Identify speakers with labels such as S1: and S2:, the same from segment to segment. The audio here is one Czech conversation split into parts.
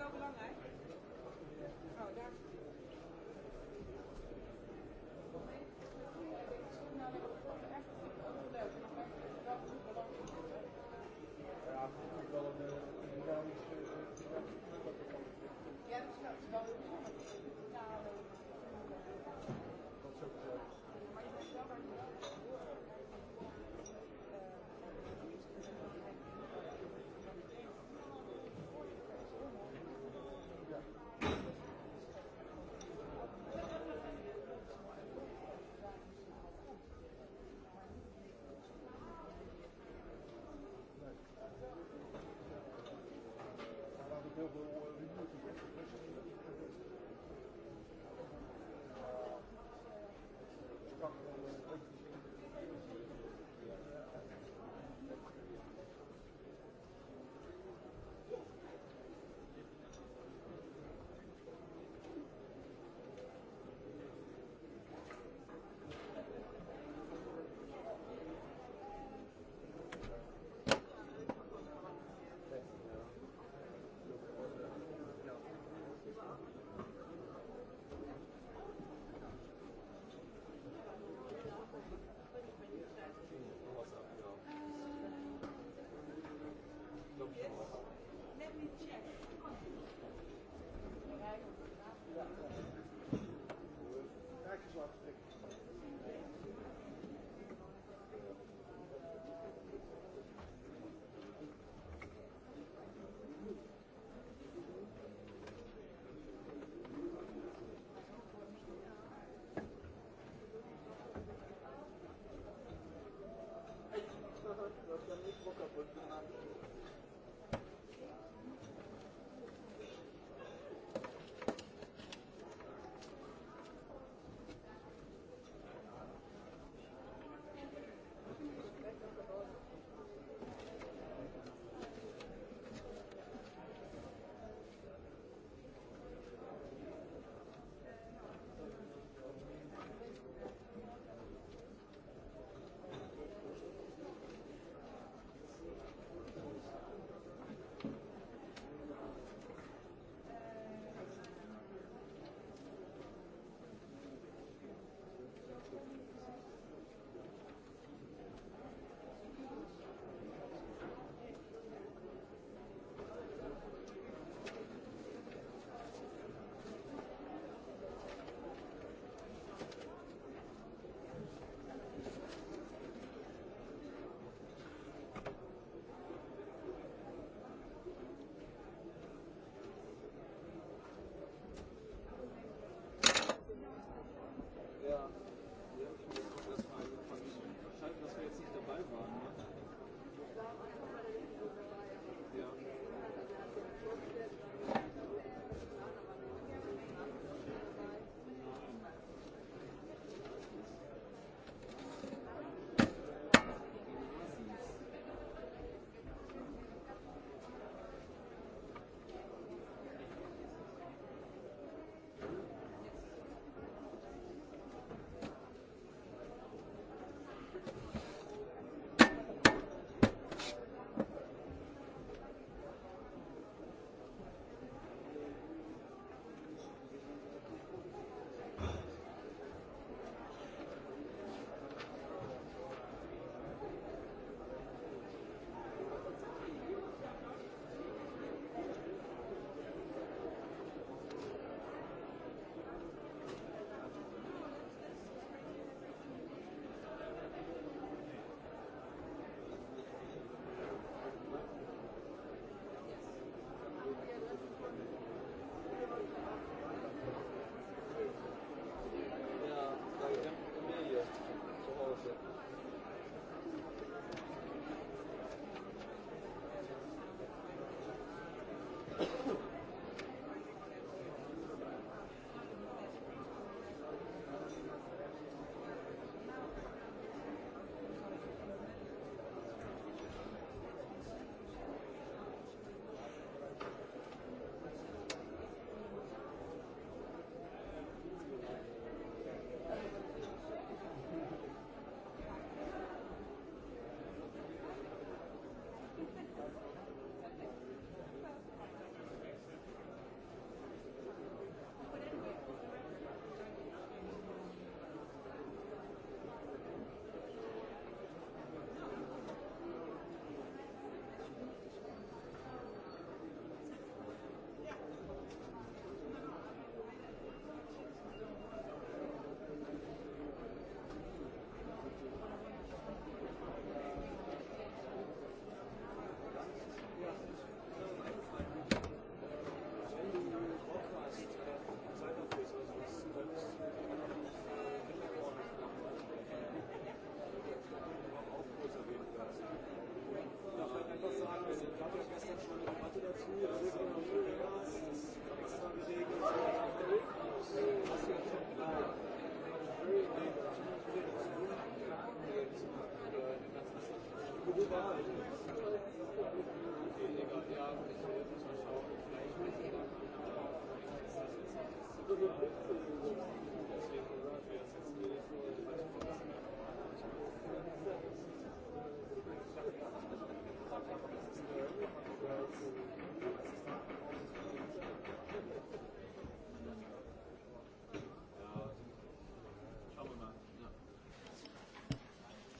S1: wel belangrijk?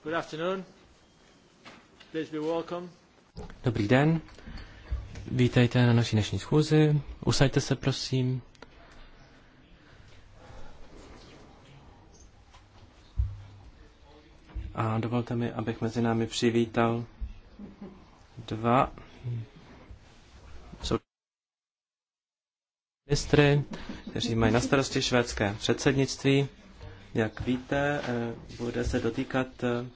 S2: Good afternoon. Dobrý den. Vítejte na naší dnešní schůzi. Usaďte se, prosím. A dovolte mi, abych mezi námi přivítal dva ministry, kteří mají na starosti švédské předsednictví. Jak víte, eh, bude se dotýkat eh,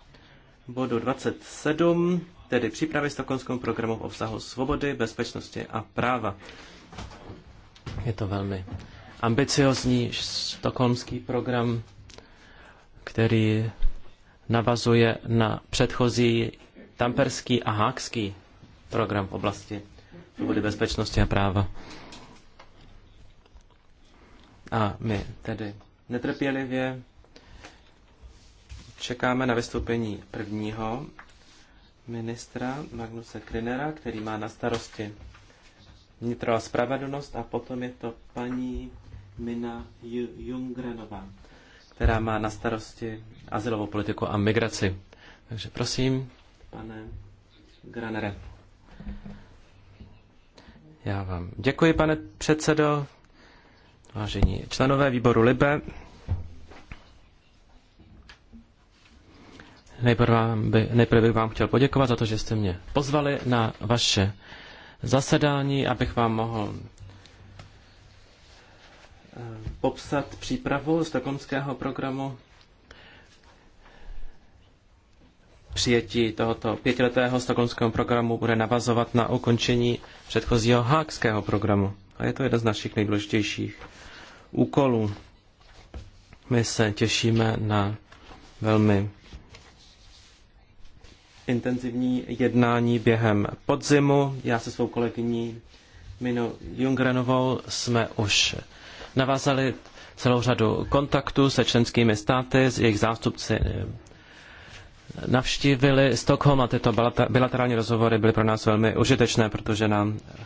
S2: bodu 27, tedy přípravy stokonskou programu v obsahu svobody, bezpečnosti a práva. Je to velmi ambiciozní stokholmský program, který navazuje na předchozí tamperský a hákský program v oblasti svobody, bezpečnosti a práva. A my tedy netrpělivě Čekáme na vystoupení prvního ministra Magnuse Krinera, který má na starosti vnitro a spravedlnost a potom je to paní Mina Jungrenová, která má na starosti asilovou politiku a migraci. Takže prosím, pane Granere. Já vám děkuji, pane předsedo, vážení členové výboru Libe. Nejprve, vám by, nejprve bych vám chtěl poděkovat za to, že jste mě pozvali na vaše zasedání, abych vám mohl eh, popsat přípravu stokholmského programu Přijetí tohoto pětiletého stokonského programu bude navazovat na ukončení předchozího hákského programu. A je to jeden z našich nejdůležitějších úkolů. My se těšíme na velmi intenzivní jednání během podzimu. Já se svou kolegyní Minou Jungrenovou jsme už navázali celou řadu kontaktů se členskými státy, s jejich zástupci eh, navštívili Stockholm a tyto bilaterální rozhovory byly pro nás velmi užitečné, protože nám eh,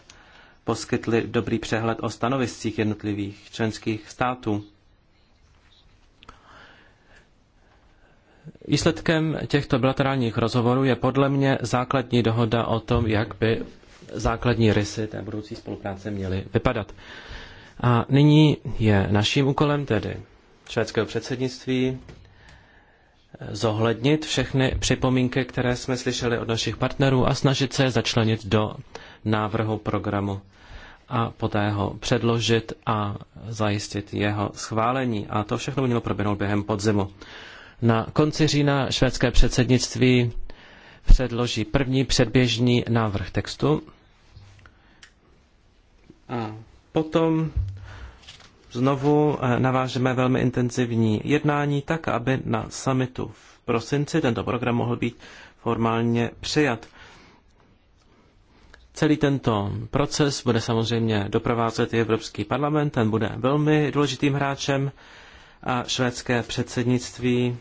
S2: poskytli dobrý přehled o stanoviscích jednotlivých členských států. Výsledkem těchto bilaterálních rozhovorů je podle mě základní dohoda o tom, jak by základní rysy té budoucí spolupráce měly vypadat. A nyní je naším úkolem tedy švédského předsednictví zohlednit všechny připomínky, které jsme slyšeli od našich partnerů a snažit se je začlenit do návrhu programu a poté ho předložit a zajistit jeho schválení. A to všechno mělo proběhnout během podzimu. Na konci října švédské předsednictví předloží první předběžný návrh textu a potom znovu eh, navážeme velmi intenzivní jednání tak, aby na summitu v prosinci tento program mohl být formálně přijat. Celý tento proces bude samozřejmě doprovázet i Evropský parlament, ten bude velmi důležitým hráčem a švédské předsednictví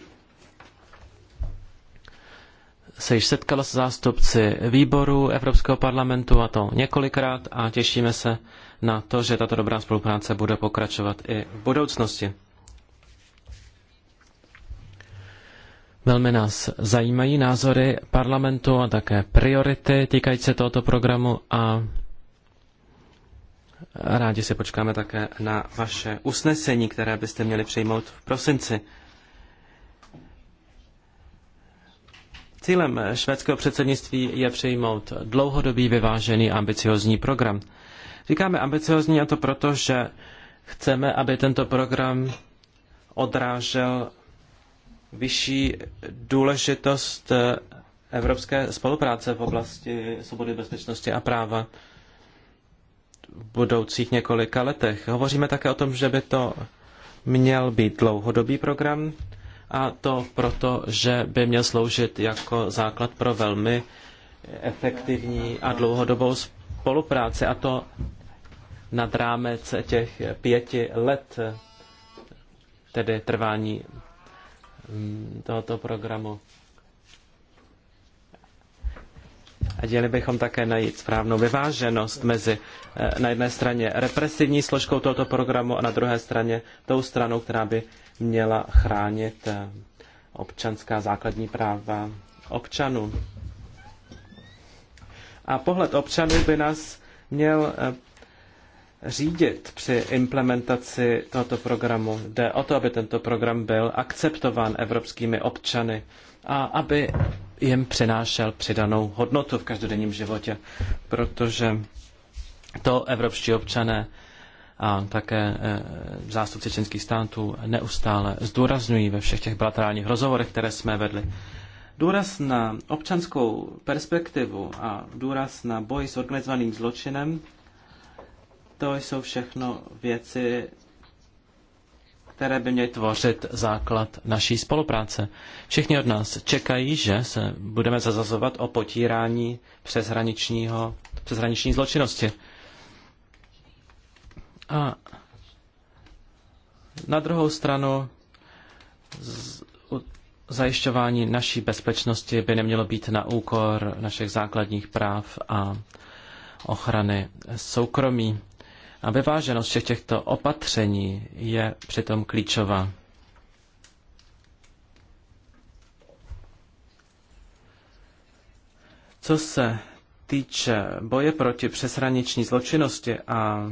S2: se již setkalo s zástupci výboru Evropského parlamentu a to několikrát a těšíme se na to, že tato dobrá spolupráce bude pokračovat i v budoucnosti. Velmi nás zajímají názory parlamentu a také priority týkající se tohoto programu a Rádi si počkáme také na vaše usnesení, které byste měli přijmout v prosinci. Cílem švédského předsednictví je přijmout dlouhodobý, vyvážený ambiciozní program. Říkáme ambiciozní a to proto, že chceme, aby tento program odrážel vyšší důležitost eh, evropské spolupráce v oblasti svobody, bezpečnosti a práva budoucích několika letech. Hovoříme také o tom, že by to měl být dlouhodobý program a to proto, že by měl sloužit jako základ pro velmi efektivní a dlouhodobou spolupráci a to nad rámec těch pěti let, tedy trvání mm, tohoto programu. A Měli bychom také najít správnou vyváženost mezi eh, na jedné straně represivní složkou tohoto programu a na druhé straně tou stranou, která by měla chránit eh, občanská základní práva občanů. A pohled občanů by nás měl eh, řídit při implementaci tohoto programu. Jde o to, aby tento program byl akceptován evropskými občany a aby jim přinášel přidanou hodnotu v každodenním životě, protože to evropští občané a také eh, zástupci členských států neustále zdůrazňují ve všech těch bilaterálních rozhovorech, které jsme vedli. Důraz na občanskou perspektivu a důraz na boj s organizovaným zločinem, to jsou všechno věci, které by měly tvořit základ naší spolupráce. Všichni od nás čekají, že se budeme zazazovat o potírání přeshraničního, přeshraniční zločinnosti. A na druhou stranu zajišťování naší bezpečnosti by nemělo být na úkor našich základních práv a ochrany soukromí. A vyváženost všech těchto opatření je přitom klíčová. Co se týče boje proti přeshraniční zločinnosti a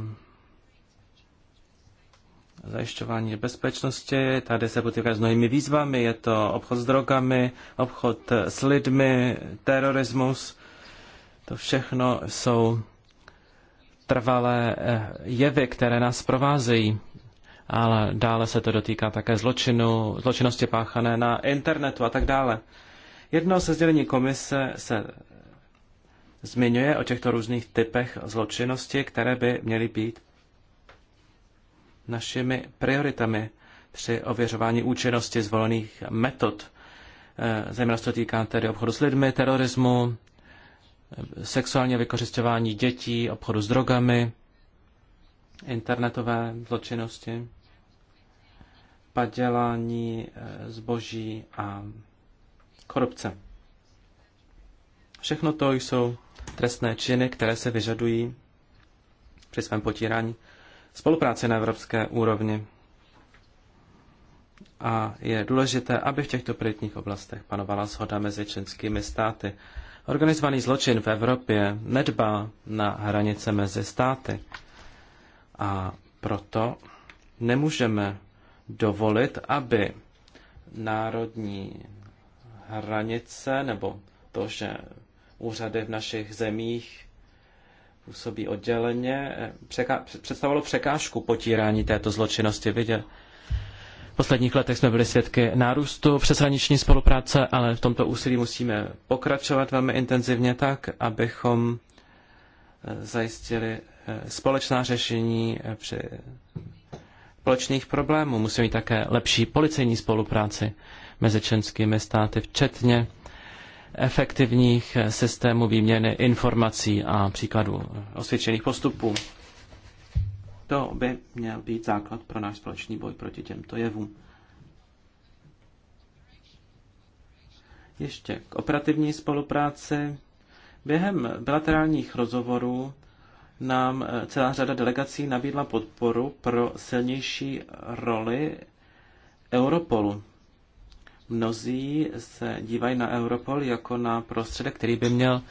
S2: zajišťování bezpečnosti, tady se potýká s mnohými výzvami, je to obchod s drogami, obchod s lidmi, terorismus, to všechno jsou trvalé eh, jevy, které nás provázejí. Ale dále se to dotýká také zločinu, zločinnosti páchané na internetu a tak dále. Jedno se sdělení komise se zmiňuje o těchto různých typech zločinnosti, které by měly být našimi prioritami při ověřování účinnosti zvolených metod. Eh, zejména se to týká tedy obchodu s lidmi, terorismu, sexuálně vykořišťování dětí, obchodu s drogami, internetové zločinnosti, padělání eh, zboží a korupce. Všechno to jsou trestné činy, které se vyžadují při svém potírání spolupráce na evropské úrovni. A je důležité, aby v těchto prioritních oblastech panovala shoda mezi členskými státy. Organizovaný zločin v Evropě nedbá na hranice mezi státy a proto nemůžeme dovolit, aby národní hranice nebo to, že úřady v našich zemích působí odděleně, eh, představovalo překážku potírání této zločinnosti. Viděl posledních letech jsme byli svědky nárůstu přeshraniční spolupráce, ale v tomto úsilí musíme pokračovat velmi intenzivně tak, abychom eh, zajistili eh, společná řešení eh, při společných problémů. Musíme mít také lepší policejní spolupráci mezi členskými státy, včetně efektivních systémů výměny informací a příkladů osvědčených postupů. To by měl být základ pro náš společný boj proti těmto jevům. Ještě k operativní spolupráci. Během bilaterálních rozhovorů nám eh, celá řada delegací nabídla podporu pro silnější roli Europolu. Mnozí se dívají na Europol jako na prostředek, který by měl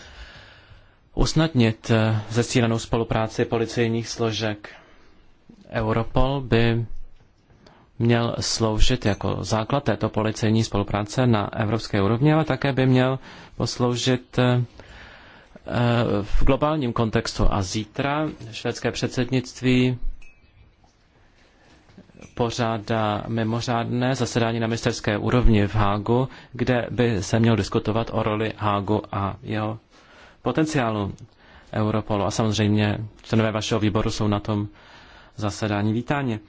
S2: usnadnit eh, zesílenou spolupráci policejních složek. Europol by měl sloužit jako základ této policejní spolupráce na evropské úrovni, ale také by měl posloužit eh, v globálním kontextu. A zítra švédské předsednictví pořádá mimořádné zasedání na ministerské úrovni v Hágu, kde by se měl diskutovat o roli Hágu a jeho potenciálu Europolu. A samozřejmě členové vašeho výboru jsou na tom zasedání Vítáně.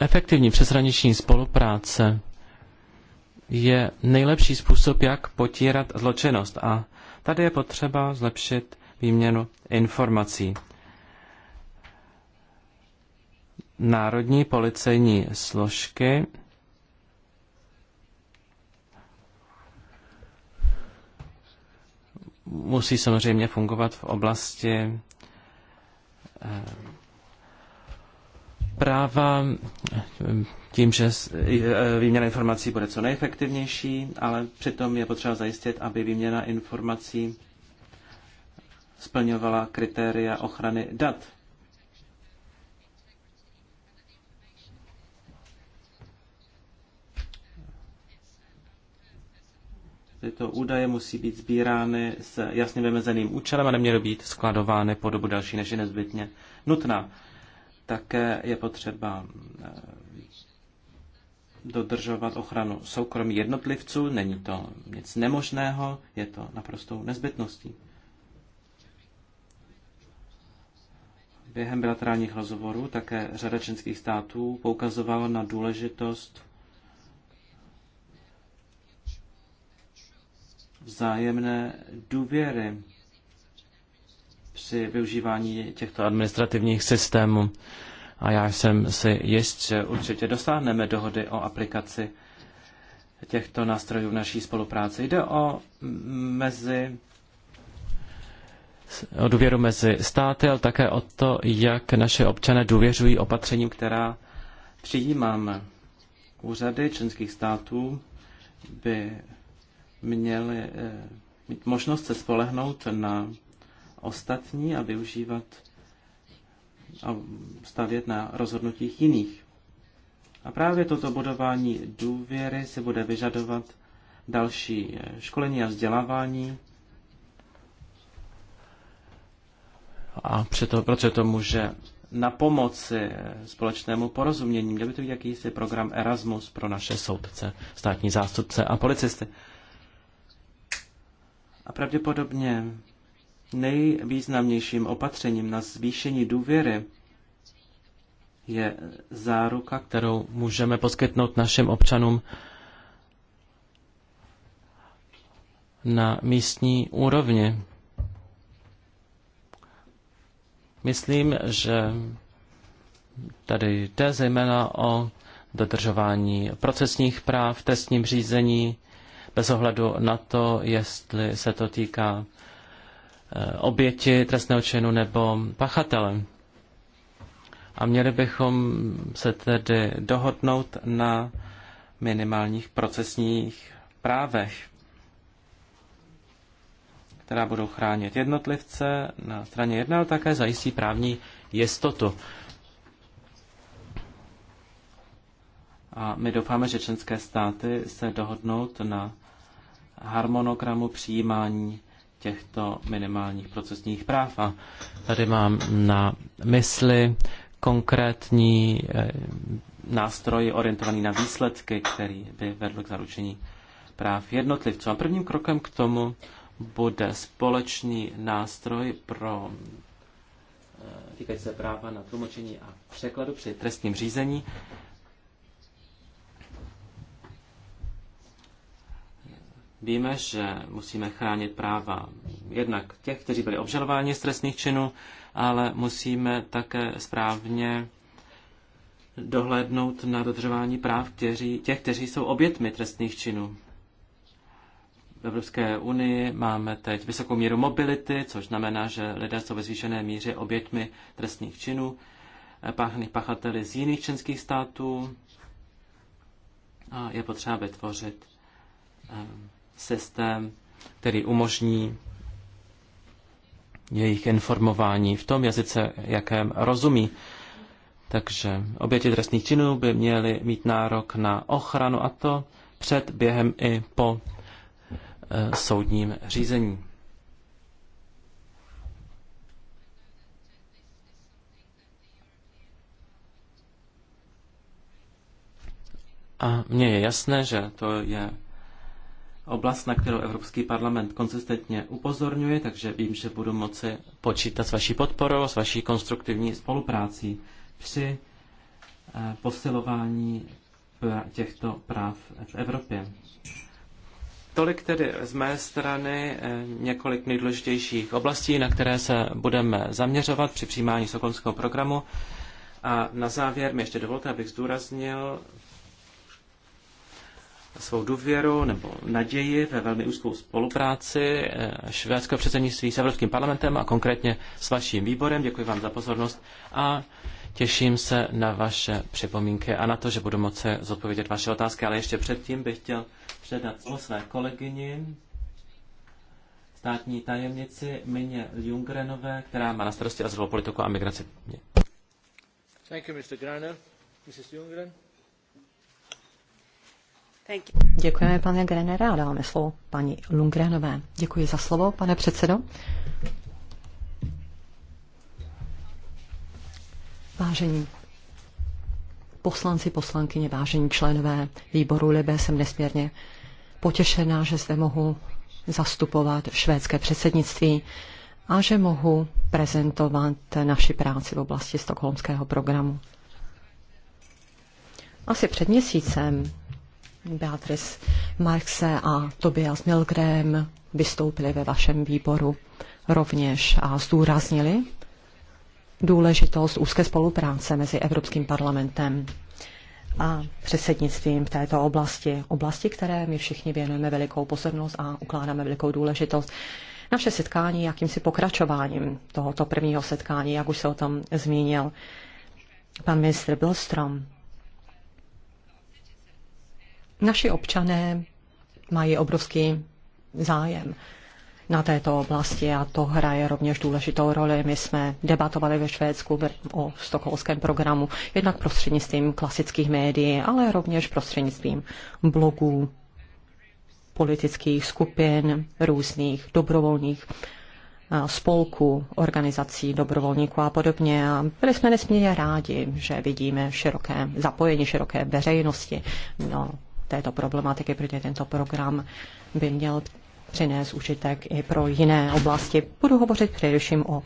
S2: Efektivní přeshraniční spolupráce je nejlepší způsob, jak potírat zločinnost. A tady je potřeba zlepšit výměnu informací. Národní policejní složky musí samozřejmě fungovat v oblasti eh, práva eh, tím, že eh, výměna informací bude co nejefektivnější, ale přitom je potřeba zajistit, aby výměna informací splňovala kritéria ochrany dat. Tyto údaje musí být sbírány s jasně vymezeným účelem a neměly být skladovány po dobu další, než je nezbytně nutná. Také je potřeba eh, dodržovat ochranu soukromí jednotlivců. Není to nic nemožného, je to naprostou nezbytností. Během bilaterálních rozhovorů také řada členských států poukazovala na důležitost vzájemné důvěry při využívání těchto administrativních systémů. A já jsem si jist, že určitě dosáhneme dohody o aplikaci těchto nástrojů v naší spolupráci. Jde o mezi o důvěru mezi státy, ale také o to, jak naše občané důvěřují opatřením, která přijímáme. Úřady členských států by měli eh, mít možnost se spolehnout na ostatní a využívat a stavět na rozhodnutích jiných. A právě toto budování důvěry se bude vyžadovat další eh, školení a vzdělávání. A přeto, je to může na pomoci eh, společnému porozumění. Měl by to být jakýsi program Erasmus pro naše soudce, státní zástupce a policisty. A pravděpodobně nejvýznamnějším opatřením na zvýšení důvěry je záruka, kterou můžeme poskytnout našim občanům na místní úrovni. Myslím, že tady jde zejména o dodržování procesních práv v trestním řízení, bez ohledu na to, jestli se to týká eh, oběti trestného činu nebo pachatele. A měli bychom se tedy dohodnout na minimálních procesních právech, která budou chránit jednotlivce na straně jedna, ale také zajistí právní jistotu. A my doufáme, že členské státy se dohodnou na harmonogramu přijímání těchto minimálních procesních práv. A tady mám na mysli konkrétní eh, nástroj orientovaný na výsledky, který by vedl k zaručení práv jednotlivců. A prvním krokem k tomu bude společný nástroj pro eh, týkající se práva na tlumočení a překladu při trestním řízení. Víme, že musíme chránit práva jednak těch, kteří byli obžalováni z trestných činů, ale musíme také správně dohlédnout na dodržování práv kteří, těch, kteří jsou obětmi trestných činů. V Evropské unii máme teď vysokou míru mobility, což znamená, že lidé jsou ve zvýšené míře obětmi trestných činů, páchných pachateli z jiných členských států. A je potřeba vytvořit um, systém, který umožní jejich informování v tom jazyce, jakém rozumí. Takže oběti trestných činů by měly mít nárok na ochranu a to před, během i po e, soudním řízení. A mně je jasné, že to je oblast, na kterou Evropský parlament konzistentně upozorňuje, takže vím, že budu moci počítat s vaší podporou, s vaší konstruktivní spoluprácí při eh, posilování těchto práv v Evropě. Tolik tedy z mé strany eh, několik nejdůležitějších oblastí, na které se budeme zaměřovat při přijímání sokolského programu. A na závěr mi ještě dovolte, abych zdůraznil, svou důvěru nebo naději ve velmi úzkou spolupráci eh, švédského předsednictví s Evropským parlamentem a konkrétně s vaším výborem. Děkuji vám za pozornost a těším se na vaše připomínky a na to, že budu moci zodpovědět vaše otázky, ale ještě předtím bych chtěl předat slovo své kolegyni, státní tajemnici Mině Ljungrenové, která má na starosti azylovou politiku a migraci. Thank you, Mr. Graner. Mrs. Ljungren.
S3: Děkujeme, pane Grenere, a dáme slovo paní Lundgrenové. Děkuji za slovo, pane předsedo. Vážení poslanci, poslankyně, vážení členové výboru Libe, jsem nesmírně potěšená, že zde mohu zastupovat švédské předsednictví a že mohu prezentovat naši práci v oblasti stokholmského programu. Asi před měsícem Beatrice Marxe a Tobias Milgram vystoupili ve vašem výboru rovněž a zdůraznili důležitost úzké spolupráce mezi Evropským parlamentem a předsednictvím v této oblasti. Oblasti, které my všichni věnujeme velikou pozornost a ukládáme velikou důležitost. Naše setkání jakýmsi pokračováním tohoto prvního setkání, jak už se o tom zmínil pan ministr Bilstrom, Naši občané mají obrovský zájem na této oblasti a to hraje rovněž důležitou roli. My jsme debatovali ve Švédsku o stokholském programu jednak prostřednictvím klasických médií, ale rovněž prostřednictvím blogů, politických skupin, různých dobrovolných spolků, organizací, dobrovolníků a podobně. A byli jsme nesmírně rádi, že vidíme široké zapojení široké veřejnosti No této problematiky, protože tento program by měl přinést užitek i pro jiné oblasti. Budu hovořit především o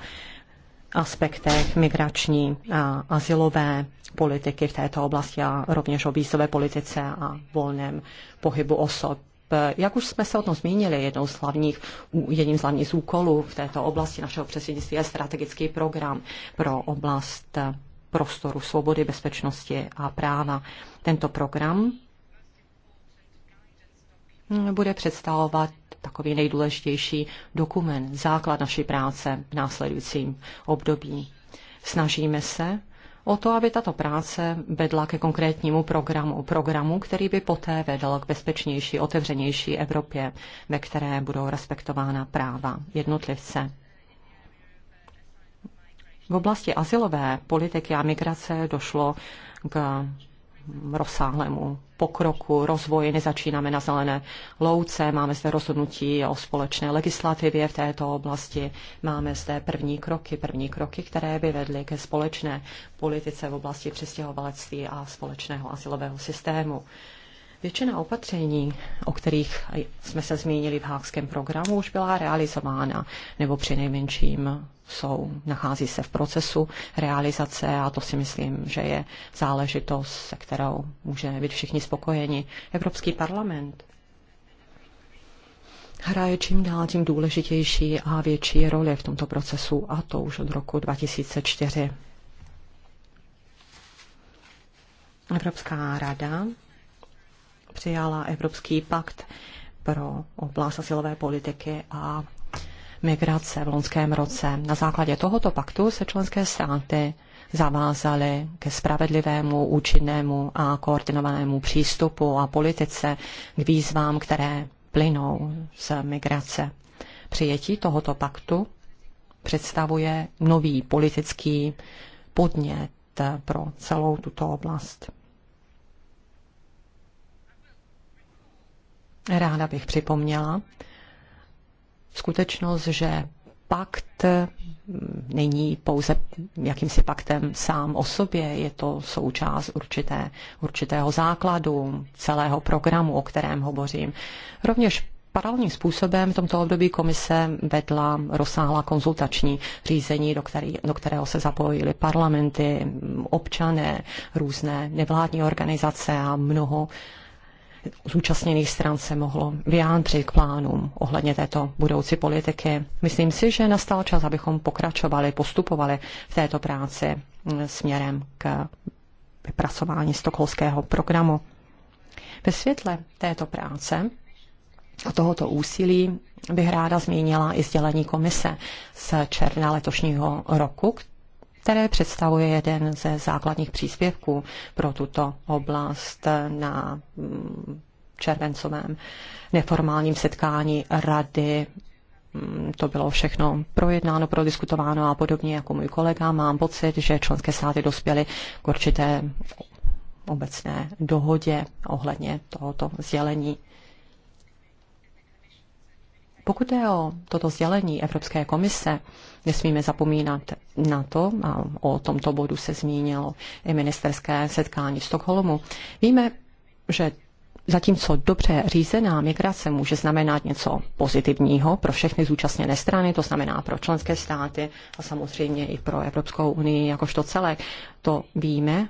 S3: aspektech migrační a asilové politiky v této oblasti a rovněž o výzové politice a volném pohybu osob. Jak už jsme se o tom zmínili, jednou z hlavních, jedním z hlavních úkolů v této oblasti našeho předsednictví je strategický program pro oblast prostoru svobody, bezpečnosti a práva. Tento program bude představovat takový nejdůležitější dokument, základ naší práce v následujícím období. Snažíme se o to, aby tato práce vedla ke konkrétnímu programu, programu, který by poté vedl k bezpečnější, otevřenější Evropě, ve které budou respektována práva jednotlivce. V oblasti asilové politiky a migrace došlo k rozsáhlému pokroku, rozvoji. Nezačínáme na zelené louce, máme zde rozhodnutí o společné legislativě v této oblasti, máme zde první kroky, první kroky, které by vedly ke společné politice v oblasti přistěhovalectví a společného asilového systému. Většina opatření, o kterých jsme se zmínili v hákském programu, už byla realizována nebo přinejmenším jsou, nachází se v procesu realizace a to si myslím, že je záležitost, se kterou můžeme být všichni spokojeni. Evropský parlament hraje čím dál tím důležitější a větší roli v tomto procesu a to už od roku 2004. Evropská rada přijala Evropský pakt pro oblast asilové politiky a migrace v loňském roce. Na základě tohoto paktu se členské státy zavázaly ke spravedlivému, účinnému a koordinovanému přístupu a politice k výzvám, které plynou z migrace. Přijetí tohoto paktu představuje nový politický podnět pro celou tuto oblast. Ráda bych připomněla, skutečnost, že pakt není pouze jakýmsi paktem sám o sobě, je to součást určité, určitého základu, celého programu, o kterém hovořím. Rovněž Paralelním způsobem v tomto období komise vedla rozsáhlá konzultační řízení, do, který, do kterého se zapojili parlamenty, občané, různé nevládní organizace a mnoho zúčastněných stran se mohlo vyjádřit k plánům ohledně této budoucí politiky. Myslím si, že nastal čas, abychom pokračovali, postupovali v této práci mm, směrem k vypracování stokholského programu. Ve světle této práce a tohoto úsilí bych ráda zmínila i sdělení komise z června letošního roku, které představuje jeden ze základních příspěvků pro tuto oblast na mm, červencovém neformálním setkání rady. Mm, to bylo všechno projednáno, prodiskutováno a podobně jako můj kolega. Mám pocit, že členské státy dospěly k určité obecné dohodě ohledně tohoto sdělení. Pokud je o toto sdělení Evropské komise, nesmíme zapomínat na to, a o tomto bodu se zmínilo i ministerské setkání v Stockholmu, víme, že Zatímco dobře řízená migrace může znamenat něco pozitivního pro všechny zúčastněné strany, to znamená pro členské státy a samozřejmě i pro Evropskou unii jakožto celé. to víme.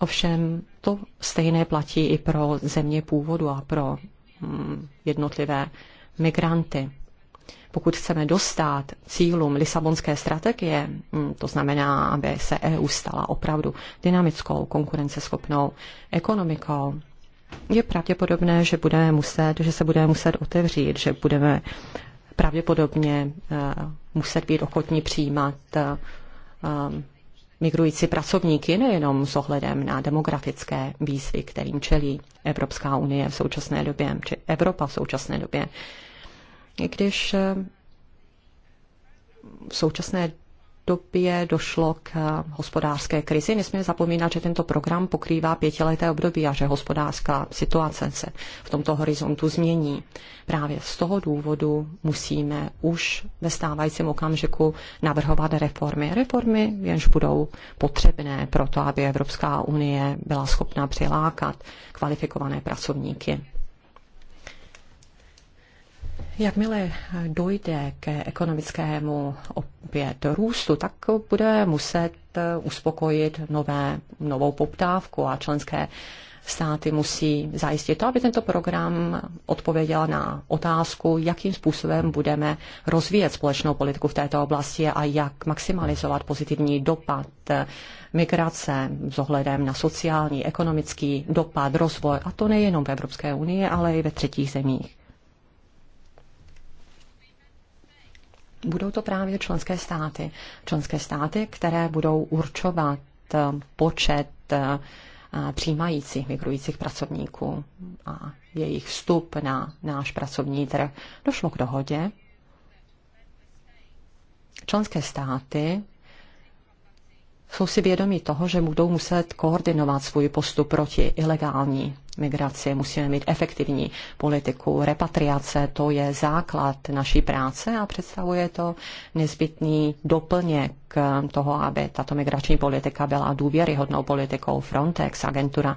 S3: Ovšem to stejné platí i pro země původu a pro mm, jednotlivé migranty. Pokud chceme dostat cílům Lisabonské strategie, mm, to znamená, aby se EU stala opravdu dynamickou, konkurenceschopnou ekonomikou, je pravděpodobné, že budeme muset, že se budeme muset otevřít, že budeme pravděpodobně eh, muset být ochotní přijímat eh, eh, migrující pracovníky nejenom s ohledem na demografické výzvy, kterým čelí Evropská unie v současné době, či Evropa v současné době když eh, v současné době došlo k eh, hospodářské krizi. Nesmíme zapomínat, že tento program pokrývá pětileté období a že hospodářská situace se v tomto horizontu změní. Právě z toho důvodu musíme už ve stávajícím okamžiku navrhovat reformy. Reformy, jenž budou potřebné pro to, aby Evropská unie byla schopna přilákat kvalifikované pracovníky. Jakmile dojde k ekonomickému opět růstu, tak bude muset eh, uspokojit nové, novou poptávku a členské státy musí zajistit to, aby tento program odpověděl na otázku, jakým způsobem budeme rozvíjet společnou politiku v této oblasti a jak maximalizovat pozitivní dopad eh, migrace s ohledem na sociální, ekonomický dopad, rozvoj, a to nejenom v Evropské unii, ale i ve třetích zemích. budou to právě členské státy. Členské státy, které budou určovat eh, počet eh, přijímajících migrujících pracovníků a jejich vstup na náš pracovní trh. Došlo k dohodě. Členské státy jsou si vědomi toho, že budou muset koordinovat svůj postup proti ilegální migraci. Musíme mít efektivní politiku repatriace, to je základ naší práce a představuje to nezbytný doplněk toho, aby tato migrační politika byla důvěryhodnou politikou. Frontex, agentura,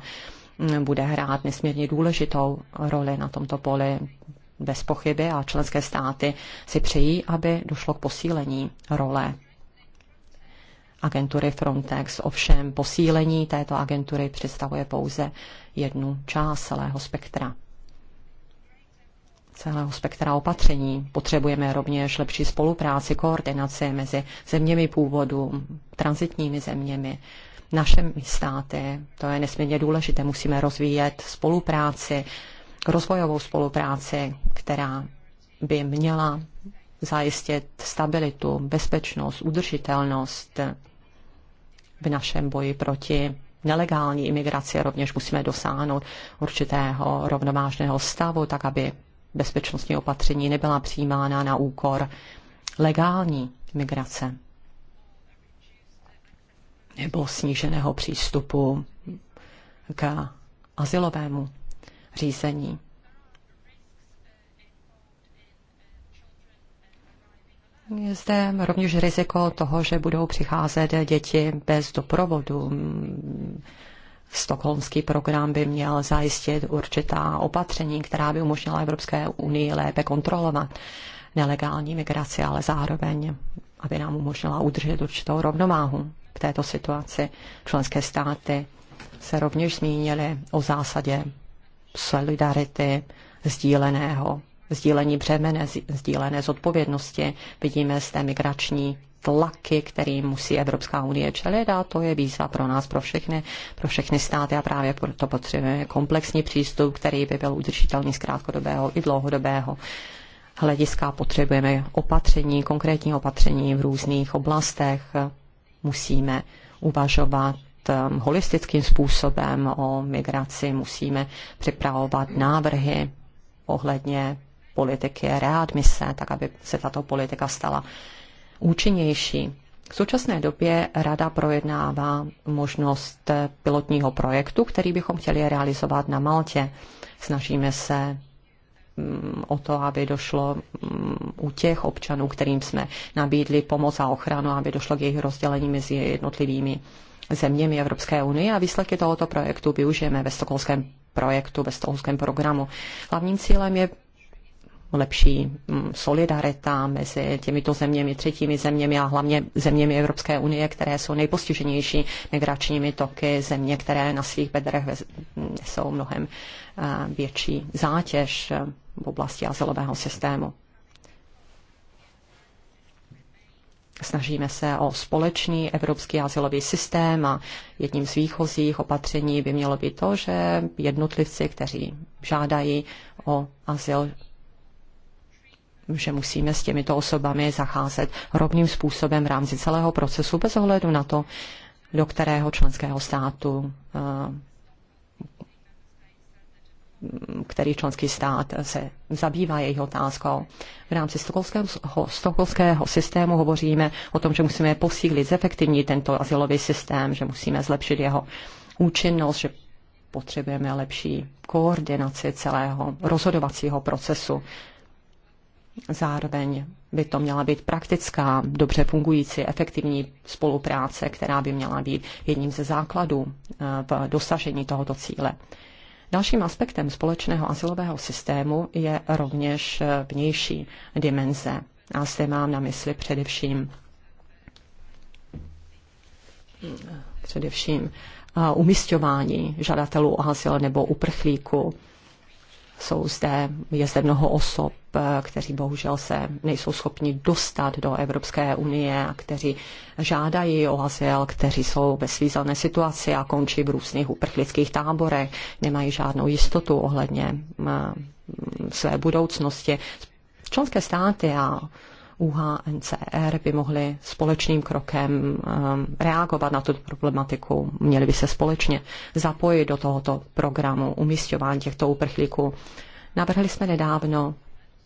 S3: mm, bude hrát nesmírně důležitou roli na tomto poli bez pochyby a členské státy si přejí, aby došlo k posílení role agentury Frontex. Ovšem posílení této agentury představuje pouze jednu část celého spektra celého spektra opatření. Potřebujeme rovněž lepší spolupráci, koordinaci mezi zeměmi původu, transitními zeměmi, našemi státy. To je nesmírně důležité. Musíme rozvíjet spolupráci, rozvojovou spolupráci, která by měla zajistit stabilitu, bezpečnost, udržitelnost v našem boji proti nelegální imigraci rovněž musíme dosáhnout určitého rovnovážného stavu, tak aby bezpečnostní opatření nebyla přijímána na úkor legální migrace nebo sníženého přístupu k asilovému řízení. Je zde rovněž riziko toho, že budou přicházet děti bez doprovodu. Stokholmský program by měl zajistit určitá opatření, která by umožnila Evropské unii lépe kontrolovat nelegální migraci, ale zároveň, aby nám umožnila udržet určitou rovnováhu v této situaci. Členské státy se rovněž zmínily o zásadě solidarity sdíleného sdílení břemene, sdílené zodpovědnosti. Vidíme té migrační tlaky, který musí Evropská unie čelit a to je výzva pro nás, pro všechny, pro všechny státy a právě proto potřebujeme komplexní přístup, který by byl udržitelný z krátkodobého i dlouhodobého hlediska. Potřebujeme opatření, konkrétní opatření v různých oblastech. Musíme uvažovat um, holistickým způsobem o migraci, musíme připravovat návrhy ohledně politiky readmise, tak aby se tato politika stala účinnější. V současné době Rada projednává možnost pilotního projektu, který bychom chtěli realizovat na Maltě. Snažíme se mm, o to, aby došlo mm, u těch občanů, kterým jsme nabídli pomoc a ochranu, aby došlo k jejich rozdělení mezi jednotlivými zeměmi Evropské unie a výsledky tohoto projektu využijeme ve stokholském projektu, ve stokholském programu. Hlavním cílem je lepší mm, solidarita mezi těmito zeměmi, třetími zeměmi a hlavně zeměmi Evropské unie, které jsou nejpostiženější migračními toky, země, které na svých bedrech jsou mnohem eh, větší zátěž eh, v oblasti azylového systému. Snažíme se o společný evropský asilový systém a jedním z výchozích opatření by mělo být to, že jednotlivci, kteří žádají o azyl, že musíme s těmito osobami zacházet rovným způsobem v rámci celého procesu bez ohledu na to, do kterého členského státu eh, který členský stát se zabývá jejich otázkou. V rámci stokholského, stokholského systému hovoříme o tom, že musíme posílit, zefektivní tento asilový systém, že musíme zlepšit jeho účinnost, že potřebujeme lepší koordinaci celého rozhodovacího procesu Zároveň by to měla být praktická, dobře fungující, efektivní spolupráce, která by měla být jedním ze základů eh, v dosažení tohoto cíle. Dalším aspektem společného asilového systému je rovněž eh, vnější dimenze. A zde mám na mysli především eh, především umistování žadatelů o asil nebo uprchlíků jsou zde, je zde mnoho osob, eh, kteří bohužel se nejsou schopni dostat do Evropské unie a kteří žádají o azyl, kteří jsou ve svízelné situaci a končí v různých uprchlických táborech, nemají žádnou jistotu ohledně eh, své budoucnosti. Členské státy a UHNCR by mohly společným krokem ehm, reagovat na tuto problematiku. Měli by se společně zapojit do tohoto programu umístování těchto uprchlíků. Navrhli jsme nedávno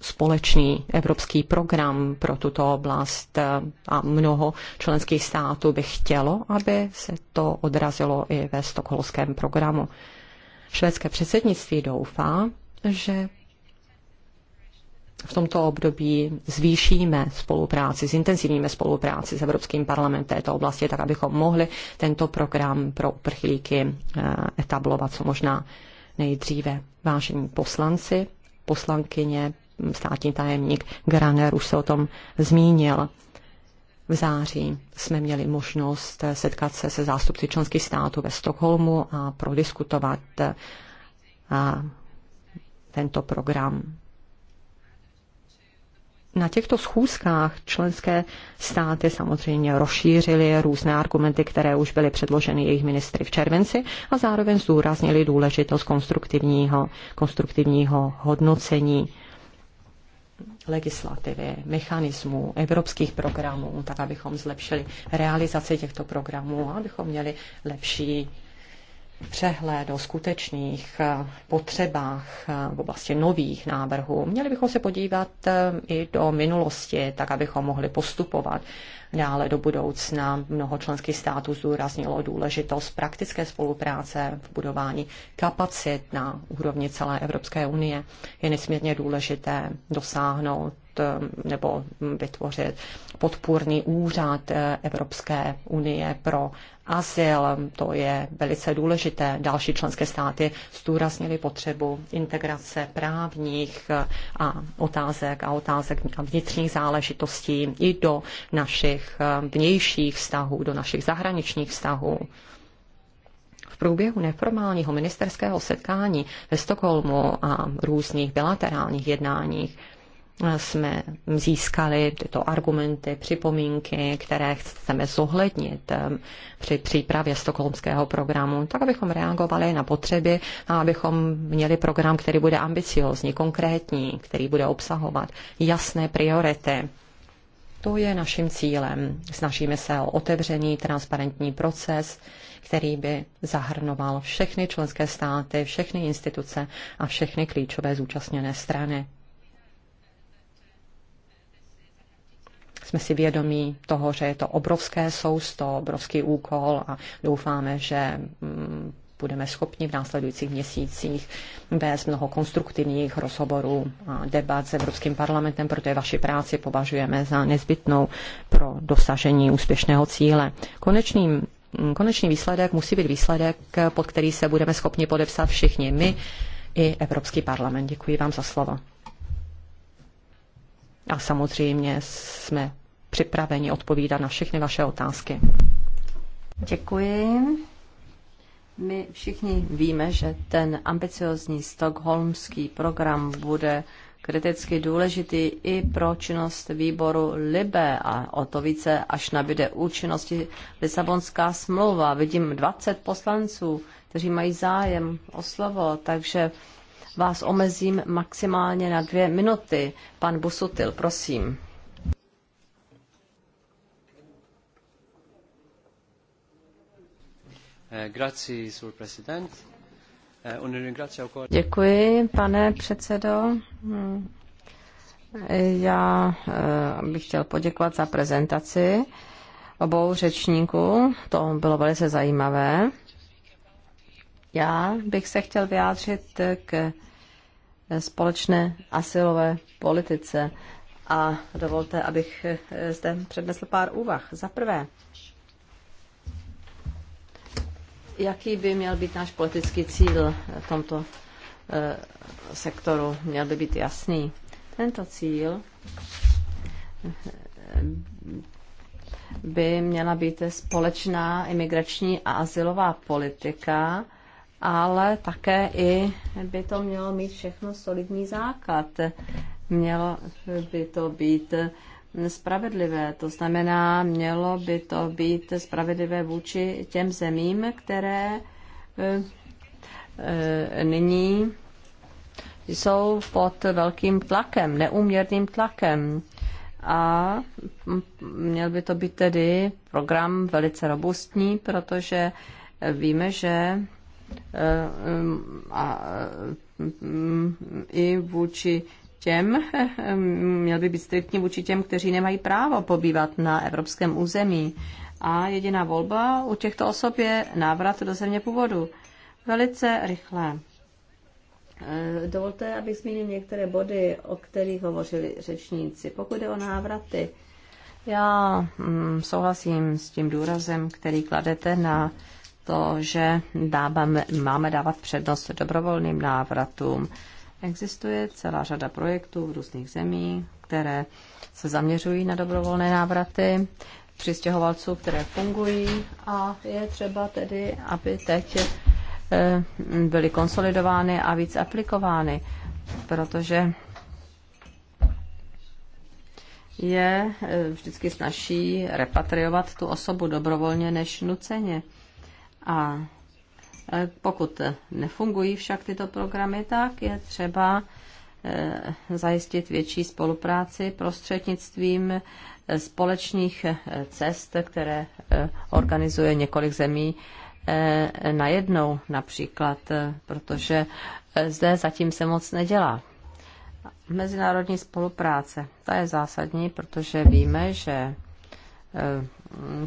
S3: společný evropský program pro tuto oblast ehm, a mnoho členských států by chtělo, aby se to odrazilo i ve stokholském programu. Švédské předsednictví doufá, že v tomto období zvýšíme spolupráci, zintenzivníme spolupráci s Evropským parlamentem této oblasti, tak abychom mohli tento program pro uprchlíky eh, etablovat co možná nejdříve. Vážení poslanci, poslankyně, státní tajemník Graner už se o tom zmínil. V září jsme měli možnost setkat se se zástupci členských států ve Stockholmu a prodiskutovat eh, tento program na těchto schůzkách členské státy samozřejmě rozšířily různé argumenty, které už byly předloženy jejich ministry v červenci a zároveň zdůraznili důležitost konstruktivního, konstruktivního hodnocení legislativy, mechanismů, evropských programů, tak abychom zlepšili realizaci těchto programů a abychom měli lepší přehled o skutečných eh, potřebách eh, v oblasti nových návrhů. Měli bychom se podívat eh, i do minulosti, tak abychom mohli postupovat dále do budoucna. Mnoho členských států zdůraznilo důležitost praktické spolupráce v budování kapacit na úrovni celé Evropské unie. Je nesmírně důležité dosáhnout Eh, nebo vytvořit podpůrný úřad eh, Evropské unie pro azyl. To je velice důležité. Další členské státy zdůraznily potřebu integrace právních eh, a otázek a otázek a vnitřních záležitostí i do našich vnějších vztahů, do našich zahraničních vztahů. V průběhu neformálního ministerského setkání ve Stokholmu a různých bilaterálních jednáních jsme získali tyto argumenty, připomínky, které chceme zohlednit eh, při přípravě stokholmského programu, tak abychom reagovali na potřeby a abychom měli program, který bude ambiciózní, konkrétní, který bude obsahovat jasné priority. To je naším cílem. Snažíme se o otevřený, transparentní proces, který by zahrnoval všechny členské státy, všechny instituce a všechny klíčové zúčastněné strany. jsme si vědomí toho, že je to obrovské sousto, obrovský úkol a doufáme, že mm, budeme schopni v následujících měsících vést mnoho konstruktivních rozhovorů a debat s Evropským parlamentem, protože vaši práci považujeme za nezbytnou pro dosažení úspěšného cíle. Konečným mm, Konečný výsledek musí být výsledek, pod který se budeme schopni podepsat všichni my i Evropský parlament. Děkuji vám za slovo a samozřejmě jsme připraveni odpovídat na všechny vaše otázky. Děkuji.
S4: My všichni víme, že ten ambiciozní stokholmský program bude kriticky důležitý i pro činnost výboru Libe a o to více, až nabide účinnosti Lisabonská smlouva. Vidím 20 poslanců, kteří mají zájem o slovo, takže vás omezím maximálně na dvě minuty. Pan Busutil, prosím.
S2: Eh, eh,
S4: Děkuji, pane předsedo. Hmm. Já eh, bych chtěl poděkovat za prezentaci obou řečníků. To bylo velice zajímavé. Já bych se chtěl vyjádřit k společné asilové politice a dovolte, abych zde přednesl pár úvah. Za prvé, jaký by měl být náš politický cíl v tomto eh, sektoru? Měl by být jasný. Tento cíl by měla být společná imigrační a asilová politika, ale také i by to mělo mít všechno solidní základ. Mělo by to být spravedlivé, to znamená, mělo by to být spravedlivé vůči těm zemím, které eh, eh, nyní jsou pod velkým tlakem, neuměrným tlakem. A měl by to být tedy program velice robustní, protože víme, že a e, i vůči těm, měl by být striktní vůči těm, kteří nemají právo pobývat na evropském území. A jediná volba u těchto osob je návrat do země původu. Velice rychle. E, dovolte, abych zmínil některé body, o kterých hovořili řečníci. Pokud je o návraty, já mm, souhlasím s tím důrazem, který kladete na to, že dáváme, máme dávat přednost dobrovolným návratům. Existuje celá řada projektů v různých zemích, které se zaměřují na dobrovolné návraty přistěhovalců, které fungují a je třeba tedy, aby teď eh, byly konsolidovány a víc aplikovány, protože je eh, vždycky snažší repatriovat tu osobu dobrovolně než nuceně. A e, pokud nefungují však tyto programy, tak je třeba e, zajistit větší spolupráci prostřednictvím e, společných cest, které organizuje několik zemí najednou například, protože zde zatím se moc nedělá. Mezinárodní spolupráce, ta je zásadní, protože víme, že Eh,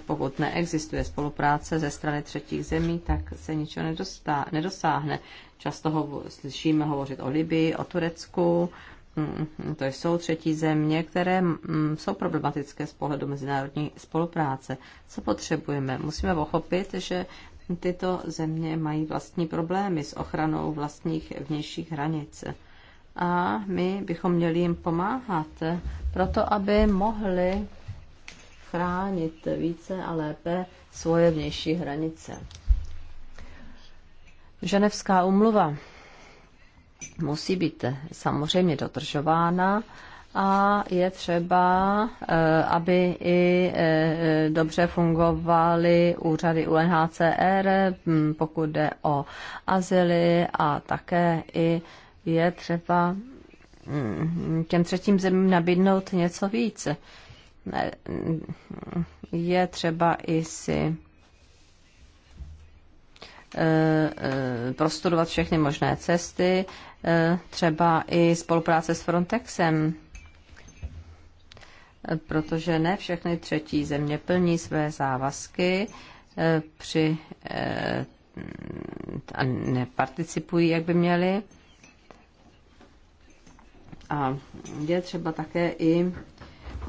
S4: pokud neexistuje spolupráce ze strany třetích zemí, tak se ničeho nedostá, nedosáhne. Často ho, slyšíme hovořit o Libii, o Turecku, mm, to jsou třetí země, které mm, jsou problematické z pohledu mezinárodní spolupráce. Co potřebujeme? Musíme pochopit, že tyto země mají vlastní problémy s ochranou vlastních vnějších hranic. A my bychom měli jim pomáhat proto, aby mohli chránit více a lépe svoje vnější hranice. Ženevská umluva musí být samozřejmě dodržována a je třeba, eh, aby i eh, dobře fungovaly úřady UNHCR, hm, pokud jde o azyly a také i je třeba hm, těm třetím zemím nabídnout něco více je třeba i si eh, eh, prostudovat všechny možné cesty, eh, třeba i spolupráce s Frontexem, protože ne všechny třetí země plní své závazky při a neparticipují, jak by měli. A je třeba také i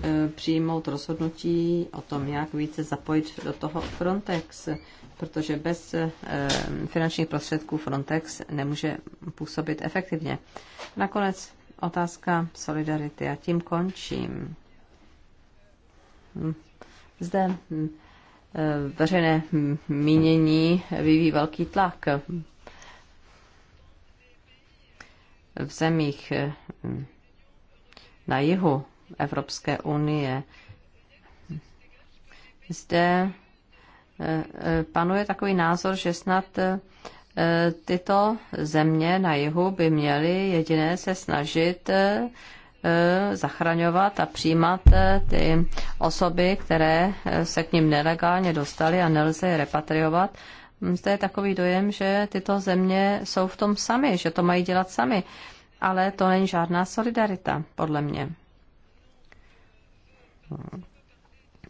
S4: Eh, přijmout rozhodnutí o tom, jak více zapojit do toho Frontex, protože bez eh, finančních prostředků Frontex nemůže působit efektivně. Nakonec otázka solidarity a tím končím. Hm. Zde hm, eh, veřejné hm, mínění vyvíjí velký tlak v zemích na jihu Evropské unie. Zde eh, eh, panuje takový názor, že snad eh, tyto země na jihu by měly jediné se snažit zachraňovat a přijímat ty osoby, které se k ním nelegálně dostaly a nelze je repatriovat. Zde je takový dojem, že tyto země jsou v tom sami, že to mají dělat sami. Ale to není žádná solidarita, podle mě.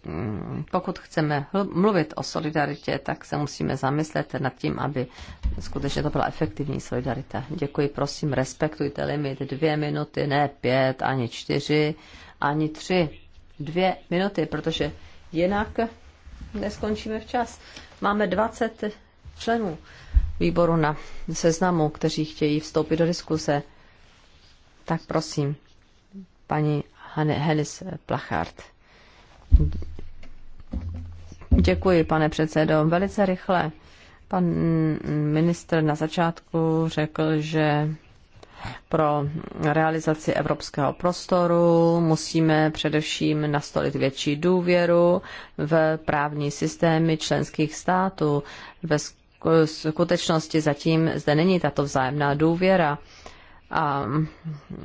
S4: Mm, pokud chceme mluvit o solidaritě, tak se musíme zamyslet nad tím, aby skutečně to byla efektivní solidarita. Děkuji, prosím, respektujte limit dvě minuty, ne pět, ani čtyři, ani tři. Dvě minuty, protože jinak neskončíme včas. Máme 20 členů výboru na seznamu, kteří chtějí vstoupit do diskuse. Tak prosím, paní Hennis Plachard. Děkuji, pane předsedo. Velice rychle. Pan ministr na začátku řekl, že pro realizaci evropského prostoru musíme především nastolit větší důvěru v právní systémy členských států. Ve skutečnosti zatím zde není tato vzájemná důvěra a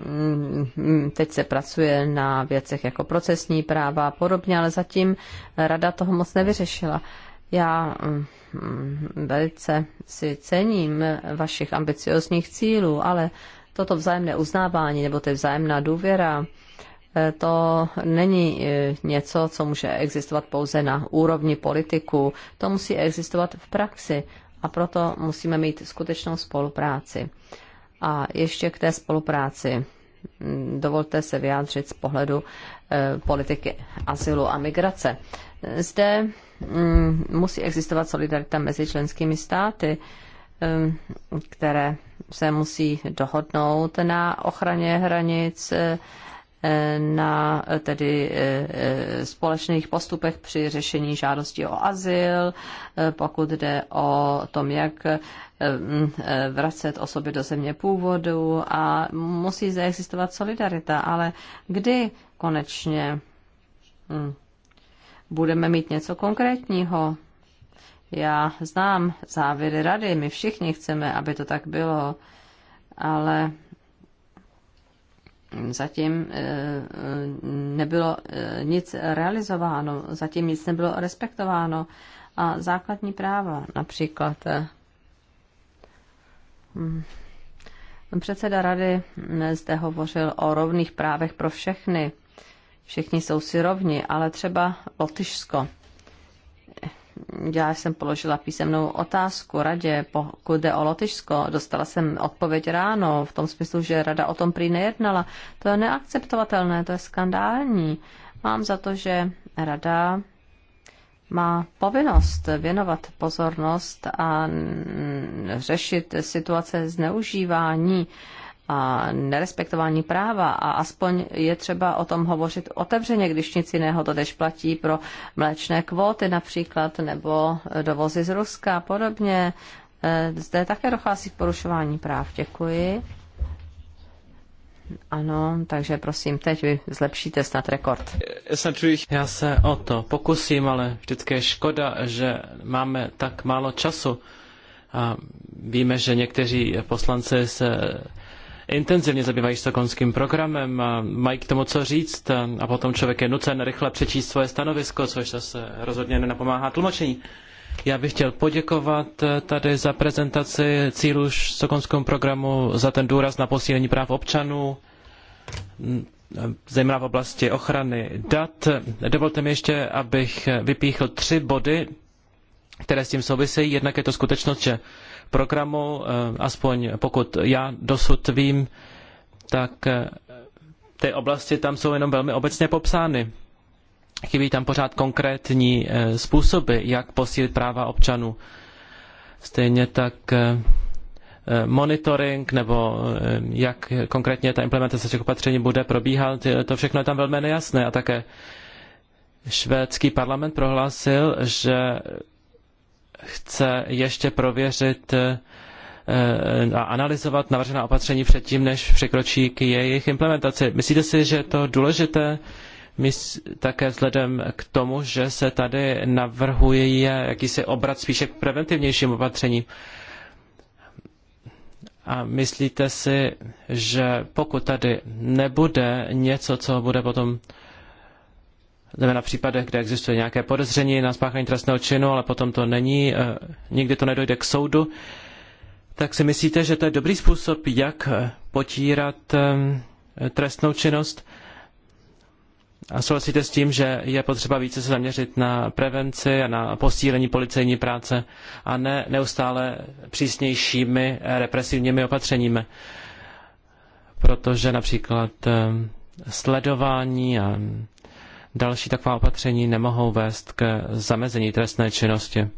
S4: mm, teď se pracuje na věcech jako procesní práva a podobně, ale zatím rada toho moc nevyřešila. Já mm, velice si cením vašich ambiciozních cílů, ale toto vzájemné uznávání nebo ta vzájemná důvěra, eh, to není eh, něco, co může existovat pouze na úrovni politiku. To musí existovat v praxi a proto musíme mít skutečnou spolupráci. A ještě k té spolupráci. Dovolte se vyjádřit z pohledu eh, politiky asilu a migrace. Zde mm, musí existovat solidarita mezi členskými státy, eh, které se musí dohodnout na ochraně hranic, eh, na tedy eh, společných postupech při řešení žádosti o azyl, eh, pokud jde o tom, jak eh, mm, vracet osoby do země původu a musí zde existovat solidarita, ale kdy konečně mm, budeme mít něco konkrétního? Já znám závěry rady, my všichni chceme, aby to tak bylo, ale zatím eh, eh, nebylo eh, nic realizováno, zatím nic nebylo respektováno. A základní práva, například hmm. předseda rady hm, zde hovořil o rovných právech pro všechny. Všichni jsou si rovni, ale třeba Lotyšsko já jsem položila písemnou otázku radě, pokud jde o Lotyšsko. Dostala jsem odpověď ráno, v tom smyslu, že rada o tom prý nejednala. To je neakceptovatelné, to je skandální. Mám za to, že rada má povinnost věnovat pozornost a řešit situace zneužívání a nerespektování práva a aspoň je třeba o tom hovořit otevřeně, když nic jiného to tež platí pro mléčné kvóty například nebo dovozy z Ruska a podobně. E, zde také dochází k porušování práv. Děkuji. Ano, takže prosím, teď vy zlepšíte snad rekord.
S2: Já se o to pokusím, ale vždycky je škoda, že máme tak málo času. A víme, že někteří poslanci se intenzivně zabývají stokholmským programem, mají k tomu co říct eh, a potom člověk je nucen rychle přečíst svoje stanovisko, což zase rozhodně nenapomáhá tlumočení. Já bych chtěl poděkovat eh, tady za prezentaci cílů stokholmského programu, za ten důraz na posílení práv občanů, zejména v oblasti ochrany dat. Dovolte mi ještě, abych eh, vypíchl tři body, které s tím souvisejí. Jednak je to skutečnost, že programu, eh, aspoň pokud já dosud vím, tak eh, ty oblasti tam jsou jenom velmi obecně popsány. Chybí tam pořád konkrétní eh, způsoby, jak posílit práva občanů. Stejně tak monitoring nebo jak konkrétně ta implementace těch opatření bude probíhat, to všechno je tam velmi nejasné a také švédský parlament prohlásil, že chce ještě prověřit eh, eh, a analyzovat navržená opatření předtím, než překročí k jejich implementaci. Myslíte si, že je to důležité také vzhledem k tomu, že se tady navrhuje jakýsi obrat spíše k preventivnějším opatřením? A myslíte si, že pokud tady nebude něco, co bude potom zejména v případech, kde existuje nějaké podezření na spáchání trestného činu, ale potom to není, eh, nikdy to nedojde k soudu, tak si myslíte, že to je dobrý způsob, jak eh, potírat eh, trestnou činnost? A souhlasíte s tím, že je potřeba více se zaměřit na prevenci a na posílení policejní práce a ne neustále přísnějšími represivními opatřeními? Protože například sledování a další taková opatření nemohou vést k zamezení trestné činnosti.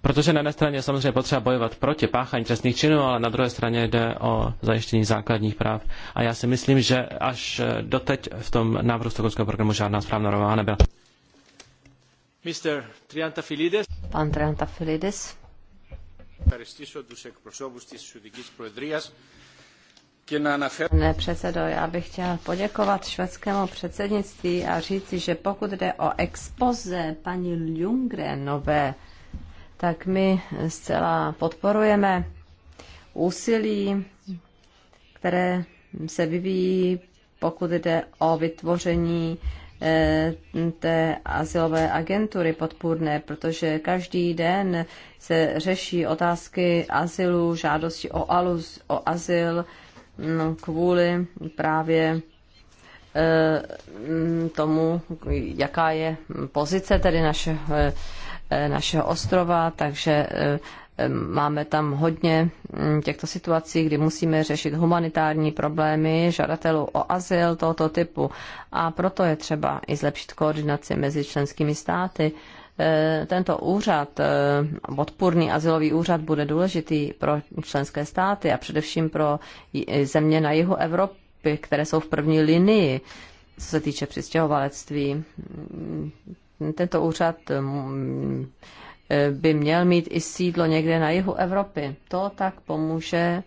S2: Protože na jedné straně je samozřejmě potřeba bojovat proti páchání trestných činů, ale na druhé straně jde o zajištění základních práv. A já si myslím, že až doteď v tom návrhu stokholmského programu žádná správná rovná nebyla. Mr. Triantafilides.
S4: Pan Triantafilides.
S2: Ευχαριστήσω τους εκπροσώπους της Σουδικής Προεδρίας
S4: Pane předsedo, já bych chtěla poděkovat švédskému předsednictví a říci, že pokud jde o expoze paní Ljungrenové, tak my zcela podporujeme úsilí, které se vyvíjí, pokud jde o vytvoření eh, té asilové agentury podpůrné, protože každý den se řeší otázky azylu, žádosti o, alus, o azyl, No, kvůli právě e, tomu, jaká je pozice tedy našeho e, našeho ostrova, takže e, máme tam hodně těchto situací, kdy musíme řešit humanitární problémy žadatelů o azyl tohoto typu a proto je třeba i zlepšit koordinaci mezi členskými státy Eh, tento úřad, eh, odpůrný asilový úřad, bude důležitý pro členské státy a především pro eh, země na jihu Evropy, které jsou v první linii, co se týče přistěhovalectví. Mm, tento úřad mm, by měl mít i sídlo někde na jihu Evropy. To tak pomůže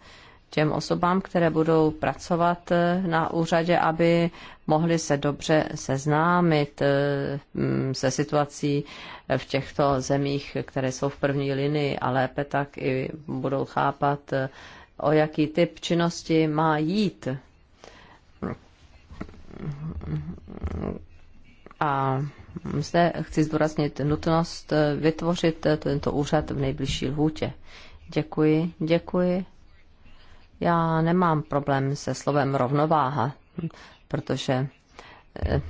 S4: těm osobám, které budou pracovat eh, na úřadě, aby mohli se dobře seznámit eh, mm, se situací eh, v těchto zemích, které jsou v první linii a lépe tak i budou chápat, o jaký typ činnosti má jít. A zde chci zdůraznit nutnost vytvořit tento úřad v nejbližší lhůtě. Děkuji, děkuji. Já nemám problém se slovem rovnováha, protože eh,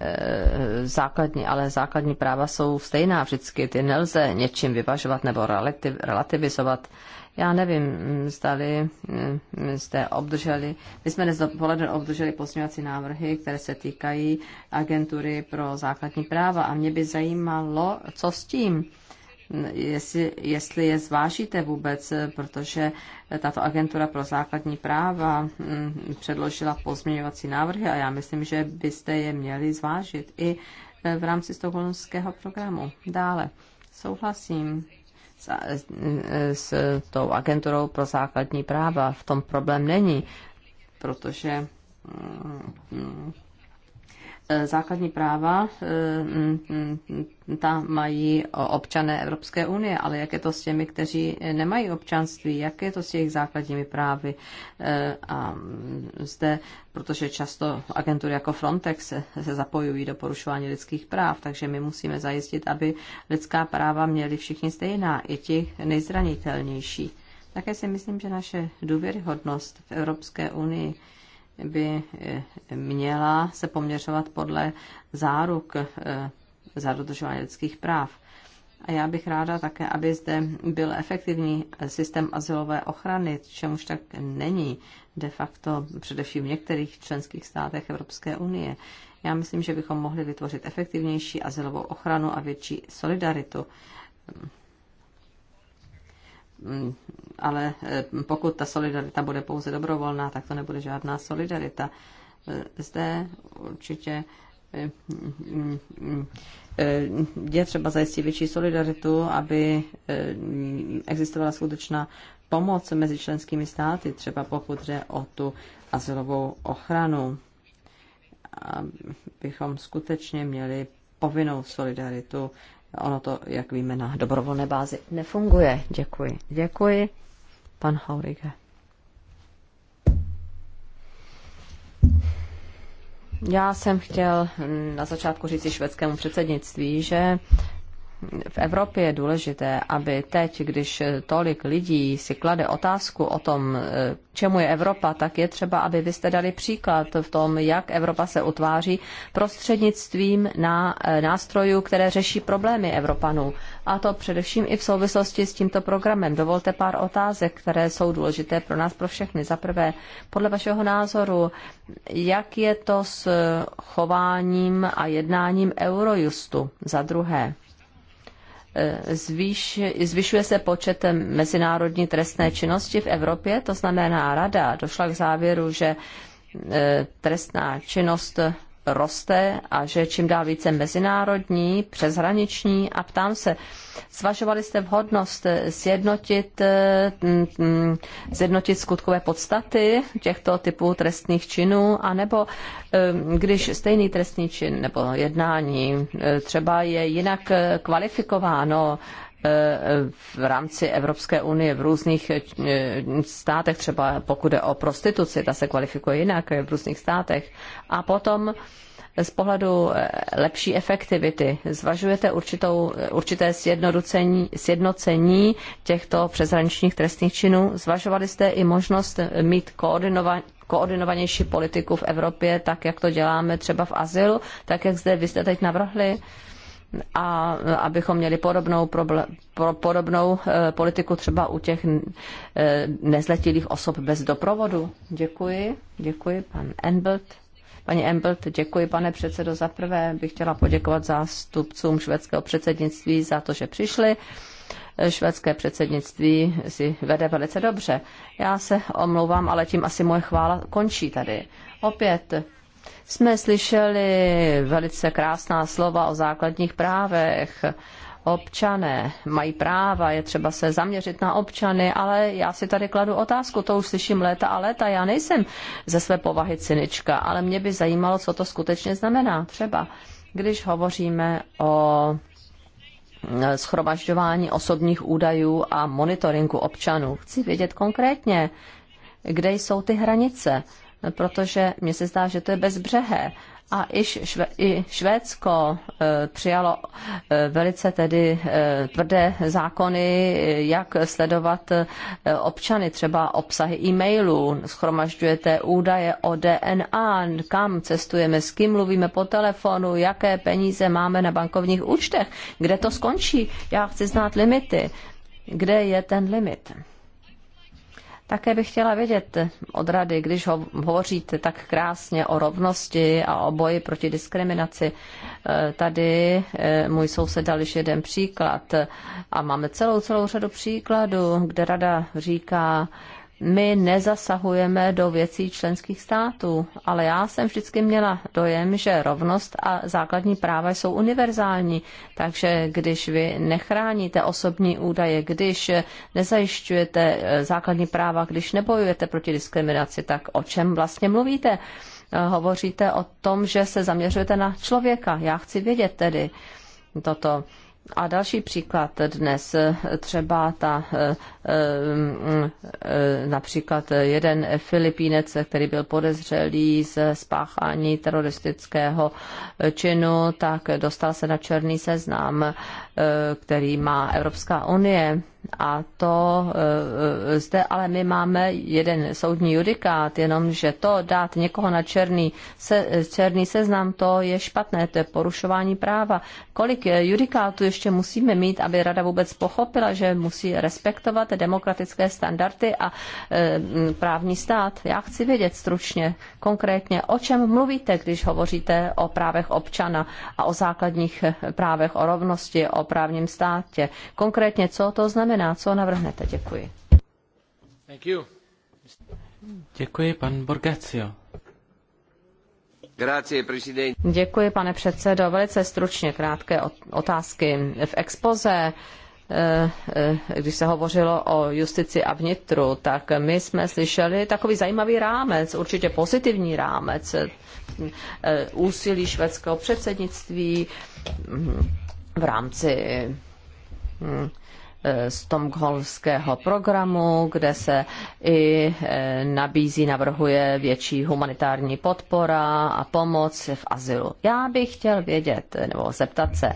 S4: eh, základní, ale základní práva jsou stejná vždycky, ty nelze něčím vyvažovat nebo relativizovat. Já nevím, zdali eh, jste obdrželi, my jsme dnes dopoledne obdrželi posměvací návrhy, které se týkají agentury pro základní práva a mě by zajímalo, co s tím jestli, jestli je zvážíte vůbec, protože tato agentura pro základní práva mm, předložila pozměňovací návrhy a já myslím, že byste je měli zvážit i v rámci stokholmského programu. Dále souhlasím s, s tou agenturou pro základní práva. V tom problém není, protože mm, Eh, základní práva eh, mm, mm, ta mají občané Evropské unie, ale jak je to s těmi, kteří nemají občanství, jak je to s jejich základními právy eh, a mm, zde, protože často agentury jako Frontex se zapojují do porušování lidských práv, takže my musíme zajistit, aby lidská práva měli všichni stejná, i ti nejzranitelnější. Také si myslím, že naše důvěryhodnost v Evropské unii by eh, měla se poměřovat podle záruk eh, za dodržování lidských práv. A já bych ráda také, aby zde byl efektivní systém asilové ochrany, čemuž tak není de facto především v některých členských státech Evropské unie. Já myslím, že bychom mohli vytvořit efektivnější asilovou ochranu a větší solidaritu Mm, ale eh, pokud ta solidarita bude pouze dobrovolná, tak to nebude žádná solidarita. Eh, zde určitě eh, mm, mm, je třeba zajistit větší solidaritu, aby existovala skutečná pomoc mezi členskými státy, třeba pokud jde o tu azylovou ochranu. Abychom skutečně měli povinnou solidaritu Ono to, jak víme, na dobrovolné bázi nefunguje. Děkuji. Děkuji, pan Haurige. Já jsem chtěl na začátku říct švédskému předsednictví, že v Evropě je důležité, aby teď, když tolik lidí si klade otázku o tom, e, čemu je Evropa, tak je třeba, aby vy jste dali příklad v tom, jak Evropa se utváří prostřednictvím na e, nástrojů, které řeší problémy Evropanů. A to především i v souvislosti s tímto programem. Dovolte pár otázek, které jsou důležité pro nás, pro všechny. Za prvé, podle vašeho názoru, jak je to s chováním a jednáním Eurojustu? Za druhé, E, zvýš, zvyšuje se počet mezinárodní trestné činnosti v Evropě, to znamená rada došla k závěru, že e, trestná činnost roste a že je čím dál více mezinárodní, přeshraniční a ptám se, zvažovali jste vhodnost sjednotit, mm, mm, sjednotit skutkové podstaty těchto typů trestných činů, anebo když stejný trestný čin nebo jednání e, třeba je jinak e, kvalifikováno, v rámci Evropské unie v různých eh, státech, třeba pokud jde o prostituci, ta se kvalifikuje jinak v různých státech. A potom z pohledu eh, lepší efektivity zvažujete určitou, eh, určité sjednocení, sjednocení těchto přeshraničních trestných činů? Zvažovali jste i možnost mít koordinova, koordinovanější politiku v Evropě, tak jak to děláme třeba v azylu, tak jak zde vy jste teď navrhli? a abychom měli podobnou, pro, podobnou eh, politiku třeba u těch eh, nezletilých osob bez doprovodu. Děkuji, děkuji, pan Enbelt. Pani Embelt, děkuji, pane předsedo. Za prvé bych chtěla poděkovat zástupcům švédského předsednictví za to, že přišli švédské předsednictví si vede velice dobře. Já se omlouvám, ale tím asi moje chvála končí tady. Opět jsme slyšeli velice krásná slova o základních právech. Občané mají práva, je třeba se zaměřit na občany, ale já si tady kladu otázku, to už slyším léta a léta, já nejsem ze své povahy cynička, ale mě by zajímalo, co to skutečně znamená. Třeba když hovoříme o schromažďování osobních údajů a monitoringu občanů. Chci vědět konkrétně, kde jsou ty hranice protože mně se zdá, že to je bezbřehé. A i, šve, i Švédsko e, přijalo e, velice tedy e, tvrdé zákony, jak sledovat e, občany, třeba obsahy e-mailů, schromažďujete údaje o DNA, kam cestujeme, s kým mluvíme po telefonu, jaké peníze máme na bankovních účtech, kde to skončí. Já chci znát limity. Kde je ten limit? Také bych chtěla vědět od rady, když ho, hovoříte tak krásně o rovnosti a o boji proti diskriminaci. Eh, tady eh, můj soused dal ještě jeden příklad a máme celou, celou řadu příkladů, kde rada říká, my nezasahujeme do věcí členských států, ale já jsem vždycky měla dojem, že rovnost a základní práva jsou univerzální. Takže když vy nechráníte osobní údaje, když nezajišťujete eh, základní práva, když nebojujete proti diskriminaci, tak o čem vlastně mluvíte? Eh, hovoříte o tom, že se zaměřujete na člověka. Já chci vědět tedy toto. A další příklad dnes, třeba ta, eh, eh, například jeden Filipínec, který byl podezřelý z spáchání teroristického činu, tak dostal se na černý seznam, eh, který má Evropská unie a to eh, eh, zde ale my máme jeden soudní judikát, jenomže to dát někoho na černý, se, černý seznam, to je špatné, to je porušování práva. Kolik eh, judikátů ještě musíme mít, aby rada vůbec pochopila, že musí respektovat demokratické standardy a e, právní stát? Já chci vědět stručně, konkrétně, o čem mluvíte, když hovoříte o právech občana a o základních právech, o rovnosti, o právním státě. Konkrétně, co to znamená? znamená. Co navrhnete? Děkuji.
S2: Thank you. Děkuji, pan Borgacio.
S4: Děkuji, pane předsedo. Velice stručně krátké otázky. V expoze eh, eh, když se hovořilo o justici a vnitru, tak my jsme slyšeli takový zajímavý rámec, určitě pozitivní rámec, eh, úsilí švédského předsednictví hm, v rámci hm, Stomkholmského programu, kde se i e, nabízí, navrhuje větší humanitární podpora a pomoc v azylu. Já bych chtěl vědět, nebo zeptat se,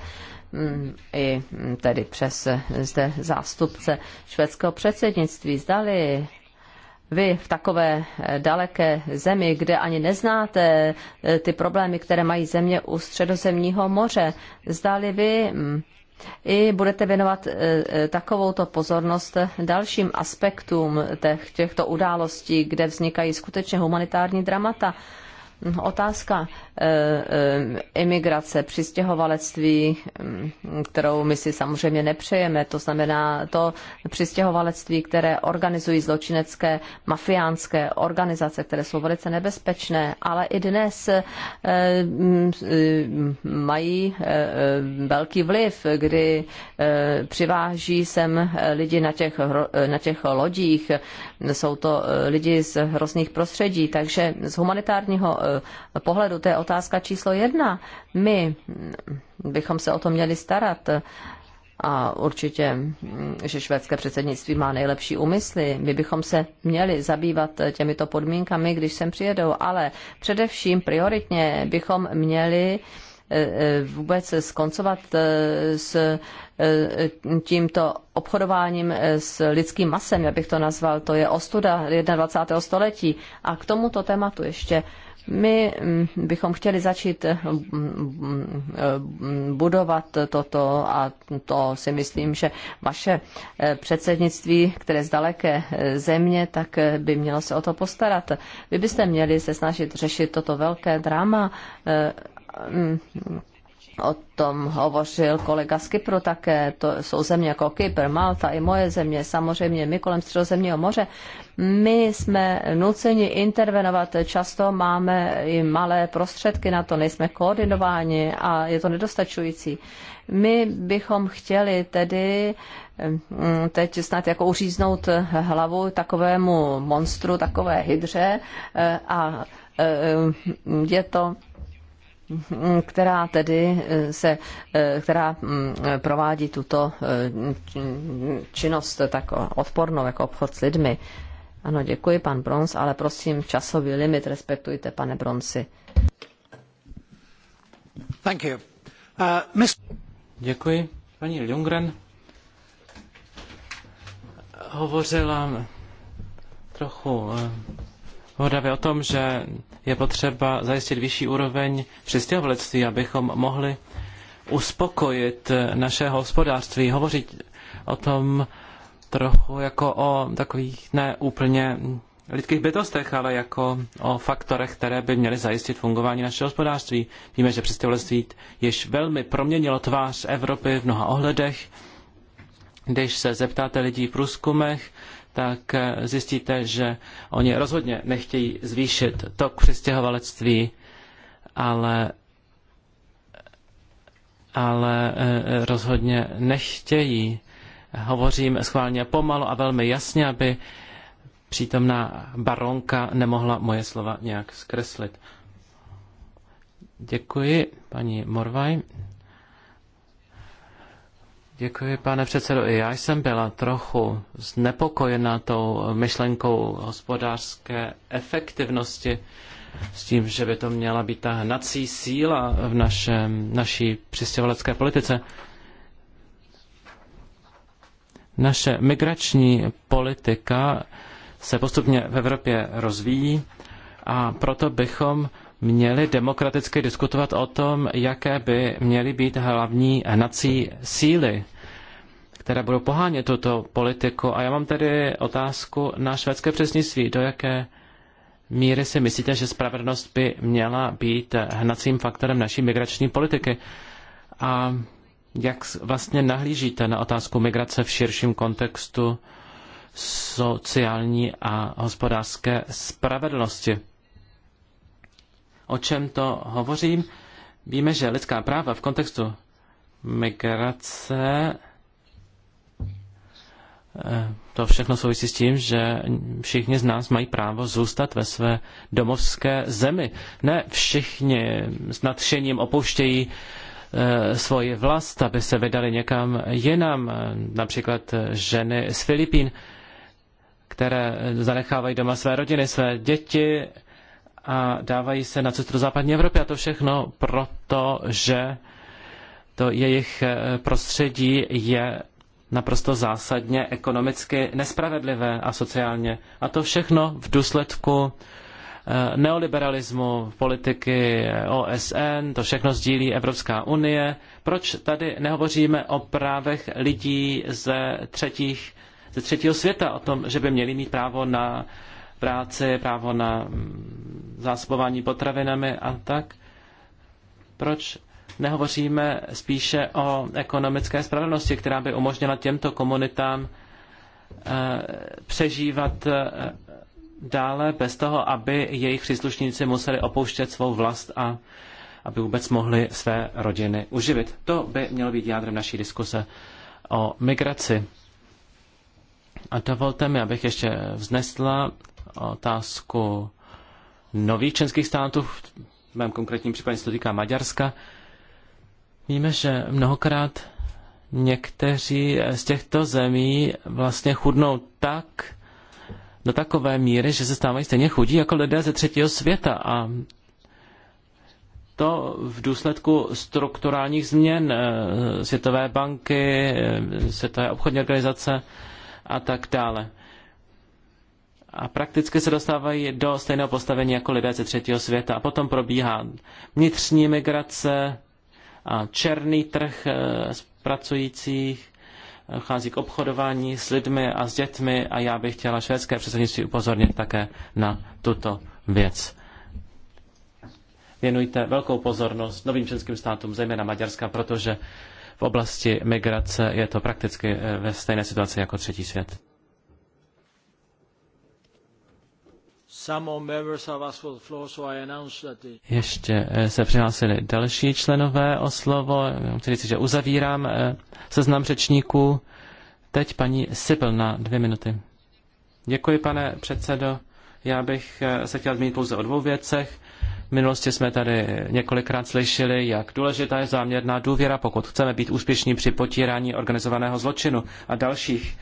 S4: mm, i mm, tedy přes e, zde zástupce švédského předsednictví, zdali vy v takové e, daleké zemi, kde ani neznáte ty problémy, které mají země u středozemního moře, zdali vy mm, i budete věnovat e, e, takovouto pozornost dalším aspektům těch, těchto událostí, kde vznikají skutečně humanitární dramata. Otázka, Eh, imigrace, přistěhovalectví, mm, kterou my si samozřejmě nepřejeme, to znamená to přistěhovalectví, které organizují zločinecké mafiánské organizace, které jsou velice nebezpečné, ale i dnes eh, mm, mají eh, velký vliv, kdy přiváží sem lidi na těch, na těch lodích, jsou to lidi z hrozných prostředí, takže z humanitárního pohledu to je otázka číslo jedna. My bychom se o to měli starat. A určitě, že švédské předsednictví má nejlepší úmysly. My bychom se měli zabývat těmito podmínkami, když sem přijedou, ale především prioritně bychom měli eh, eh, vůbec skoncovat eh, s tímto obchodováním s lidským masem, jak bych to nazval, to je ostuda 21. století. A k tomuto tématu ještě my mm, bychom chtěli začít eh, budovat toto a to si myslím, že vaše eh, předsednictví, které z daleké eh, země, tak by mělo se o to postarat. Vy byste měli se snažit řešit toto velké drama mm, O tom hovořil kolega z Kypru také, to jsou země jako Kypr, Malta i moje země, samozřejmě my kolem Středozemního moře my jsme nuceni intervenovat, často máme i malé prostředky na to, nejsme koordinováni a je to nedostačující. My bychom chtěli tedy mm, teď snad jako uříznout hlavu takovému monstru, takové hydře eh, a eh, je to mm, která tedy eh, se, která mm, provádí tuto činnost tak odpornou jako obchod s lidmi. Ano, děkuji, pan Bronz, ale prosím, časový limit respektujte, pane Bronzi.
S2: Thank you. Uh, Děkuji. Paní Ljungren hovořila trochu eh, hodavě o tom, že je potřeba zajistit vyšší úroveň přistěhovalectví, abychom mohli uspokojit naše hospodářství. Hovořit o tom, trochu jako o takových ne úplně lidských bytostech, ale jako o faktorech, které by měly zajistit fungování našeho hospodářství. Víme, že přistěhovalectví již velmi proměnilo tvář Evropy v mnoha ohledech. Když se zeptáte lidí v průzkumech, tak eh, zjistíte, že oni rozhodně nechtějí zvýšit tok přistěhovalectví, ale ale eh, rozhodně nechtějí Hovořím schválně pomalu a velmi jasně, aby přítomná baronka nemohla moje slova nějak zkreslit. Děkuji, paní Morvaj. Děkuji, pane předsedo. I já jsem byla trochu znepokojena tou myšlenkou hospodářské efektivnosti s tím, že by to měla být ta hnací síla v našem, naší přistěhovalecké politice. Naše migrační politika se postupně v Evropě rozvíjí a proto bychom měli demokraticky diskutovat o tom, jaké by měly být hlavní hnací síly, které budou pohánět tuto politiku. A já mám tedy otázku na švédské přesnictví. Do jaké míry si myslíte, že spravedlnost by měla být hnacím faktorem naší migrační politiky? A jak vlastně nahlížíte na otázku migrace v širším kontextu sociální a hospodářské spravedlnosti? O čem to hovořím? Víme, že lidská práva v kontextu migrace eh, to všechno souvisí s tím, že všichni z nás mají právo zůstat ve své domovské zemi. Ne všichni s nadšením opouštějí Eh, svoji vlast, aby se vydali někam jinam, eh, například ženy z Filipín, které zanechávají doma své rodiny, své děti a dávají se na cestu do západní Evropy a to všechno proto, že to jejich eh, prostředí je naprosto zásadně ekonomicky nespravedlivé a sociálně. A to všechno v důsledku Eh, neoliberalismu, politiky OSN, to všechno sdílí Evropská unie. Proč tady nehovoříme o právech lidí ze, třetích, ze třetího světa, o tom, že by měli mít právo na práci, právo na mm, zásobování potravinami a tak? Proč nehovoříme spíše o ekonomické spravedlnosti, která by umožnila těmto komunitám eh, přežívat eh, dále bez toho, aby jejich příslušníci museli opouštět svou vlast a aby vůbec mohli své rodiny uživit. To by mělo být jádrem naší diskuse o migraci. A dovolte mi, abych ještě vznesla otázku nových členských států, v mém konkrétním případě se to týká Maďarska. Víme, že mnohokrát někteří z těchto zemí vlastně chudnou tak, do takové míry, že se stávají stejně chudí jako lidé ze třetího světa a to v důsledku strukturálních změn eh, Světové banky, eh, Světové obchodní organizace a tak dále. A prakticky se dostávají do stejného postavení jako lidé ze třetího světa. A potom probíhá vnitřní migrace a černý trh z eh, pracujících dochází k obchodování s lidmi a s dětmi a já bych chtěla švédské předsednictví upozornit také na tuto věc. Věnujte velkou pozornost novým členským státům, zejména Maďarska, protože v oblasti migrace je to prakticky eh, ve stejné situaci jako třetí svět. Ještě eh, se přihlásili další členové o slovo, chci říct, že uzavírám eh, seznam řečníků. Teď paní Sybil na dvě minuty. Děkuji, pane předsedo. Já bych eh, se chtěl zmínit pouze o dvou věcech. V minulosti jsme tady několikrát slyšeli, jak důležitá je záměrná důvěra, pokud chceme být úspěšní při potírání organizovaného zločinu a dalších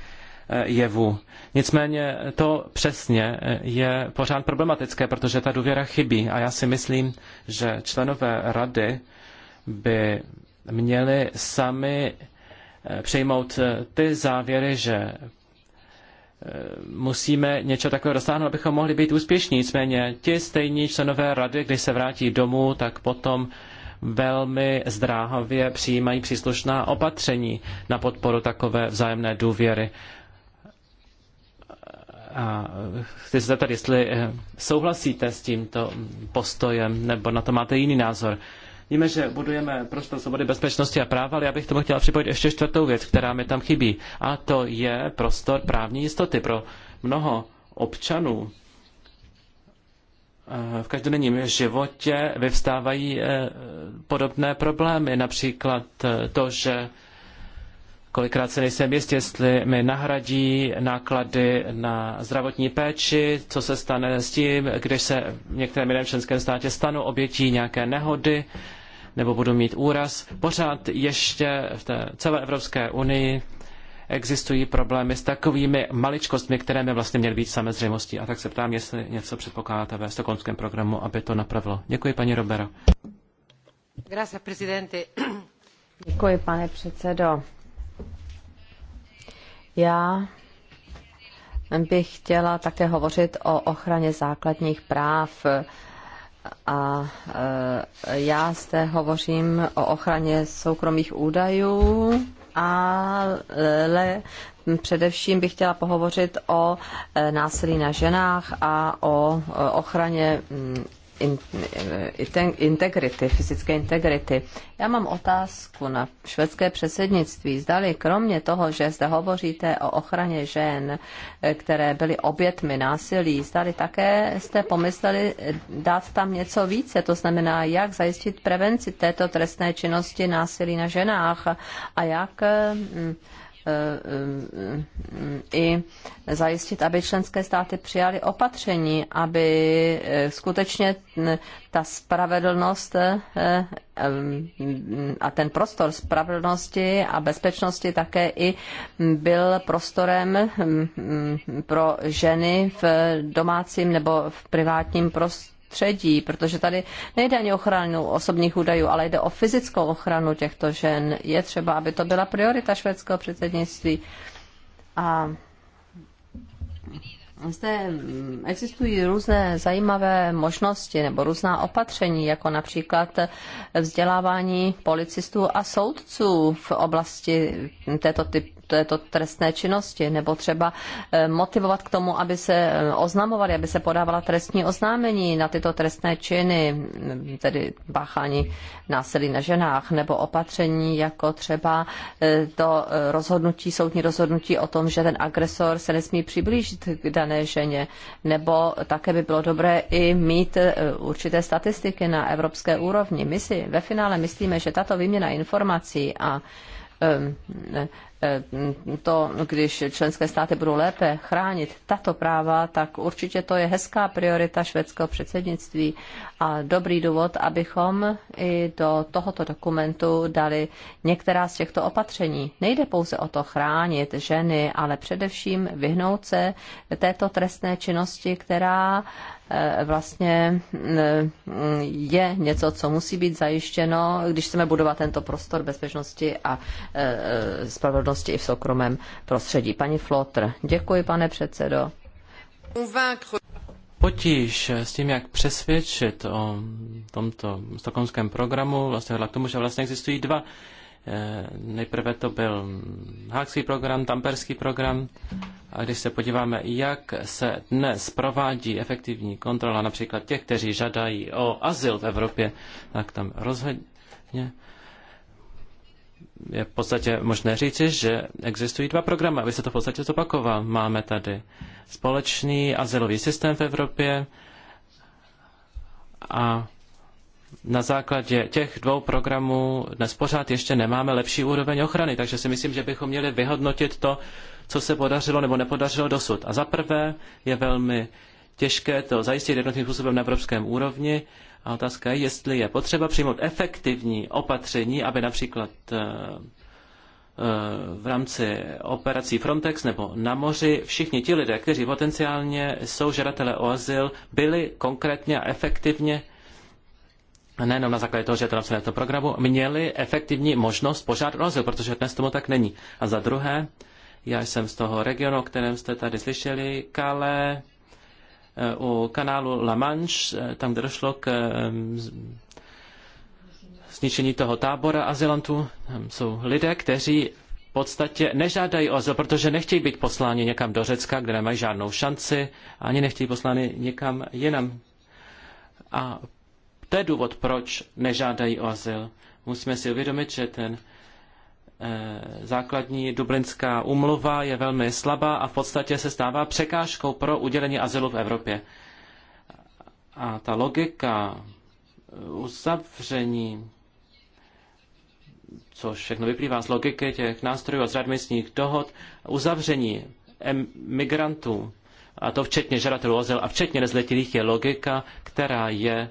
S2: Eh, jevu. Nicméně to přesně eh, je pořád problematické, protože ta důvěra chybí a já si myslím, že členové rady by měli sami eh, přijmout ty závěry, že musíme něco takového dosáhnout, abychom mohli být úspěšní. Nicméně ti stejní členové rady, když se vrátí domů, tak potom velmi zdráhavě přijímají příslušná opatření na podporu takové vzájemné důvěry. A eh, chci se zeptat, jestli eh, souhlasíte s tímto postojem, nebo na to máte jiný názor. Víme, že budujeme prostor svobody, bezpečnosti a práva, ale já bych tomu chtěla připojit ještě čtvrtou věc, která mi tam chybí. A to je prostor právní jistoty pro mnoho občanů. Eh, v každodenním životě vyvstávají podobné problémy, například to, že Kolikrát se nejsem jist, jestli mi nahradí náklady na zdravotní péči, co se stane s tím, když se v některém jiném členském státě stanu obětí nějaké nehody nebo budu mít úraz. Pořád ještě v té celé Evropské unii existují problémy s takovými maličkostmi, které by vlastně měly být samozřejmostí. A tak se ptám, jestli něco předpokládáte ve stokholmském programu, aby to napravilo. Děkuji, paní Robero.
S3: Grazie,
S4: Děkuji, pane předsedo. Já bych chtěla také hovořit o ochraně základních práv. A e, já zde hovořím o ochraně soukromých údajů, ale především bych chtěla pohovořit o e, násilí na ženách a o e, ochraně Eh, integrity, fyzické integrity. Já mám otázku na švédské předsednictví. Zdali kromě toho, že zde hovoříte o ochraně žen, eh, které byly obětmi násilí, zdali také jste pomysleli eh, dát tam něco více, to znamená, jak zajistit prevenci této trestné činnosti násilí na ženách a jak i zajistit, aby členské státy přijaly opatření, aby eh, skutečně ta spravedlnost eh, eh, a ten prostor spravedlnosti a bezpečnosti také i byl prostorem hm, hm, pro ženy v domácím nebo v privátním prostoru prostředí, protože tady nejde ani ochranu osobních údajů, ale jde o fyzickou ochranu těchto žen. Je třeba, aby to byla priorita švédského předsednictví. A zde existují různé zajímavé možnosti nebo různá opatření, jako například vzdělávání policistů a soudců v oblasti této typ, této trestné činnosti, nebo třeba eh, motivovat k tomu, aby se eh, oznamovali, aby se podávala trestní oznámení na tyto trestné činy, mm, tedy páchání násilí na ženách, nebo opatření jako třeba eh, to rozhodnutí, soudní rozhodnutí o tom, že ten agresor se nesmí přiblížit k dané ženě, nebo také by bylo dobré i mít určité statistiky na evropské úrovni. My si ve finále myslíme, že tato výměna informací a Eh, to, když členské státy budou lépe chránit tato práva, tak určitě to je hezká priorita švédského předsednictví a dobrý důvod, abychom i do tohoto dokumentu dali některá z těchto opatření. Nejde pouze o to chránit ženy, ale především vyhnout se této trestné činnosti, která eh, vlastně eh, je něco, co musí být zajištěno, když chceme budovat tento prostor bezpečnosti a spravedlnosti spravedlnosti i v soukromém
S2: prostředí. Paní Flotr,
S4: děkuji, pane předsedo.
S2: Potíž s tím, jak přesvědčit o tomto stokonském programu, vlastně vedla k tomu, že vlastně existují dva. Eh, nejprve to byl Haagský program, tamperský program. A když se podíváme, jak se dnes provádí efektivní kontrola například těch, kteří žádají o azyl v Evropě, tak tam rozhodně je v podstatě možné říci, že existují dva programy, aby se to v podstatě zopakoval. Máme tady společný azylový systém v Evropě a na základě těch dvou programů dnes pořád ještě nemáme lepší úroveň ochrany, takže si myslím, že bychom měli vyhodnotit to, co se podařilo nebo nepodařilo dosud. A za prvé je velmi těžké to zajistit jednotným způsobem na evropském úrovni a otázka je, jestli je potřeba přijmout efektivní opatření, aby například eh, eh, v rámci operací Frontex nebo na moři všichni ti lidé, kteří potenciálně jsou žadatelé o azyl, byli konkrétně a efektivně nejenom na základě toho, že je to napsané v tom programu, měli efektivní možnost požádat o azyl, protože dnes tomu tak není. A za druhé, já jsem z toho regionu, o kterém jste tady slyšeli, Kale, Eh, u kanálu La Manche, eh, tam, kde došlo k zničení toho tábora azylantů. Tam jsou lidé, kteří v podstatě nežádají o azyl, protože nechtějí být posláni někam do Řecka, kde nemají žádnou šanci, ani nechtějí poslány někam jinam. A to je důvod, proč nežádají o azyl. Musíme si uvědomit, že ten Eh, základní dublinská umluva je velmi slabá a v podstatě se stává překážkou pro udělení azylu v Evropě. A ta logika uzavření, což všechno vyplývá z logiky těch nástrojů a z readmisních dohod, uzavření migrantů, a to včetně žadatelů azyl a včetně nezletilých, je logika, která je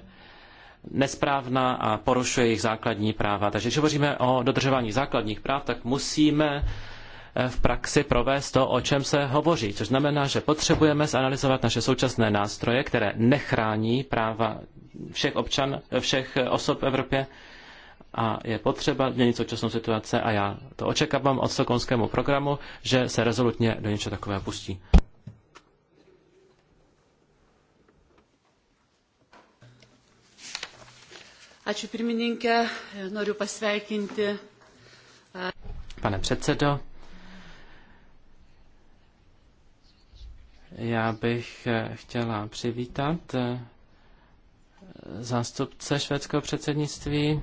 S2: nesprávná a porušuje jejich základní práva. Takže když hovoříme o dodržování základních práv, tak musíme eh, v praxi provést to, o čem se hovoří, což znamená, že potřebujeme zanalizovat naše současné nástroje, které nechrání práva všech občan, všech osob v Evropě a je potřeba změnit současnou situaci a já to očekávám od stokholmskému programu, že se rezolutně do něčeho takového pustí. Ačiū pirmininkė,
S1: noriu pasveikinti.
S2: Pane předsedo, já bych e, chtěla přivítat e, zástupce švédského předsednictví.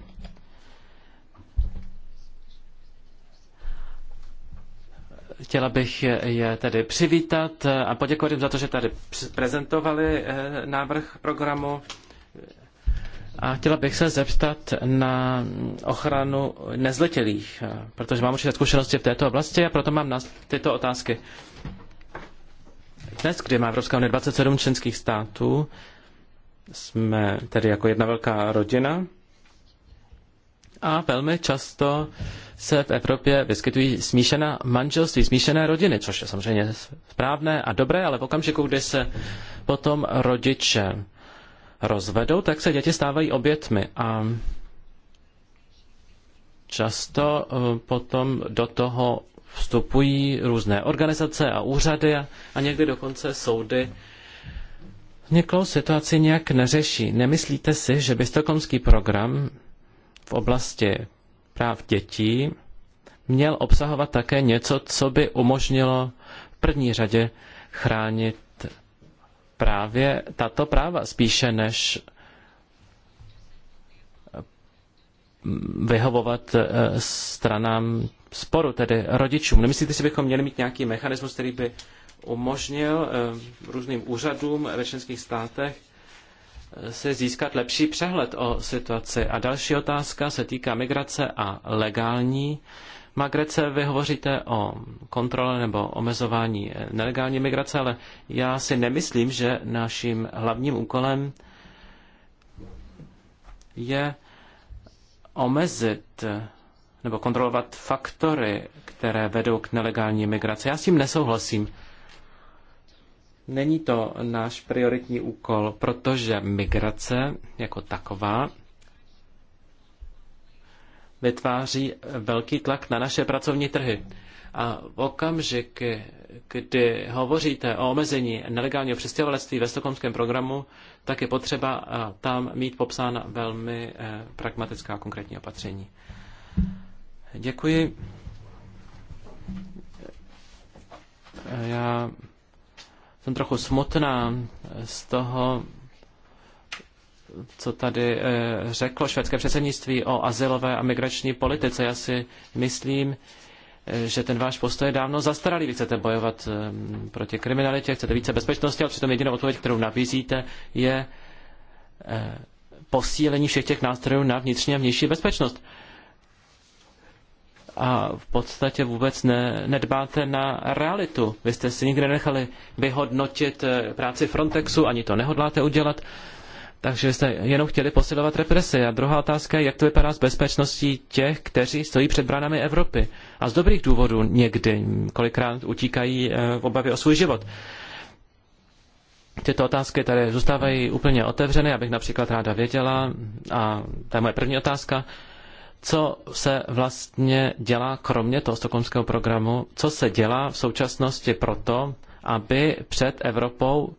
S2: Chtěla bych je tedy přivítat a poděkovat jim za to, že tady prezentovali e, návrh programu a chtěla bych se zeptat na ochranu nezletilých, protože mám určité zkušenosti v této oblasti a proto mám tyto otázky. Dnes, kdy má Evropská unie 27 členských států, jsme tedy jako jedna velká rodina a velmi často se v Evropě vyskytují smíšená manželství, smíšené rodiny, což je samozřejmě správné a dobré, ale v okamžiku, kdy se potom rodiče rozvedou, tak se děti stávají obětmi a často eh, potom do toho vstupují různé organizace a úřady a někdy dokonce soudy. Vzniklou situaci nějak neřeší. Nemyslíte si, že by stokomský program v oblasti práv dětí měl obsahovat také něco, co by umožnilo v první řadě chránit právě tato práva, spíše než vyhovovat eh, stranám sporu, tedy rodičům. Nemyslíte si, bychom měli mít nějaký mechanismus, který by umožnil eh, různým úřadům ve členských státech eh, se získat lepší přehled o situaci. A další otázka se týká migrace a legální Magrece, vy hovoříte o kontrole nebo omezování nelegální migrace, ale já si nemyslím, že naším hlavním úkolem je omezit nebo kontrolovat faktory, které vedou k nelegální migraci. Já s tím nesouhlasím. Není to náš prioritní úkol, protože migrace jako taková vytváří velký tlak na naše pracovní trhy. A v okamžik, kdy hovoříte o omezení nelegálního přestěhovalectví ve stokholmském programu, tak je potřeba eh, tam mít popsána velmi eh, pragmatická konkrétní opatření. Děkuji. Já jsem trochu smutná z toho, co tady eh, řeklo švédské předsednictví o asilové a migrační politice. Já si myslím, eh, že ten váš postoj je dávno zastaralý. Vy chcete bojovat eh, proti kriminalitě, chcete více bezpečnosti, ale přitom jedinou odpověď, kterou nabízíte, je posílení všech těch nástrojů na vnitřní a vnější bezpečnost. A v podstatě vůbec ne, nedbáte na realitu. Vy jste si nikdy nechali vyhodnotit práci Frontexu, ani to nehodláte udělat. Takže jste jenom chtěli posilovat represi. A druhá otázka je, jak to vypadá s bezpečností těch, kteří stojí před bránami Evropy. A z dobrých důvodů někdy, kolikrát utíkají eh, v obavě o svůj život. Tyto otázky tady zůstávají úplně otevřené, abych například ráda věděla. A to je moje první otázka. Co se vlastně dělá, kromě toho stokholmského programu, co se dělá v současnosti proto, aby před Evropou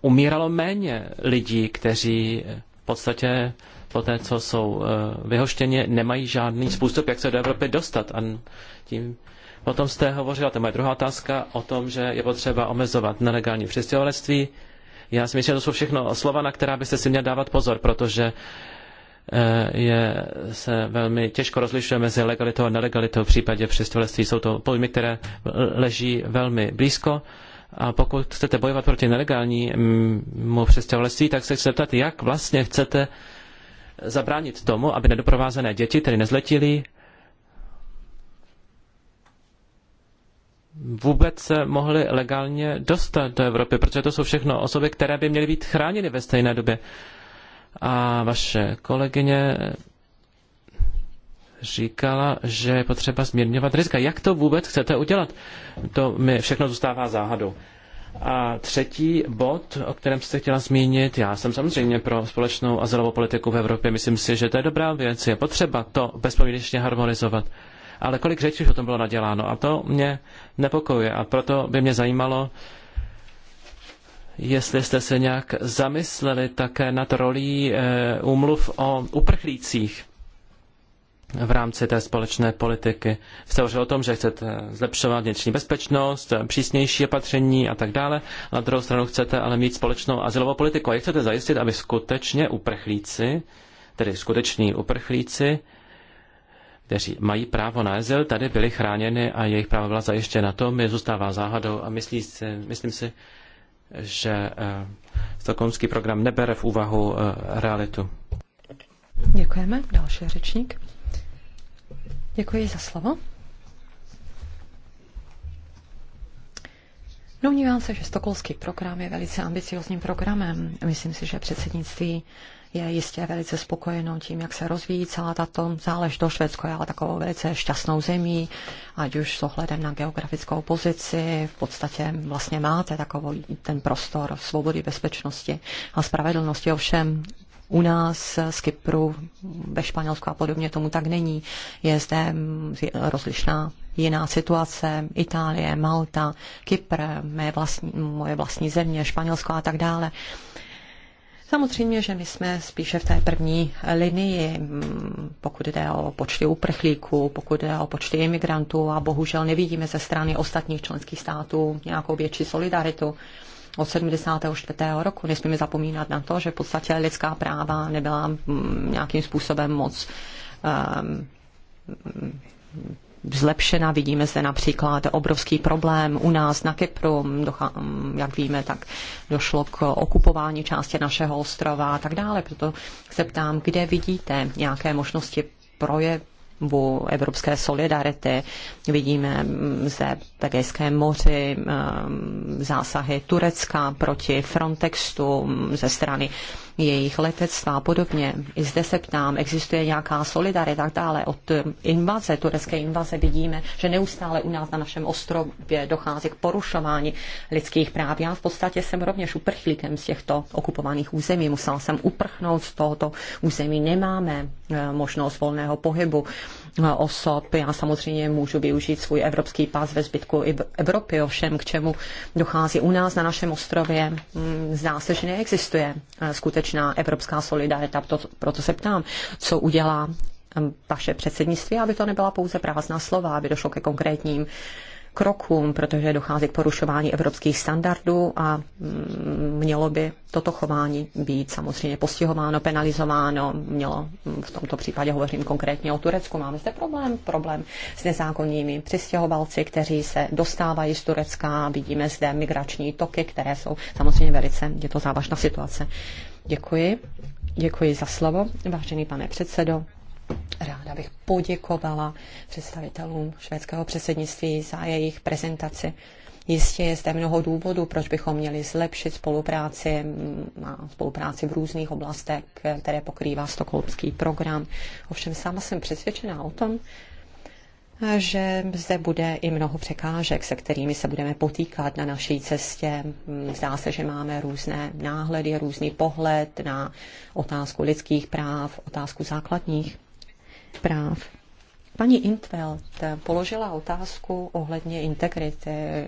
S2: umíralo méně lidí, kteří v podstatě po té, co jsou eh, vyhoštěni, nemají žádný způsob, jak se do Evropy dostat. A tím potom jste hovořila, to je moje druhá otázka, o tom, že je potřeba omezovat nelegální přistěhovalectví. Já si myslím, že to jsou všechno slova, na která byste si měl dávat pozor, protože eh, je, se velmi těžko rozlišuje mezi legalitou a nelegalitou. V případě přistěhovalectví jsou to pojmy, které leží velmi blízko. A pokud chcete bojovat proti nelegálnímu přestěhovalectví, tak se chci zeptat, jak vlastně chcete zabránit tomu, aby nedoprovázené děti, tedy nezletilí, vůbec se mohly legálně dostat do Evropy, protože to jsou všechno osoby, které by měly být chráněny ve stejné době. A vaše kolegyně říkala, že je potřeba zmírňovat rizika. Jak to vůbec chcete udělat? To mi všechno zůstává záhadou. A třetí bod, o kterém jste chtěla zmínit, já jsem samozřejmě pro společnou azylovou politiku v Evropě. Myslím si, že to je dobrá věc, je potřeba to bezpovědečně harmonizovat. Ale kolik řečí o tom bylo naděláno a to mě nepokojuje a proto by mě zajímalo, jestli jste se nějak zamysleli také nad rolí e, úmluv o uprchlících v rámci té společné politiky. Jste hovořil o tom, že chcete zlepšovat vnitřní bezpečnost, přísnější opatření a tak dále. Na druhou stranu chcete ale mít společnou asilovou politiku. A jak chcete zajistit, aby skutečně uprchlíci, tedy skuteční uprchlíci, kteří mají právo na azyl, tady byli chráněni a jejich práva byla zajištěna. To mi zůstává záhadou a myslí si, myslím si, že eh, stokholmský program nebere v úvahu eh, realitu.
S3: Děkujeme. Další řečník. Děkuji za slovo. Domnívám se, že stokholský program je velice ambiciozním programem. Myslím si, že předsednictví je jistě velice spokojeno tím, jak se rozvíjí celá tato do Švédsko je ale takovou velice šťastnou zemí, ať už s ohledem na geografickou pozici. V podstatě vlastně máte takový ten prostor svobody, bezpečnosti a spravedlnosti. Ovšem u nás z Kypru, ve Španělsku a podobně tomu tak není. Je zde rozlišná jiná situace, Itálie, Malta, Kypr, mé vlastní, moje vlastní země, Španělsko a tak dále. Samozřejmě, že my jsme spíše v té první linii, pokud jde o počty uprchlíků, pokud jde o počty imigrantů a bohužel nevidíme ze strany ostatních členských států nějakou větší solidaritu od 74. roku. Nesmíme zapomínat na to, že v podstatě lidská práva nebyla mm, nějakým způsobem moc um, zlepšena. Vidíme zde například obrovský problém u nás na Kypru, mm, jak víme, tak došlo k okupování části našeho ostrova a tak dále. Proto se ptám, kde vidíte nějaké možnosti projev, v evropské solidarity. Vidíme ze v moři um, zásahy Turecka proti Frontextu ze strany jejich letectva a podobně. I zde se ptám, existuje nějaká solidarita tak dále. Od invaze, turecké invaze vidíme, že neustále u nás na našem ostrově dochází k porušování lidských práv. Já v podstatě jsem rovněž uprchlíkem z těchto okupovaných území. Musela jsem uprchnout z tohoto území. Nemáme eh, možnost volného pohybu osob. Já samozřejmě můžu využít svůj evropský pás ve zbytku Evropy, ovšem k čemu dochází u nás na našem ostrově. Mm, zdá se, že neexistuje eh, skutečná evropská solidarita, proto se ptám, co udělá mm, vaše předsednictví, aby to nebyla pouze prázdná slova, aby došlo ke konkrétním krokům, protože dochází k porušování evropských standardů a mm, mělo by toto chování být samozřejmě postihováno, penalizováno. Mělo mm, v tomto případě hovořím konkrétně o Turecku. Máme zde problém, problém s nezákonnými přistěhovalci, kteří se dostávají z Turecka. Vidíme zde migrační toky, které jsou samozřejmě velice, je to závažná situace. Děkuji. Děkuji za slovo, vážený pane předsedo. Ráda bych poděkovala představitelům švédského předsednictví za jejich prezentaci. Jistě je zde mnoho důvodů, proč bychom měli zlepšit spolupráci, a spolupráci v různých oblastech, které pokrývá stokholmský program. Ovšem sama jsem přesvědčená o tom, že zde bude i mnoho překážek, se kterými se budeme potýkat na naší cestě. Zdá se, že máme různé náhledy, různý pohled na otázku lidských práv, otázku základních práv. Paní Intveld položila otázku ohledně integrity,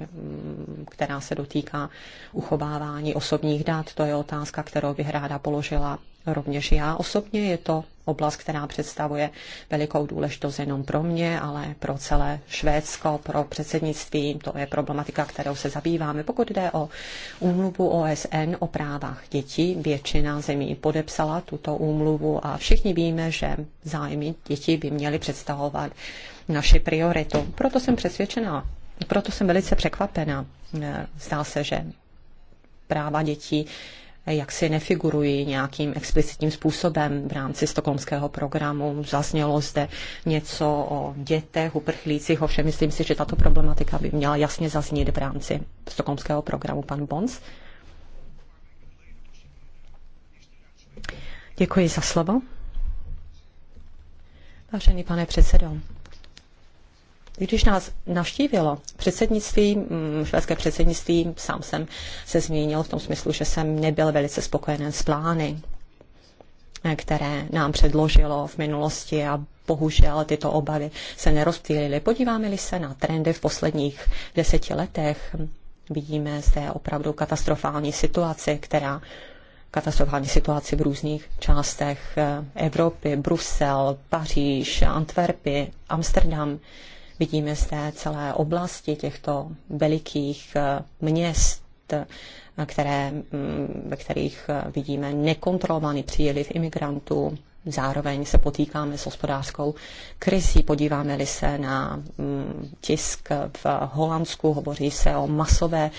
S3: která se dotýká uchovávání osobních dat. To je otázka, kterou bych ráda položila rovněž já osobně. Je to oblast, která představuje velikou důležitost jenom pro mě, ale pro celé Švédsko, pro předsednictví. To je problematika, kterou se zabýváme. Pokud jde o úmluvu OSN o právách dětí, většina zemí podepsala tuto úmluvu a všichni víme, že zájmy dětí by měly představovat naši prioritu. Proto jsem přesvědčená, proto jsem velice překvapena. Zdá se, že práva dětí jak nefigurují nějakým explicitním způsobem v rámci stokholmského programu. Zaznělo zde něco o dětech, uprchlících, ovšem myslím si, že tato problematika by měla jasně zaznít v rámci stokholmského programu. Pan Bons. Děkuji za slovo. Vážený pane předsedo, když nás navštívilo předsednictví, mm, švédské předsednictví, sám jsem se zmínil v tom smyslu, že jsem nebyl velice spokojený s plány, eh, které nám předložilo v minulosti a bohužel tyto obavy se nerozptýlily. Podíváme-li se na trendy v posledních deseti letech, vidíme zde opravdu katastrofální situaci, která katastrofální situaci v různých částech eh, Evropy, Brusel, Paříž, Antwerpy, Amsterdam. Vidíme zde celé oblasti těchto velikých eh, měst, eh, které, mm, ve kterých eh, vidíme nekontrolovaný příliv imigrantů. Zároveň se potýkáme s hospodářskou krizí. Podíváme-li se na mm, tisk v Holandsku, hovoří se o masové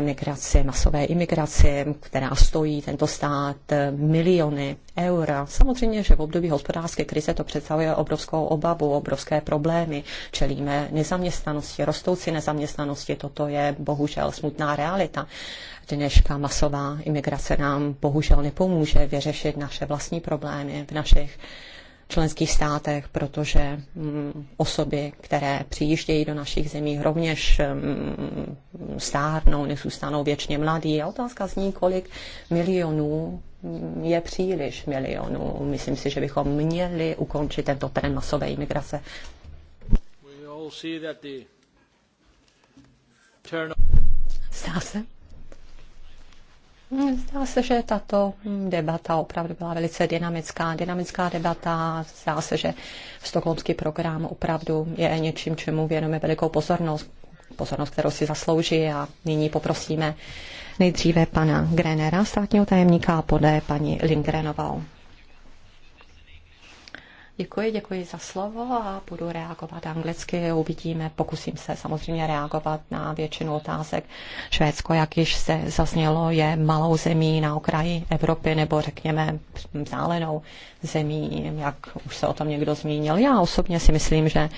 S3: migraci, masové imigraci, která stojí tento stát eh, miliony eur. Samozřejmě, že v období hospodářské krize to představuje obrovskou obavu, obrovské problémy. Čelíme nezaměstnanosti, rostoucí nezaměstnanosti. Toto je bohužel smutná realita. Dneška masová imigrace nám bohužel nepomůže vyřešit naše vlastní problémy v našich členských státech, protože mm, osoby, které přijíždějí do našich zemí, rovněž mm, stárnou, nezůstanou věčně mladí. A otázka zní, kolik milionů je příliš milionů. Myslím si, že bychom měli ukončit tento trend masové imigrace. Zdá se, Zdá se, že tato debata opravdu byla velice dynamická, dynamická debata. Zdá se, že stokholmský program opravdu je něčím, čemu věnujeme velikou pozornost, pozornost, kterou si zaslouží a nyní poprosíme nejdříve pana Grenera, státního tajemníka, a poté paní Lindgrenovou. Děkuji, děkuji za slovo a budu reagovat anglicky. Uvidíme, pokusím se samozřejmě reagovat na většinu otázek. Švédsko, jak již se zaznělo, je malou zemí na okraji Evropy nebo řekněme vzdálenou zemí, jak už se o tom někdo zmínil. Já osobně si myslím, že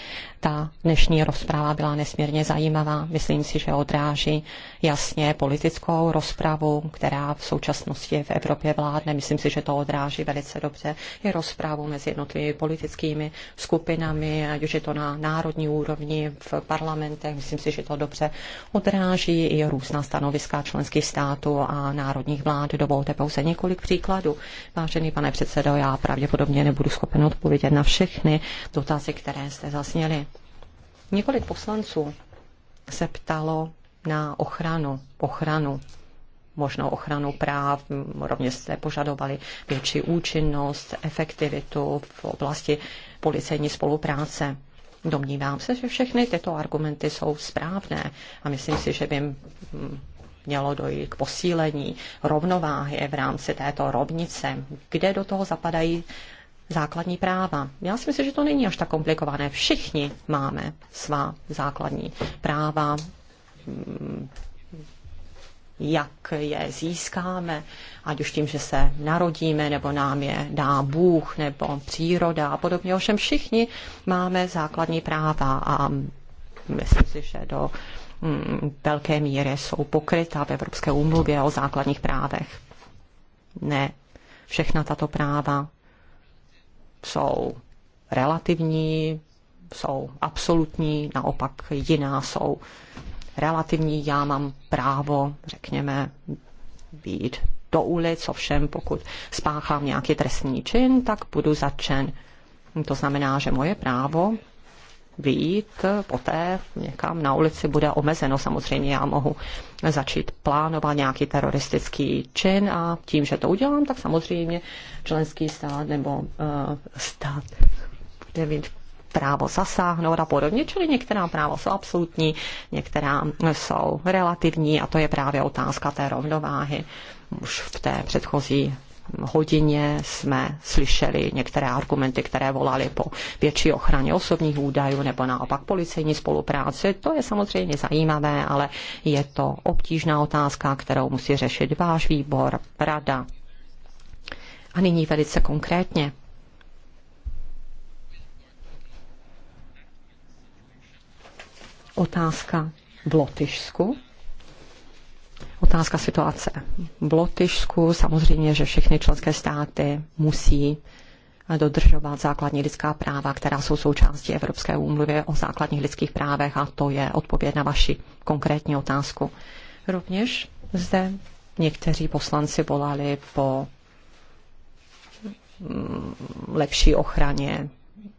S3: ta dnešní rozprava byla nesmírně zajímavá. Myslím si, že odráží jasně politickou rozpravu, která v současnosti v Evropě vládne. Myslím si, že to odráží velice dobře i rozpravu mezi jednotlivými politickými skupinami, ať už je to na národní úrovni v parlamentech. Myslím si, že to dobře odráží i různá stanoviska členských států a národních vlád. Dovolte pouze několik příkladů. Vážený pane předsedo, já pravděpodobně nebudu schopen odpovědět na všechny dotazy, které jste zasněli. Několik poslanců se ptalo na ochranu, ochranu možnou ochranu práv, rovněž jste požadovali větší účinnost, efektivitu v oblasti policejní spolupráce. Domnívám se, že všechny tyto argumenty jsou správné a myslím si, že by mělo dojít k posílení rovnováhy v rámci této rovnice, kde do toho zapadají základní práva. Já si myslím, že to není až tak komplikované. Všichni máme svá základní práva, mm, jak je získáme, ať už tím, že se narodíme, nebo nám je dá Bůh, nebo příroda a podobně. Ovšem všichni máme základní práva a myslím si, že do mm, velké míry jsou pokryta v Evropské úmluvě o základních právech. Ne všechna tato práva jsou relativní, jsou absolutní, naopak jiná jsou relativní. Já mám právo, řekněme, být do ulic, ovšem pokud spáchám nějaký trestní čin, tak budu začen. To znamená, že moje právo vyjít poté někam na ulici bude omezeno. Samozřejmě já mohu začít plánovat nějaký teroristický čin a tím, že to udělám, tak samozřejmě členský stát nebo uh, stát bude mít právo zasáhnout a podobně, čili některá práva jsou absolutní, některá jsou relativní a to je právě otázka té rovnováhy už v té předchozí hodině jsme slyšeli některé argumenty, které volaly po větší ochraně osobních údajů nebo naopak policejní spolupráci. To je samozřejmě zajímavé, ale je to obtížná otázka, kterou musí řešit váš výbor, rada. A nyní velice konkrétně. Otázka v Lotyšsku otázka situace v Lotyšsku. Samozřejmě, že všechny členské státy musí dodržovat základní lidská práva, která jsou součástí Evropské úmluvy o základních lidských právech a to je odpověď na vaši konkrétní otázku. Rovněž zde někteří poslanci volali po mm, lepší ochraně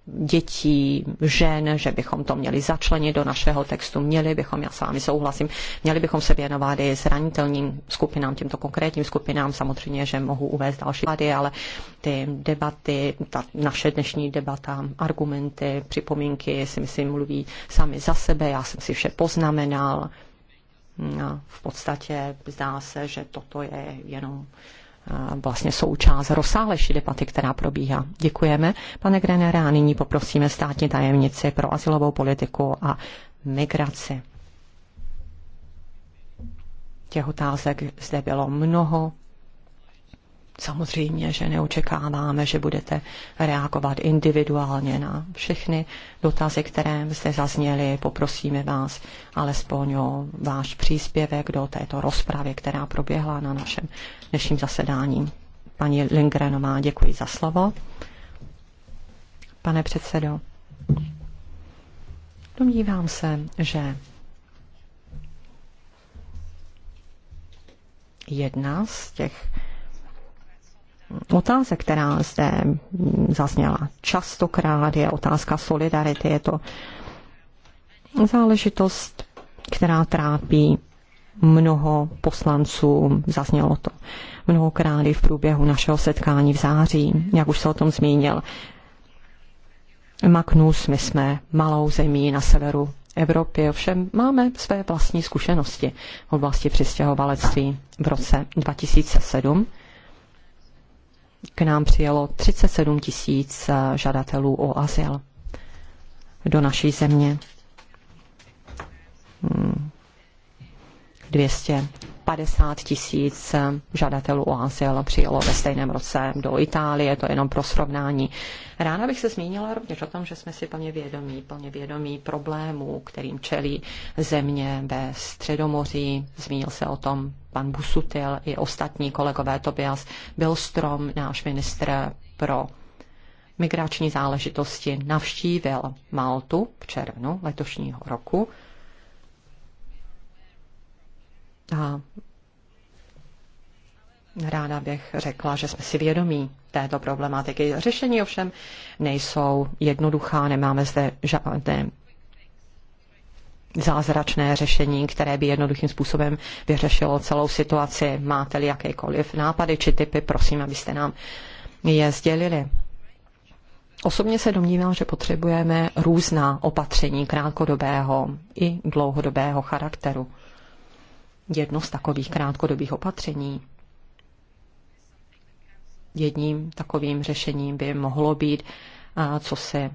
S3: dětí, žen, že bychom to měli začlenit do našeho textu. Měli bychom, já s vámi souhlasím, měli bychom se věnovat i zranitelným skupinám, těmto konkrétním skupinám. Samozřejmě, že mohu uvést další vlády, ale ty debaty, ta naše dnešní debata, argumenty, připomínky si myslím mluví sami za sebe. Já jsem si vše poznamenal. A v podstatě zdá se, že toto je jenom vlastně součást rozsáhlejší debaty, která probíhá. Děkujeme, pane Grenere, a nyní poprosíme státní tajemnici pro asilovou politiku a migraci. Těch otázek zde bylo mnoho, Samozřejmě, že neočekáváme, že budete reagovat individuálně na všechny dotazy, které jste zazněli. Poprosíme vás alespoň o váš příspěvek do této rozpravy, která proběhla na našem dnešním zasedání. Paní Lindgrenová, děkuji za slovo. Pane předsedo, domnívám se, že jedna z těch Otázka, která zde zazněla. Častokrát je otázka solidarity, je to záležitost, která trápí mnoho poslanců, zaznělo to mnohokrát i v průběhu našeho setkání v září, jak už se o tom zmínil. Magnus, my jsme malou zemí na severu Evropy, ovšem máme své vlastní zkušenosti v oblasti přistěhovalectví. V roce 2007 k nám přijelo 37 tisíc eh, žadatelů o azyl do naší země. 250 hmm. tisíc eh, žadatelů o azyl přijelo ve stejném roce do Itálie, to je jenom pro srovnání. Ráda bych se zmínila rovněž o tom, že jsme si plně vědomí, plně vědomí problémů, kterým čelí země ve Středomoří. Zmínil se o tom pan Busutil i ostatní kolegové Tobias Bilstrom, náš ministr pro migrační záležitosti, navštívil Maltu v červnu letošního roku. A Ráda bych řekla, že jsme si vědomí této problematiky. Řešení ovšem nejsou jednoduchá, nemáme zde žádné zázračné řešení, které by jednoduchým způsobem vyřešilo celou situaci. Máte-li jakékoliv nápady či typy, prosím, abyste nám je sdělili. Osobně se domnívám, že potřebujeme různá opatření krátkodobého i dlouhodobého charakteru. Jedno z takových krátkodobých opatření jedním takovým řešením by mohlo být, co se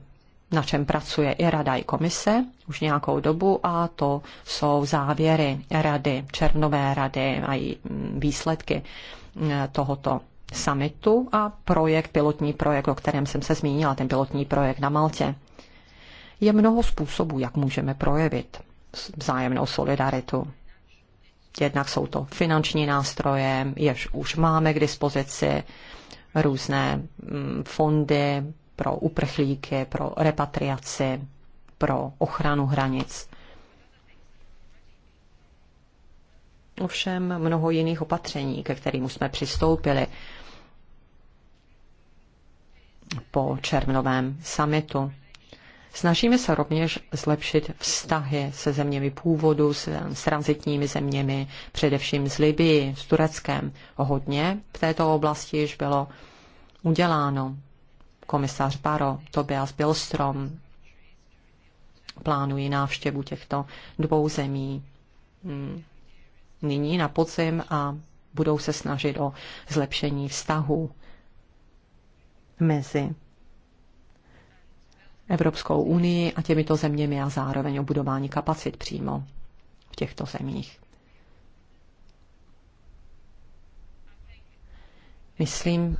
S3: na čem pracuje i Rada, i Komise už nějakou dobu a to jsou závěry Rady, Červnové rady a i mm, výsledky mm, tohoto summitu a projekt, pilotní projekt, o kterém jsem se zmínila, ten pilotní projekt na Maltě. Je mnoho způsobů, jak můžeme projevit vzájemnou solidaritu. Jednak jsou to finanční nástroje, jež už máme k dispozici, různé mm, fondy, pro uprchlíky, pro repatriaci, pro ochranu hranic. Ovšem mnoho jiných opatření, ke kterým jsme přistoupili po červnovém summitu. Snažíme se rovněž zlepšit vztahy se zeměmi původu, s, s transitními zeměmi, především z Libii, s Tureckem. Hodně v této oblasti již bylo uděláno komisař Baro, Tobias Bilstrom plánují návštěvu těchto dvou zemí hmm, nyní na podzim a budou se snažit o zlepšení vztahu mezi Evropskou unii a těmito zeměmi a zároveň o budování kapacit přímo v těchto zemích. Myslím,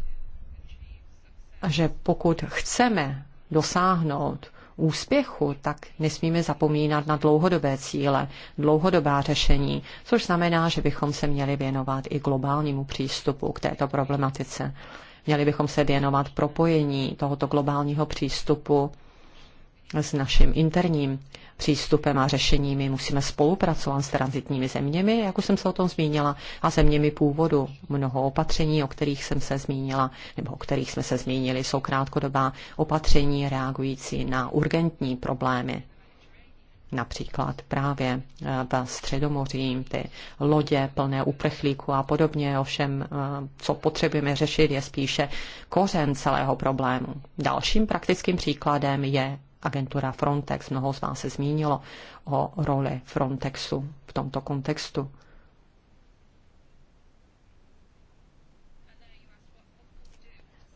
S3: že pokud chceme dosáhnout úspěchu, tak nesmíme zapomínat na dlouhodobé cíle, dlouhodobá řešení, což znamená, že bychom se měli věnovat i globálnímu přístupu k této problematice. Měli bychom se věnovat propojení tohoto globálního přístupu s naším interním přístupem a řešeními. Musíme spolupracovat s transitními zeměmi, jak už jsem se o tom zmínila, a zeměmi původu. Mnoho opatření, o kterých jsem se zmínila, nebo o kterých jsme se zmínili, jsou krátkodobá opatření reagující na urgentní problémy například právě eh, v Středomoří, ty lodě plné uprchlíků a podobně. Ovšem, eh, co potřebujeme řešit, je spíše kořen celého problému. Dalším praktickým příkladem je agentura Frontex. Mnoho z vás se zmínilo o roli Frontexu v tomto kontextu.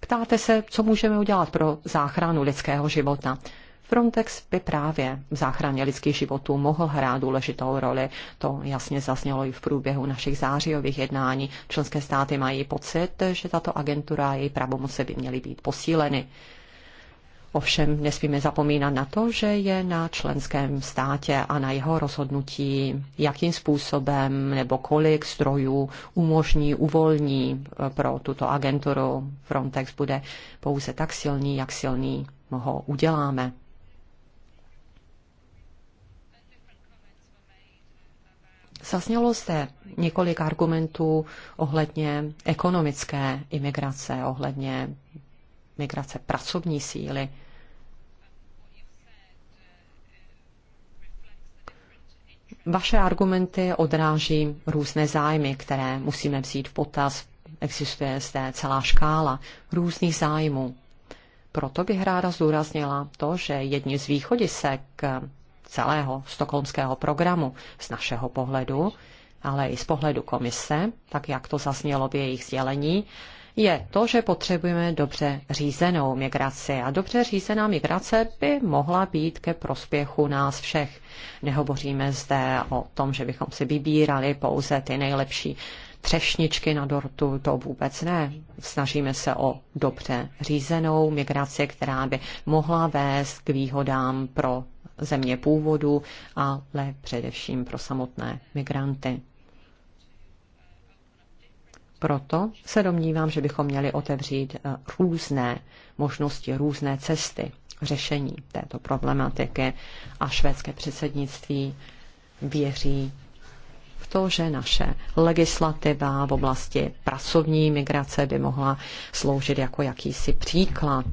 S3: Ptáte se, co můžeme udělat pro záchranu lidského života. Frontex by právě v záchraně lidských životů mohl hrát důležitou roli. To jasně zaznělo i v průběhu našich zářijových jednání. Členské státy mají pocit, že tato agentura a její pravomoce by měly být posíleny. Ovšem nesmíme zapomínat na to, že je na členském státě a na jeho rozhodnutí, jakým způsobem nebo kolik strojů umožní, uvolní e, pro tuto agenturu. Frontex bude pouze tak silný, jak silný ho uděláme. Zasnělo se několik argumentů ohledně ekonomické imigrace, ohledně migrace pracovní síly. Vaše argumenty odráží různé zájmy, které musíme vzít v potaz. Existuje zde celá škála různých zájmů. Proto bych ráda zdůraznila to, že jedni z východisek celého stokholmského programu z našeho pohledu, ale i z pohledu komise, tak jak to zaznělo v jejich sdělení, je to, že potřebujeme dobře řízenou migraci. A dobře řízená migrace by mohla být ke prospěchu nás všech. Nehovoříme zde o tom, že bychom si vybírali pouze ty nejlepší třešničky na dortu, to vůbec ne. Snažíme se o dobře řízenou migraci, která by mohla vést k výhodám pro země původu, ale především pro samotné migranty. Proto se domnívám, že bychom měli otevřít eh, různé možnosti, různé cesty řešení této problematiky a švédské předsednictví věří v to, že naše legislativa v oblasti pracovní migrace by mohla sloužit jako jakýsi příklad.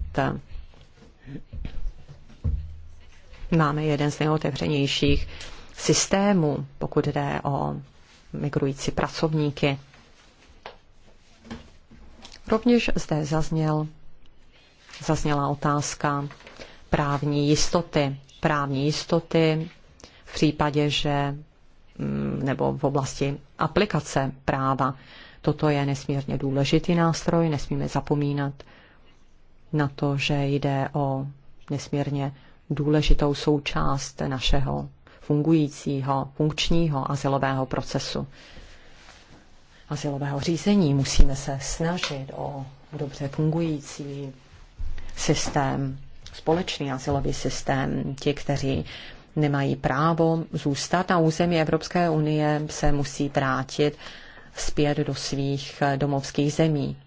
S3: Máme jeden z nejotevřenějších systémů, pokud jde o migrující pracovníky Rovněž zde zazněl, zazněla otázka právní jistoty. Právní jistoty v případě, že mm, nebo v oblasti aplikace práva. Toto je nesmírně důležitý nástroj, nesmíme zapomínat na to, že jde o nesmírně důležitou součást našeho fungujícího, funkčního azylového procesu asilového řízení. Musíme se snažit o dobře fungující systém, společný asilový systém. Ti, kteří nemají právo zůstat na území Evropské unie, se musí vrátit zpět do svých domovských zemí.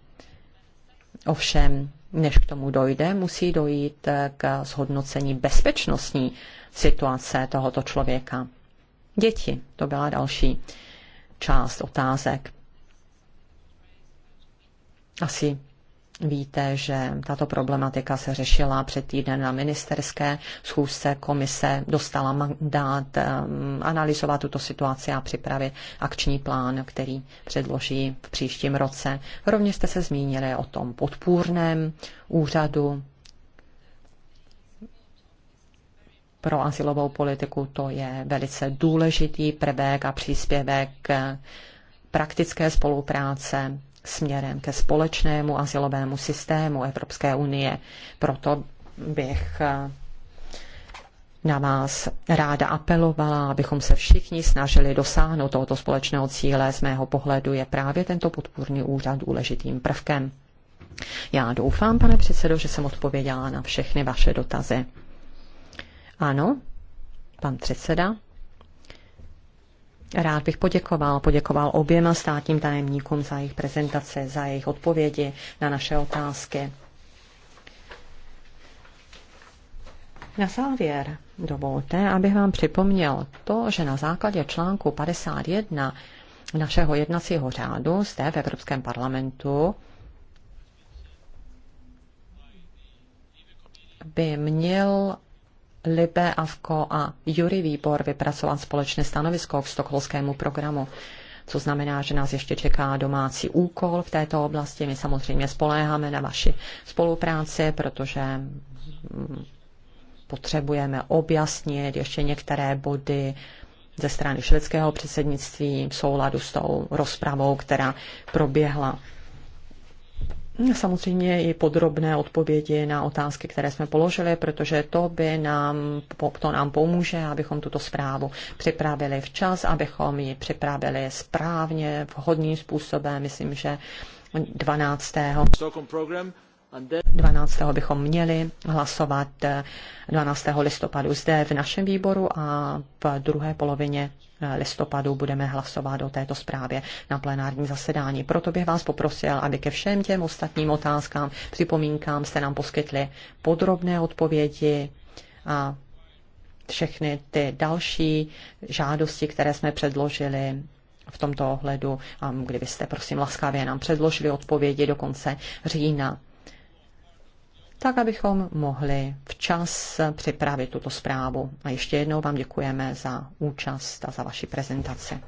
S3: Ovšem, než k tomu dojde, musí dojít k zhodnocení bezpečnostní situace tohoto člověka. Děti, to byla další část otázek. Asi víte, že tato problematika se řešila před týden na ministerské schůzce. Komise dostala mandát ehm, analyzovat tuto situaci a připravit akční plán, který předloží v příštím roce. Rovněž jste se zmínili o tom podpůrném úřadu pro asilovou politiku. To je velice důležitý prvek a příspěvek eh, praktické spolupráce směrem ke společnému asilovému systému Evropské unie. Proto bych eh, na vás ráda apelovala, abychom se všichni snažili dosáhnout tohoto společného cíle. Z mého pohledu je právě tento podpůrný úřad důležitým prvkem. Já doufám, pane předsedo, že jsem odpověděla na všechny vaše dotazy. Ano, pan předseda. Rád bych poděkoval, poděkoval oběma státním tajemníkům za jejich prezentace, za jejich odpovědi na naše otázky. Na závěr dovolte, abych vám připomněl to, že na základě článku 51 našeho jednacího řádu jste v Evropském parlamentu by měl Libe, Avko a Jury Výbor vypracovat společné stanovisko k stokholskému programu. Co znamená, že nás ještě čeká domácí úkol v této oblasti. My samozřejmě spoléháme na vaši spolupráci, protože mm, potřebujeme objasnit ještě některé body ze strany švédského předsednictví v souladu s tou rozpravou, která proběhla samozřejmě i podrobné odpovědi na otázky, které jsme položili, protože to by nám, to nám pomůže, abychom tuto zprávu připravili včas, abychom ji připravili správně, vhodným způsobem. Myslím, že 12. 12. bychom měli hlasovat 12. listopadu zde v našem výboru a v druhé polovině listopadu budeme hlasovat o této zprávě na plenární zasedání. Proto bych vás poprosil, aby ke všem těm ostatním otázkám, připomínkám jste nám poskytli podrobné odpovědi a všechny ty další žádosti, které jsme předložili v tomto ohledu, kdybyste prosím laskavě nám předložili odpovědi do konce října tak abychom mohli včas připravit tuto zprávu. A ještě jednou vám děkujeme za účast a za vaši prezentaci.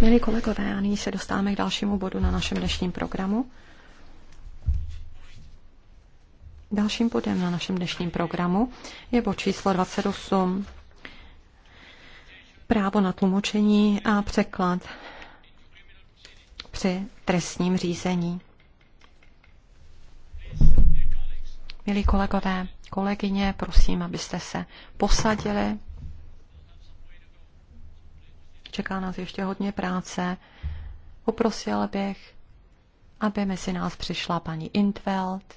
S3: Milí kolegové, a nyní se dostáváme k dalšímu bodu na našem dnešním programu. Dalším bodem na našem dnešním programu je bod číslo 28. Právo na tlumočení a překlad při trestním řízení. Milí kolegové, kolegyně, prosím, abyste se posadili. Čeká nás ještě hodně práce. Poprosil bych, aby mezi nás přišla paní Intveld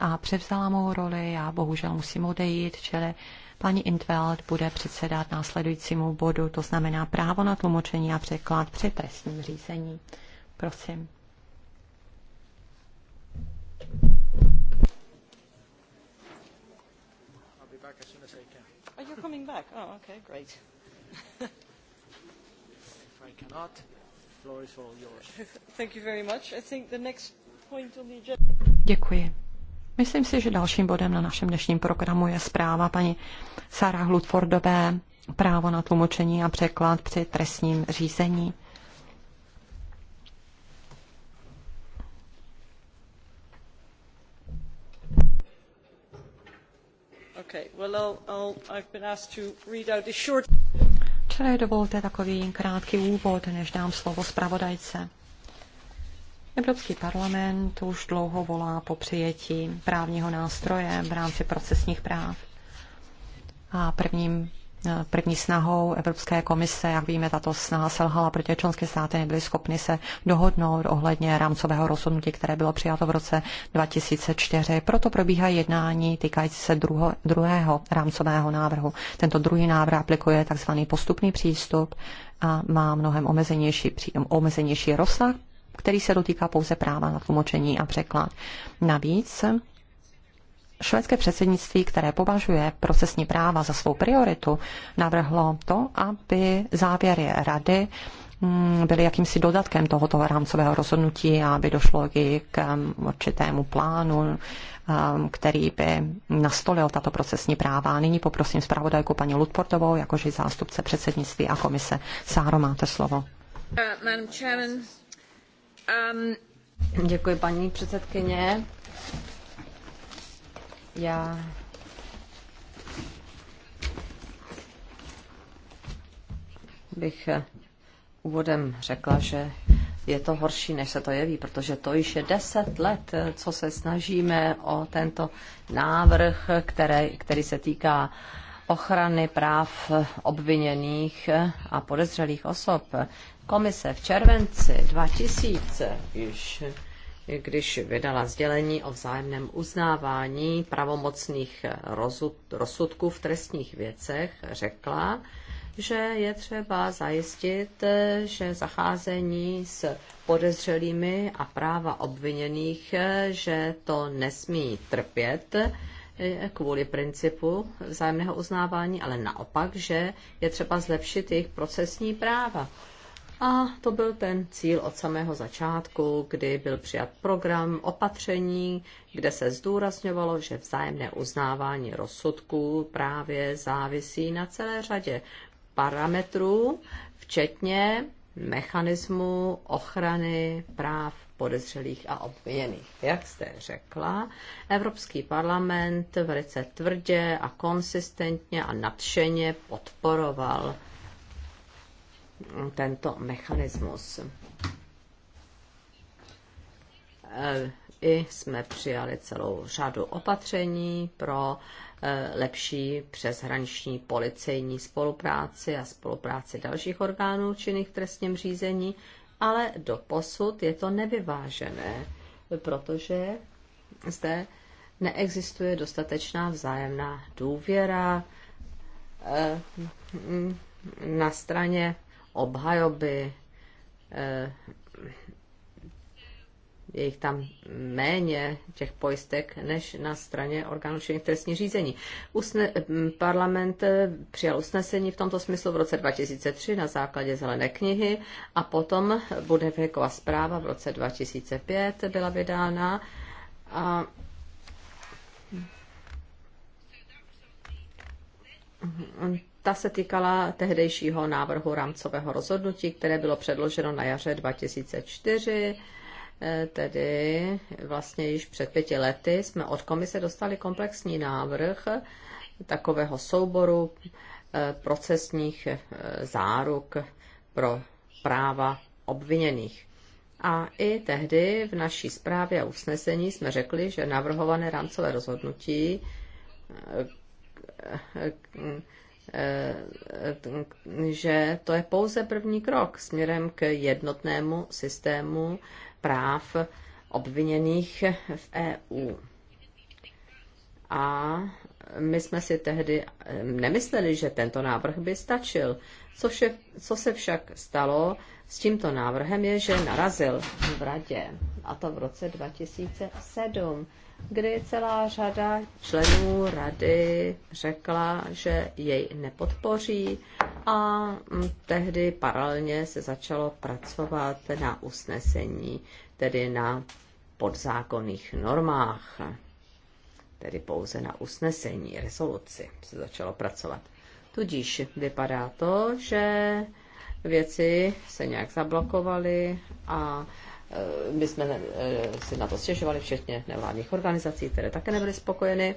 S3: a převzala mou roli. Já bohužel musím odejít, čili paní Intveld bude předsedat následujícímu bodu, to znamená právo na tlumočení a překlad při trestním řízení. Prosím.
S1: coming back? Oh, okay, great. if I cannot, the floor is all yours.
S3: Thank you very much. I think the next point on the agenda... Děkuji. Myslím si, že dalším bodem na našem dnešním programu je zpráva paní Sarah Ludfordové právo na tlumočení a překlad při trestním řízení. Čili dovolte takový krátký úvod, než dám slovo zpravodajce. Evropský parlament už dlouho volá po přijetí právního nástroje v rámci procesních práv. A prvním první snahou Evropské komise, jak víme, tato snaha selhala, protože členské státy nebyly schopny se dohodnout ohledně rámcového rozhodnutí, které bylo přijato v roce 2004. Proto probíhají jednání týkající se druho, druhého rámcového návrhu. Tento druhý návrh aplikuje tzv. postupný přístup a má mnohem omezenější, omezenější rozsah, který se dotýká pouze práva na tlumočení a překlad. Navíc švédské předsednictví, které považuje procesní práva za svou prioritu, navrhlo to, aby závěry rady mm, byly jakýmsi dodatkem tohoto rámcového rozhodnutí, aby došlo i k um, určitému plánu, um, který by nastolil tato procesní práva. Nyní poprosím zpravodajku paní Ludportovou, jakož i zástupce předsednictví a komise. Sáro, máte slovo.
S1: Um,
S4: Děkuji, paní předsedkyně. Já bych eh, úvodem řekla, že je to horší, než se to jeví, protože to již je deset let, eh, co se snažíme o tento návrh, které, který se týká ochrany práv obviněných eh, a podezřelých osob. Komise v červenci 2000 již když vydala sdělení o vzájemném uznávání pravomocných rozsudků v trestních věcech, řekla, že je třeba zajistit, že zacházení s podezřelými a práva obviněných, že to nesmí trpět eh, kvůli principu vzájemného uznávání, ale naopak, že je třeba zlepšit jejich procesní práva a to byl ten cíl od samého začátku, kdy byl přijat program opatření, kde se zdůrazňovalo, že vzájemné uznávání rozsudků právě závisí na celé řadě parametrů, včetně mechanismu ochrany práv podezřelých a obviněných. Jak jste řekla, Evropský parlament velice tvrdě a konsistentně a nadšeně podporoval tento mechanismus. E, I jsme přijali celou řadu opatření pro e, lepší přeshraniční policejní spolupráci a spolupráci dalších orgánů činných v trestním řízení, ale do posud je to nevyvážené, protože zde neexistuje dostatečná vzájemná důvěra e, na straně obhajoby, eh, je jich tam méně těch pojistek než na straně orgánů činných trestní řízení. Usne, mm, parlament eh, přijal usnesení v tomto smyslu v roce 2003 na základě zelené knihy a potom bude věková zpráva v roce 2005 byla vydána. A ta se týkala tehdejšího návrhu rámcového rozhodnutí, které bylo předloženo na jaře 2004 eh, tedy vlastně již před pěti lety jsme od komise dostali komplexní návrh takového souboru eh, procesních eh, záruk pro práva obviněných. A i tehdy v naší zprávě a usnesení jsme řekli, že navrhované rámcové rozhodnutí Eh, že to je pouze první krok směrem k jednotnému systému práv obviněných v EU. A my jsme si tehdy eh, nemysleli, že tento návrh by stačil. Co, vše, co se však stalo s tímto návrhem je, že narazil v radě, a to v roce 2007 kdy celá řada členů rady řekla, že jej nepodpoří a tehdy paralelně se začalo pracovat na usnesení, tedy na podzákonných normách, tedy pouze na usnesení, rezoluci se začalo pracovat. Tudíž vypadá to, že věci se nějak zablokovaly a Eh, my jsme eh, si na to stěžovali, všechny, nevládních organizací, které také nebyly spokojeny.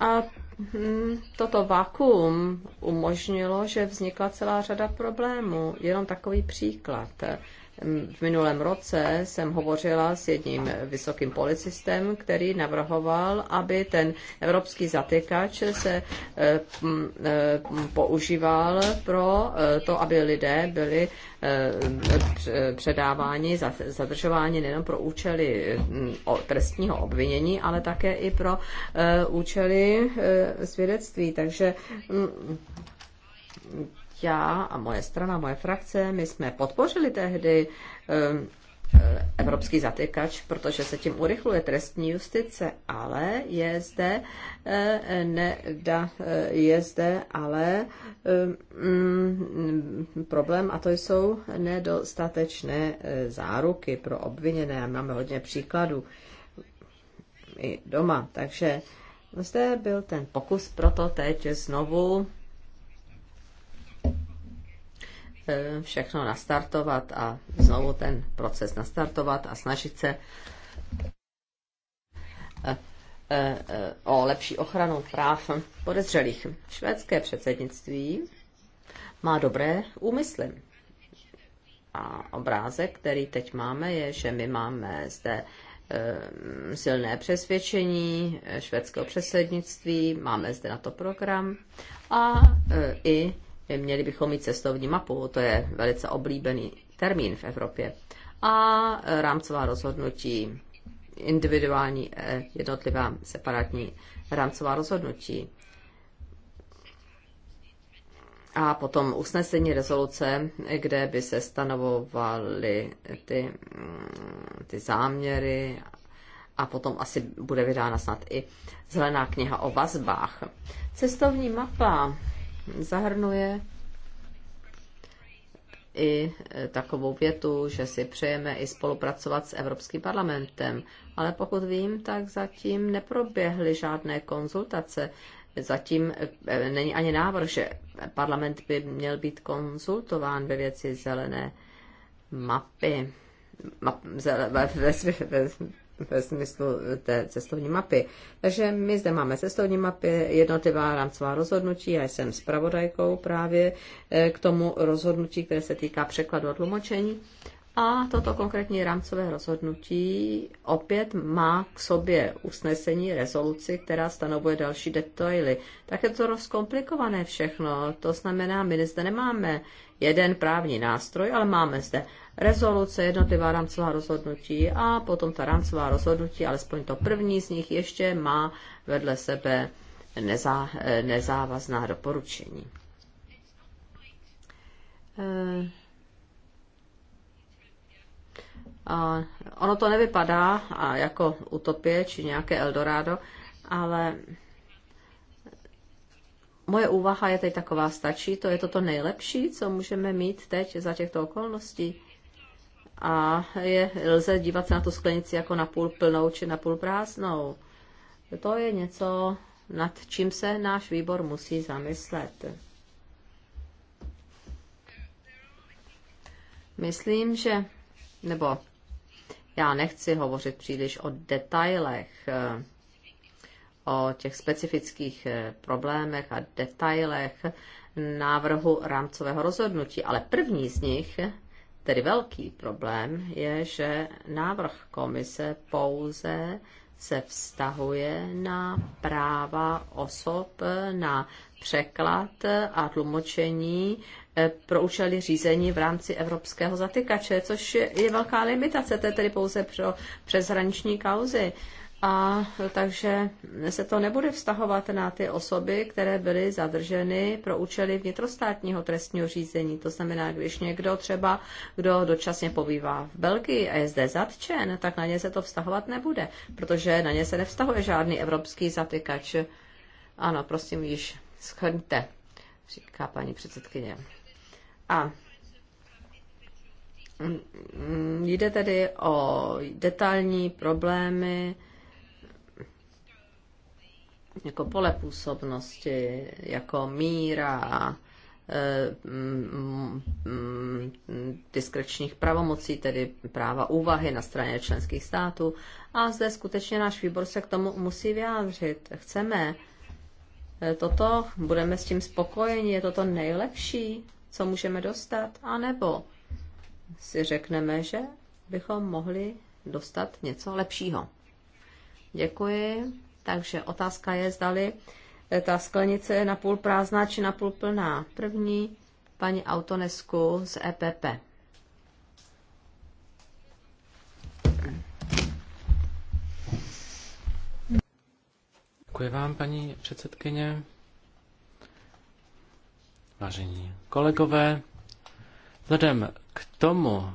S4: A hm, toto vakuum umožnilo, že vznikla celá řada problémů. Jenom takový příklad. V minulém roce jsem hovořila s jedním vysokým policistem, který navrhoval, aby ten evropský zatykač se eh, eh, používal pro eh, to, aby lidé byli předávání, zadržování nejen pro účely hm, trestního obvinění, ale také i pro účely svědectví. Takže hm, já a moje strana, moje frakce, my jsme podpořili tehdy ehm, eh, evropský zatykač, protože se tím urychluje trestní justice, ale je zde, eh, ne, da, eh, je zde ale ehm, mm, problém a to jsou nedostatečné záruky pro obviněné. Máme hodně příkladů i doma, takže zde byl ten pokus proto teď znovu E, všechno nastartovat a znovu ten proces nastartovat a snažit se e, e, o lepší ochranu práv podezřelých. Švédské předsednictví má dobré úmysly. A obrázek, který teď máme, je, že my máme zde silné přesvědčení švédského předsednictví, máme zde na to program a i Měli bychom mít cestovní mapu, to je velice oblíbený termín v Evropě. A rámcová rozhodnutí, individuální eh, jednotlivá separátní rámcová rozhodnutí. A potom usnesení rezoluce, kde by se stanovovaly ty, mm, ty záměry a potom asi bude vydána snad i zelená kniha o vazbách. Cestovní mapa zahrnuje i e, takovou větu, že si přejeme i spolupracovat s Evropským parlamentem. Ale pokud vím, tak zatím neproběhly žádné konzultace. Zatím e, není ani návrh, že parlament by měl být konzultován ve věci zelené mapy. Map, ve, ve, ve, ve, ve smyslu té cestovní mapy. Takže my zde máme cestovní mapy, jednotlivá rámcová rozhodnutí, já jsem zpravodajkou právě eh, k tomu rozhodnutí, které se týká překladu a tlumočení. A toto konkrétní rámcové rozhodnutí opět má k sobě usnesení, rezoluci, která stanovuje další detaily. Tak je to rozkomplikované všechno. To znamená, my zde nemáme jeden právní nástroj, ale máme zde rezoluce, jednotlivá rámcová rozhodnutí a potom ta rámcová rozhodnutí, alespoň to první z nich, ještě má vedle sebe nezá, nezávazná doporučení. E a ono to nevypadá a jako utopie či nějaké Eldorado, ale moje úvaha je teď taková, stačí to, je to to nejlepší, co můžeme mít teď za těchto okolností. A je, lze dívat se na tu sklenici jako na půl plnou či na půl prázdnou. To je něco, nad čím se náš výbor musí zamyslet. Myslím, že, nebo já nechci hovořit příliš o detailech, eh, o těch specifických eh, problémech a detailech návrhu rámcového rozhodnutí, ale první z nich, tedy velký problém, je, že návrh komise pouze se vztahuje na práva osob na překlad a tlumočení Eh, pro účely řízení v rámci evropského zatykače, což je velká limitace, to je tedy pouze pro přeshraniční kauzy. A takže se to nebude vztahovat na ty osoby, které byly zadrženy pro účely vnitrostátního trestního řízení. To znamená, když někdo třeba, kdo dočasně pobývá v Belgii a je zde zatčen, tak na ně se to vztahovat nebude, protože na ně se nevztahuje žádný evropský zatykač. Ano, prosím, již schrňte, říká paní předsedkyně. A jde tedy o detailní problémy jako pole působnosti, jako míra eh, mm, mm, diskrečních pravomocí, tedy práva úvahy na straně členských států. A zde skutečně náš výbor se k tomu musí vyjádřit. Chceme eh, toto, budeme s tím spokojeni, je to to nejlepší, co můžeme dostat, anebo si řekneme, že bychom mohli dostat něco lepšího. Děkuji. Takže otázka je, zdali eh, ta sklenice je napůl prázdná či napůl plná. První paní Autonesku z EPP.
S2: Děkuji vám, paní předsedkyně. Vážení kolegové, vzhledem k tomu,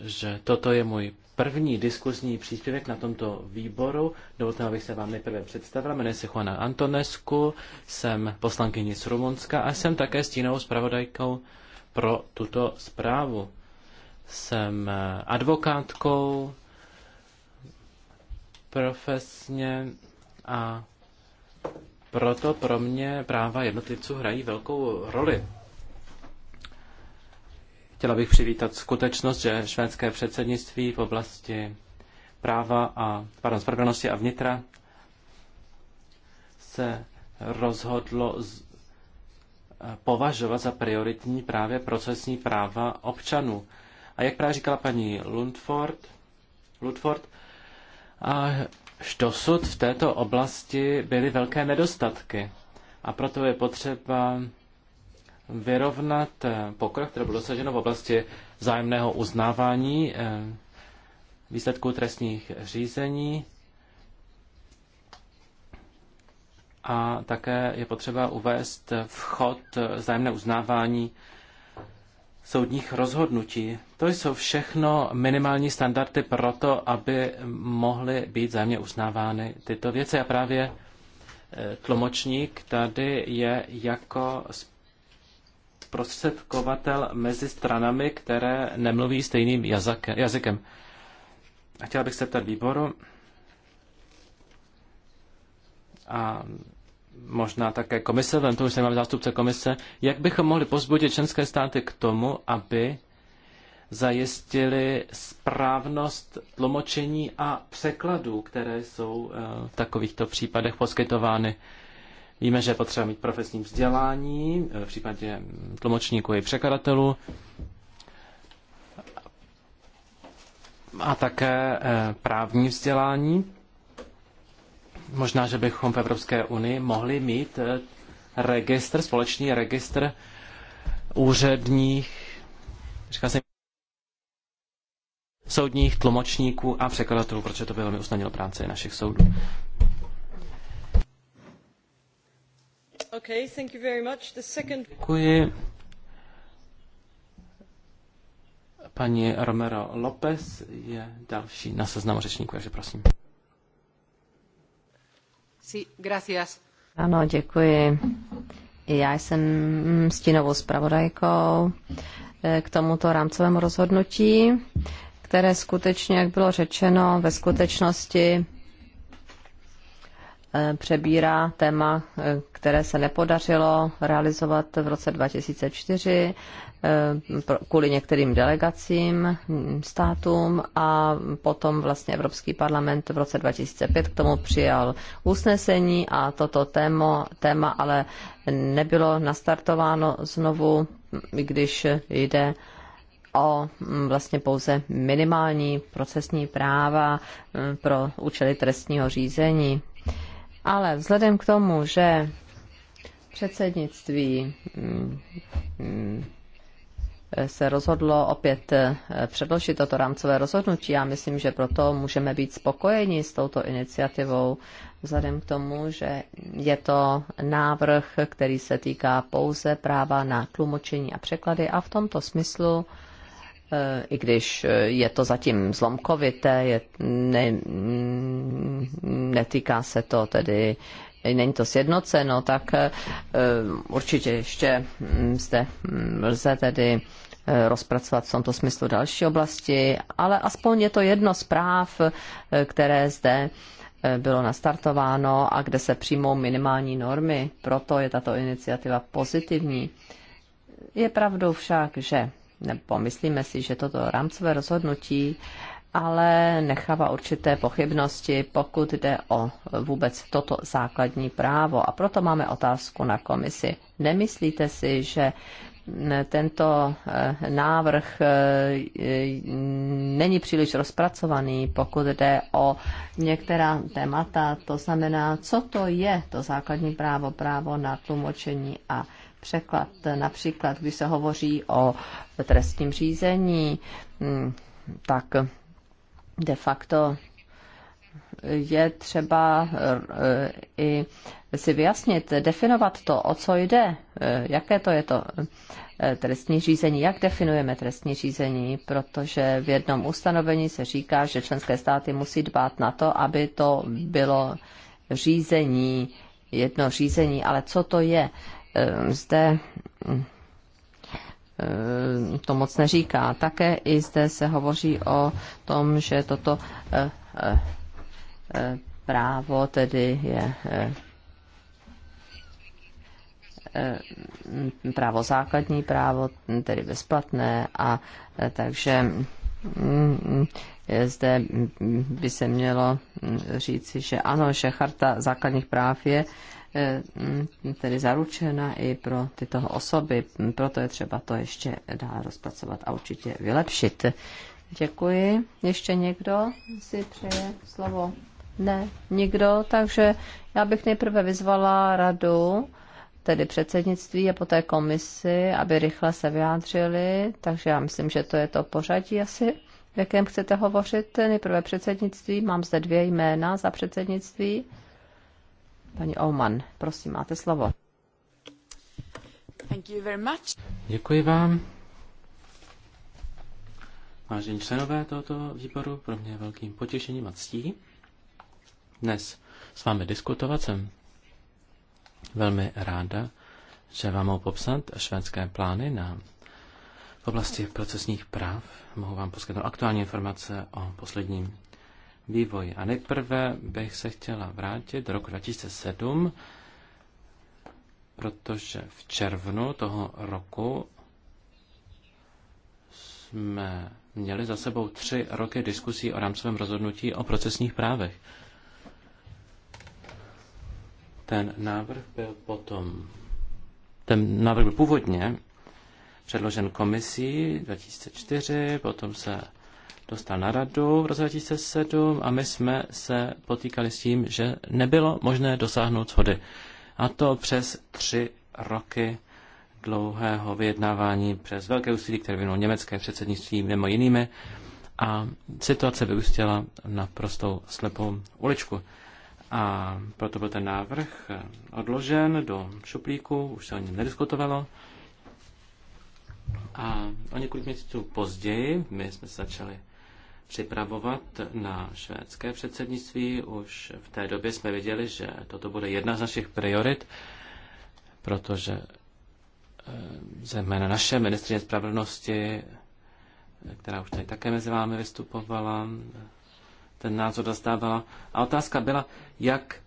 S2: že toto je můj první diskuzní příspěvek na tomto výboru, dovolte, abych se vám nejprve představila. Jmenuji se Juana Antonescu, jsem poslankyní z Rumunska a jsem také stínovou zpravodajkou pro tuto zprávu. Jsem eh, advokátkou profesně a proto pro mě práva jednotlivců hrají velkou roli. Chtěla bych přivítat skutečnost, že švédské předsednictví v oblasti práva a pardon, spravedlnosti a vnitra se rozhodlo z, eh, považovat za prioritní právě procesní práva občanů. A jak právě říkala paní Lundford, Lundford a dosud v této oblasti byly velké nedostatky. A proto je potřeba vyrovnat eh, pokrok, který byl dosaženo v oblasti vzájemného uznávání eh, výsledků trestních řízení. A také je potřeba uvést vchod eh, vzájemné uznávání soudních rozhodnutí. To jsou všechno minimální standardy pro to, aby mohly být zájemně uznávány tyto věci. A právě eh, tlumočník tady je jako prostředkovatel mezi stranami, které nemluví stejným jazykem. A chtěla bych se ptat výboru a možná také komise, vem tomu, že mám zástupce komise, jak bychom mohli pozbudit členské státy k tomu, aby zajistili správnost tlumočení a překladů, které jsou eh, v takovýchto případech poskytovány. Víme, že je potřeba mít profesní vzdělání eh, v případě tlumočníků i překladatelů. A také eh, právní vzdělání. Možná, že bychom v Evropské unii mohli mít registr, společný registr úředních, říká se soudních tlumočníků a překladatelů, protože to by velmi usnadnilo práci našich soudů.
S3: Okay, thank you very much. The second...
S2: Děkuji. Paní Romero López je další na seznamu řečníků, takže prosím.
S3: Sí, gracias.
S4: Ano, děkuji. Já jsem stínovou zpravodajkou eh, k tomuto rámcovému rozhodnutí které skutečně, jak bylo řečeno, ve skutečnosti eh, přebírá téma, eh, které se nepodařilo realizovat v roce 2004 eh, kvůli některým delegacím, hm, státům a potom vlastně Evropský parlament v roce 2005 k tomu přijal usnesení a toto téma, téma ale nebylo nastartováno znovu, když jde o mm, vlastně pouze minimální procesní práva mm, pro účely trestního řízení. Ale vzhledem k tomu, že předsednictví mm, se rozhodlo opět eh, předložit toto rámcové rozhodnutí. Já myslím, že proto můžeme být spokojeni s touto iniciativou, vzhledem k tomu, že je to návrh, který se týká pouze práva na tlumočení a překlady a v tomto smyslu i když eh, je to zatím zlomkovité, je, ne, mm, netýká se to tedy, není to sjednoceno, tak eh, určitě ještě mm, zde mm, lze tedy eh, rozpracovat v tomto smyslu další oblasti, ale aspoň je to jedno z práv, které zde bylo nastartováno a kde se přijmou minimální normy. Proto je tato iniciativa pozitivní. Je pravdou však, že nebo myslíme si, že toto rámcové rozhodnutí ale nechává určité pochybnosti, pokud jde o vůbec toto základní právo. A proto máme otázku na komisi. Nemyslíte si, že tento eh, návrh eh, není příliš rozpracovaný, pokud jde o některá témata, to znamená, co to je to základní právo, právo na tlumočení a překlad. Například, když se hovoří o trestním řízení, mm, tak de facto je třeba eh, i si vyjasnit, definovat to, o co jde, eh, jaké to je to eh, trestní řízení, jak definujeme trestní řízení, protože v jednom ustanovení se říká, že členské státy musí dbát na to, aby to bylo řízení, jedno řízení, ale co to je? Eh, zde hm, eh, to moc neříká. Také i zde se hovoří o tom, že toto eh, právo tedy je právo základní právo, tedy bezplatné a takže hm, hm, zde by se mělo říci, že ano, že charta základních práv je E, tedy zaručena i pro tyto osoby. Proto je třeba to ještě dál rozpracovat a určitě vylepšit. Děkuji. Ještě někdo si přeje slovo? Ne, nikdo, takže já bych nejprve vyzvala radu, tedy předsednictví a poté komisi, aby rychle se vyjádřili, takže já myslím, že to je to pořadí asi, v jakém chcete hovořit. Nejprve předsednictví, mám zde dvě jména za předsednictví. Paní Oman, prosím, máte slovo.
S3: Thank you very much.
S2: Děkuji vám. Vážení členové tohoto výboru, pro mě je velkým potěšením a ctí dnes s vámi diskutovat. Jsem velmi ráda, že vám mohu popsat švédské plány na v oblasti procesních práv. Mohu vám poskytnout aktuální informace o posledním vývoj. A nejprve bych se chtěla vrátit do roku 2007, protože v červnu toho roku jsme měli za sebou tři roky diskusí o rámcovém rozhodnutí o procesních právech. Ten návrh byl potom, ten návrh byl původně předložen komisí 2004, potom se dostal na radu v roce 2007 a my jsme se potýkali s tím, že nebylo možné dosáhnout shody. A to přes tři roky dlouhého vyjednávání, přes velké úsilí, které vyvinulo německé předsednictví mimo jinými. A situace vyústila na prostou slepou uličku. A proto byl ten návrh odložen do šuplíku, už se o něm nediskutovalo. A o několik měsíců později my jsme začali připravovat na švédské předsednictví. Už v té době jsme viděli, že toto bude jedna z našich priorit, protože eh, zejména naše ministrině spravedlnosti, která už tady také mezi vámi vystupovala, ten názor dostávala. A otázka byla, jak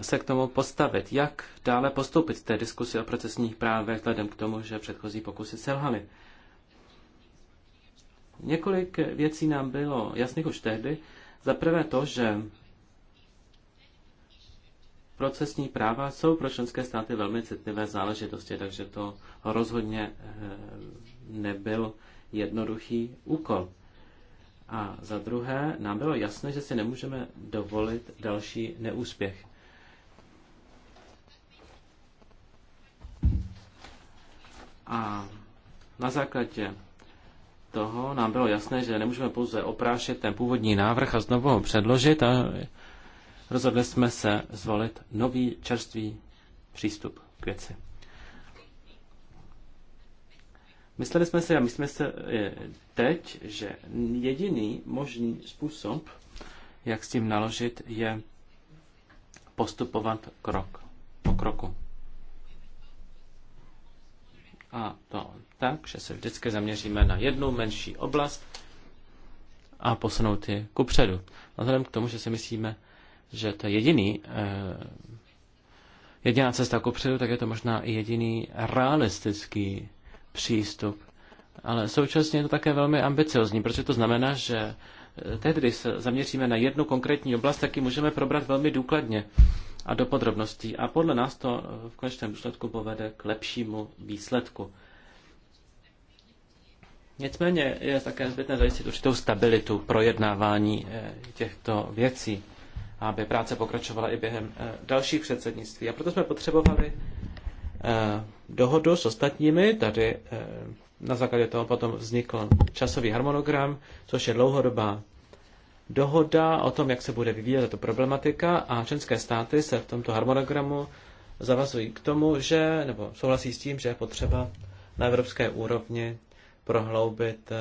S2: se k tomu postavit, jak dále postoupit v té diskusi o procesních právech, vzhledem k tomu, že předchozí pokusy selhaly. Několik věcí nám bylo jasných už tehdy. Za prvé to, že procesní práva jsou pro členské státy velmi citlivé záležitosti, takže to rozhodně eh, nebyl jednoduchý úkol. A za druhé, nám bylo jasné, že si nemůžeme dovolit další neúspěch. A na základě toho nám bylo jasné, že nemůžeme pouze oprášit ten původní návrh a znovu ho předložit a rozhodli jsme se zvolit nový čerstvý přístup k věci. Mysleli jsme si a myslíme se eh, teď, že jediný možný způsob, jak s tím naložit, je postupovat krok po kroku. A to tak, že se vždycky zaměříme na jednu menší oblast a posunout ji kupředu. A vzhledem k tomu, že si myslíme, že to je jediný, eh, jediná cesta kupředu, tak je to možná i jediný realistický přístup. Ale současně je to také velmi ambiciozní, protože to znamená, že eh, tehdy, když se zaměříme na jednu konkrétní oblast, tak ji můžeme probrat velmi důkladně a do podrobností. A podle nás to v konečném důsledku povede k lepšímu výsledku. Nicméně je také zbytné zajistit určitou stabilitu projednávání eh, těchto věcí, aby práce pokračovala i během eh, dalších předsednictví. A proto jsme potřebovali eh, dohodu s ostatními. Tady na základě toho potom vznikl časový harmonogram, což je dlouhodobá dohoda o tom, jak se bude vyvíjet tato problematika a členské státy se v tomto harmonogramu zavazují k tomu, že, nebo souhlasí s tím, že je potřeba na evropské úrovni prohloubit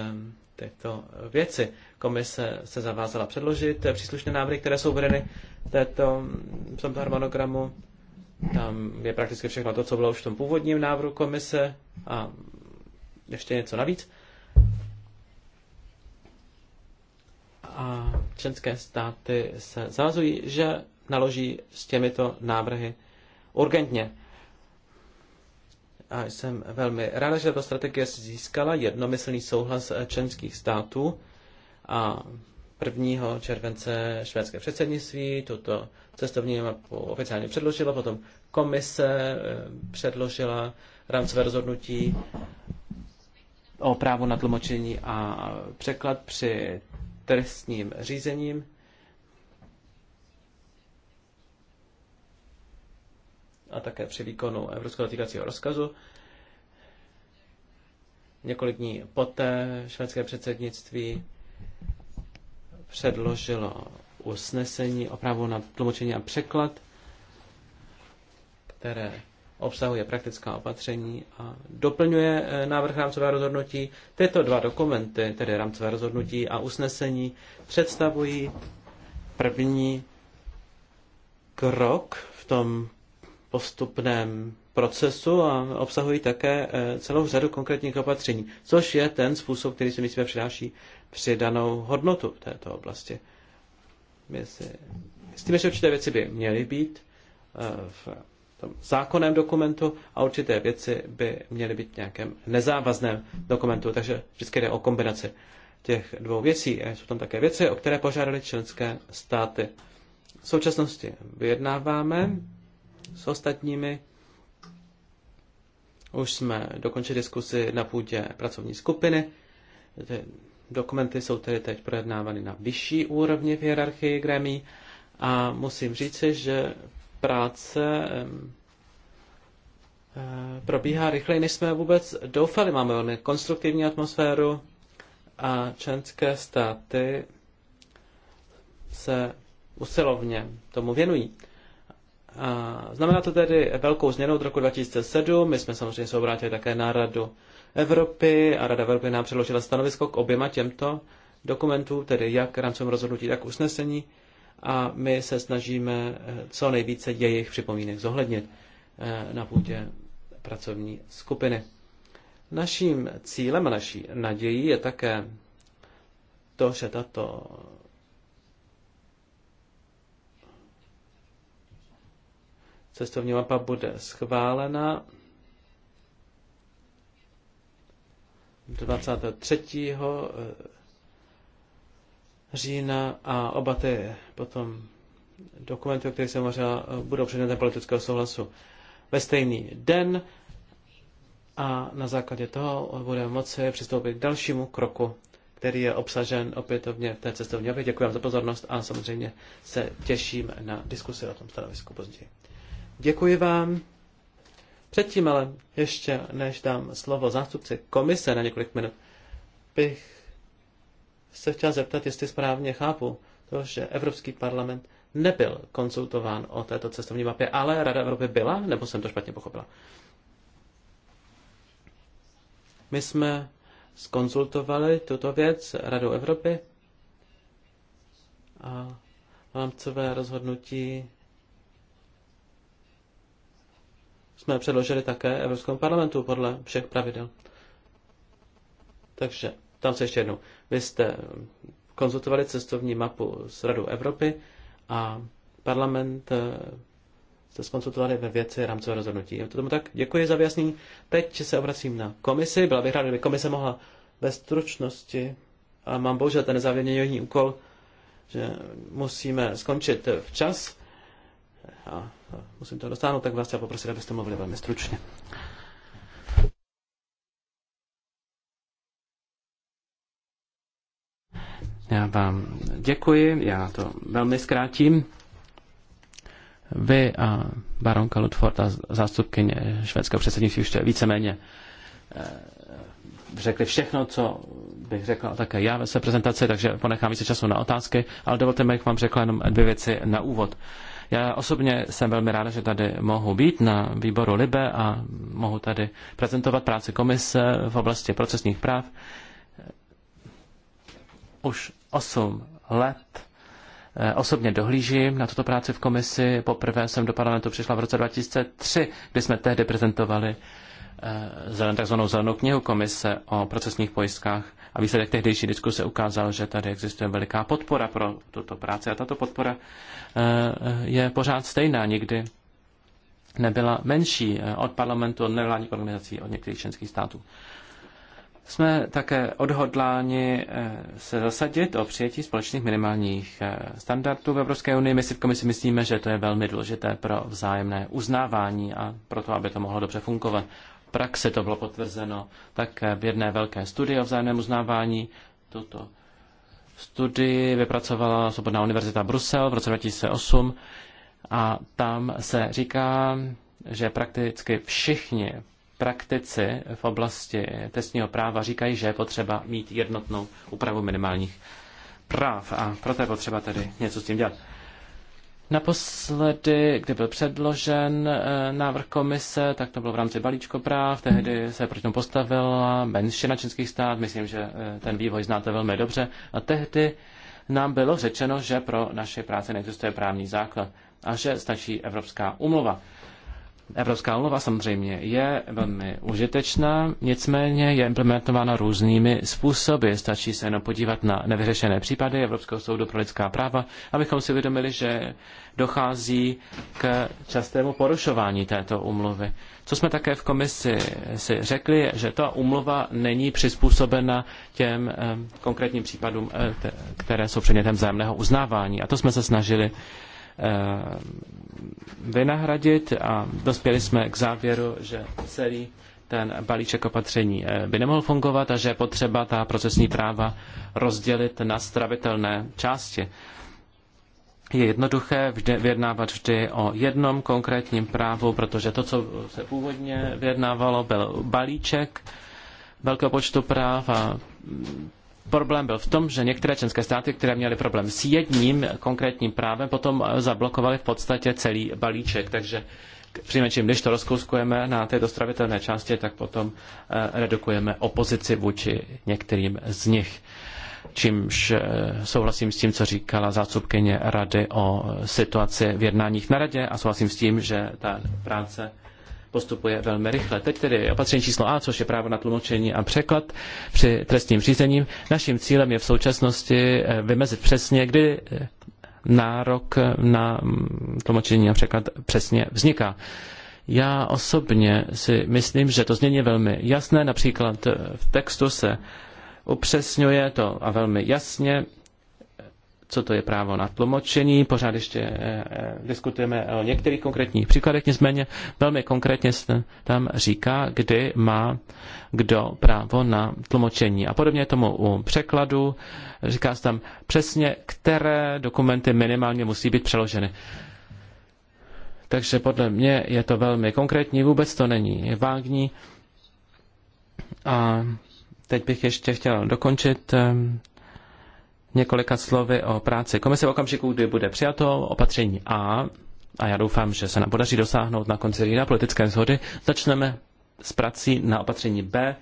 S2: tyto věci. Komise se zavázala předložit příslušné návrhy, které jsou uvedeny v, této, v tomto harmonogramu. Tam je prakticky všechno to, co bylo už v tom původním návrhu komise a ještě něco navíc. a členské státy se zavazují, že naloží s těmito návrhy urgentně. A jsem velmi ráda, že tato strategie získala jednomyslný souhlas členských států a 1. července švédské předsednictví tuto cestovní mapu oficiálně předložilo, potom komise eh, předložila rámcové rozhodnutí o právu na tlumočení a překlad při trestním řízením. a také při výkonu Evropského týkacího rozkazu. Několik dní poté švédské předsednictví předložilo usnesení o právu na tlumočení a překlad, které obsahuje praktická opatření a doplňuje eh, návrh rámcové rozhodnutí. Tyto dva dokumenty, tedy rámcové rozhodnutí a usnesení, představují první krok v tom postupném procesu a obsahují také eh, celou řadu konkrétních opatření, což je ten způsob, který si myslíme přináší přidanou hodnotu v této oblasti. My si, s tím, že určité věci by měly být eh, v tom zákonném dokumentu a určité věci by měly být v nějakém nezávazném dokumentu. Takže vždycky jde o kombinaci těch dvou věcí. Jsou tam také věci, o které požádali členské státy. V současnosti vyjednáváme s ostatními. Už jsme dokončili diskusi na půdě pracovní skupiny. Ty dokumenty jsou tedy teď projednávány na vyšší úrovni v hierarchii gremí a musím říci, že práce eh, probíhá rychleji, než jsme vůbec doufali. Máme velmi konstruktivní atmosféru a členské státy se usilovně tomu věnují. A znamená to tedy velkou změnu od roku 2007. My jsme samozřejmě se obrátili také na Radu Evropy a Rada Evropy nám předložila stanovisko k oběma těmto dokumentům, tedy jak rámcovým rozhodnutí, tak usnesení a my se snažíme eh, co nejvíce jejich připomínek zohlednit eh, na půdě pracovní skupiny. Naším cílem a naší nadějí je také to, že tato cestovní mapa bude schválena 23 října a oba ty potom dokumenty, o kterých jsem hovořil, budou předmětem politického souhlasu ve stejný den a na základě toho budeme moci přistoupit k dalšímu kroku, který je obsažen opětovně v té cestovní obě. Děkuji vám za pozornost a samozřejmě se těším na diskusi o tom stanovisku později. Děkuji vám. Předtím ale, ještě než dám slovo zástupci komise na několik minut, bych se chtěl zeptat, jestli správně chápu to, že Evropský parlament nebyl konzultován o této cestovní mapě, ale Rada Evropy byla, nebo jsem to špatně pochopila? My jsme skonzultovali tuto věc Radou Evropy a rámcové rozhodnutí jsme předložili také Evropskému parlamentu podle všech pravidel. Takže tam se ještě jednou. Vy jste konzultovali cestovní mapu s Radou Evropy a parlament eh, jste skonsultovali ve věci rámcového rozhodnutí. Je to tomu tak? Děkuji za vyjasnění. Teď se obracím na komisi. Byla bych ráda, kdyby komise mohla ve stručnosti, a mám bohužel ten nezávěrněný úkol, že musíme skončit včas a musím to dostáhnout, tak vás chtěl poprosit, abyste mluvili velmi stručně. Já vám děkuji, já to velmi zkrátím. Vy a baronka Ludford a zástupkyně švédského předsednictví už víceméně eh, řekli všechno, co bych řekl také já ve své prezentaci, takže ponechám více času na otázky, ale dovolte mi, jak vám řekla jenom dvě věci na úvod. Já osobně jsem velmi ráda, že tady mohu být na výboru Libe a mohu tady prezentovat práci komise v oblasti procesních práv. Už 8 let eh, osobně dohlížím na tuto práci v komisi. Poprvé jsem do parlamentu přišla v roce 2003, kdy jsme tehdy prezentovali eh, takzvanou zelenou knihu komise o procesních pojistkách a výsledek tehdejší diskuse ukázal, že tady existuje veliká podpora pro tuto práci a tato podpora eh, je pořád stejná, nikdy nebyla menší od parlamentu, od nevládních organizací, od některých členských států. Jsme také odhodláni eh, se zasadit o přijetí společných minimálních eh, standardů v Evropské unii. My si v komisi myslíme, že to je velmi důležité pro vzájemné uznávání a pro to, aby to mohlo dobře fungovat. V praxi to bylo potvrzeno také v jedné velké studii o vzájemném uznávání. Tuto studii vypracovala Svobodná univerzita Brusel v roce 2008 a tam se říká, že prakticky všichni praktici v oblasti testního práva říkají, že je potřeba mít jednotnou úpravu minimálních práv a proto je potřeba tedy něco s tím dělat. Naposledy, kdy byl předložen eh, návrh komise, tak to bylo v rámci balíčko práv, tehdy se proti tomu postavila menšina českých stát, myslím, že eh, ten vývoj znáte velmi dobře, a tehdy nám bylo řečeno, že pro naše práce neexistuje právní základ a že stačí Evropská umluva. Evropská umluva samozřejmě je velmi užitečná, nicméně je implementována různými způsoby. Stačí se jenom podívat na nevyřešené případy Evropského soudu pro lidská práva, abychom si uvědomili, že dochází k častému porušování této umluvy. Co jsme také v komisi si řekli, je, že ta umluva není přizpůsobena těm eh, konkrétním případům, eh, které jsou předmětem vzájemného uznávání. A to jsme se snažili Eh, vynahradit a dospěli jsme k závěru, že celý ten balíček opatření eh, by nemohl fungovat a že je potřeba ta procesní práva rozdělit na stravitelné části. Je jednoduché vždy vyjednávat vždy o jednom konkrétním právu, protože to, co se původně vyjednávalo, byl balíček velkého počtu práv a Problém byl v tom, že některé členské státy, které měly problém s jedním konkrétním právem, potom eh, zablokovaly v podstatě celý balíček. Takže přinejmenším, když to rozkouskujeme na té dostravitelné části, tak potom eh, redukujeme opozici vůči některým z nich. Čímž eh, souhlasím s tím, co říkala zástupkyně rady o situaci v jednáních na radě a souhlasím s tím, že ta práce postupuje velmi rychle. Teď tedy opatření číslo A, což je právo na tlumočení a překlad při trestním řízení. Naším cílem je v současnosti eh, vymezit přesně, kdy eh, nárok eh, na mm, tlumočení a překlad přesně vzniká. Já osobně si myslím, že to znění je velmi jasné. Například v textu se upřesňuje to a velmi jasně co to je právo na tlumočení. Pořád ještě eh, eh, diskutujeme o některých konkrétních příkladech, nicméně velmi konkrétně se tam říká, kdy má kdo právo na tlumočení. A podobně tomu u překladu říká se tam přesně, které dokumenty minimálně musí být přeloženy. Takže podle mě je to velmi konkrétní, vůbec to není vágní. A teď bych ještě chtěl dokončit eh, několika slovy o práci komise v okamžiku, kdy bude přijato opatření A, a já doufám, že se nám podaří dosáhnout na konci října politické shody, začneme s prací na opatření B,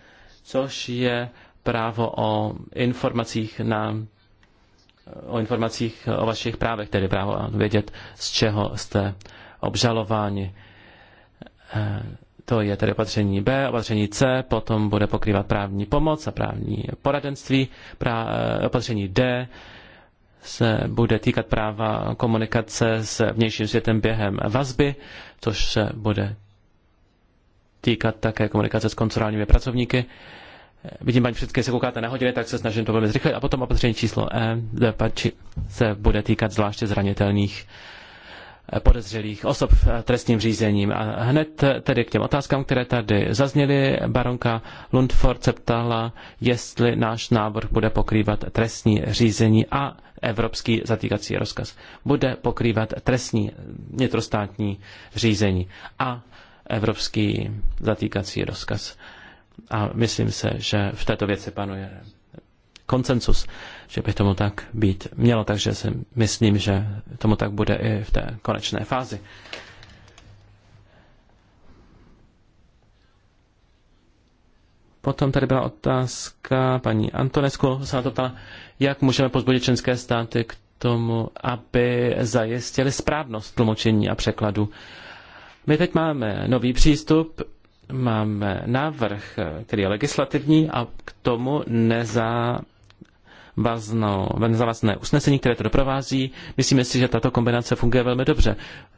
S2: což je právo o informacích na o informacích o vašich právech, tedy právo vědět, z čeho jste obžalováni. Eh, to je tedy opatření B, opatření C, potom bude pokrývat právní pomoc a právní poradenství. Pra, eh, opatření D se bude týkat práva komunikace s vnějším světem během vazby, což se bude týkat také komunikace s konsulárními pracovníky. Vidím, paní předsedkyně, se koukáte na hodiny, tak se snažím to velmi zrychlit. A potom opatření číslo E se bude týkat zvláště zranitelných Eh, podezřelých osob v eh, trestním řízením. A hned eh, tedy k těm otázkám, které tady zazněly, baronka Lundford se ptala, jestli náš návrh bude pokrývat trestní řízení a evropský zatýkací rozkaz. Bude pokrývat trestní vnitrostátní řízení a evropský zatýkací rozkaz. A myslím se, že v této věci panuje konsenzus že by tomu tak být mělo, takže si myslím, že tomu tak bude i v té konečné fázi. Potom tady byla otázka paní Antonesku, se na to ptala, jak můžeme pozbudit členské státy k tomu, aby zajistili správnost tlumočení a překladu. My teď máme nový přístup, máme návrh, který je legislativní a k tomu neza, vazno, závazné usnesení, které to doprovází. Myslíme si, že tato kombinace funguje velmi dobře.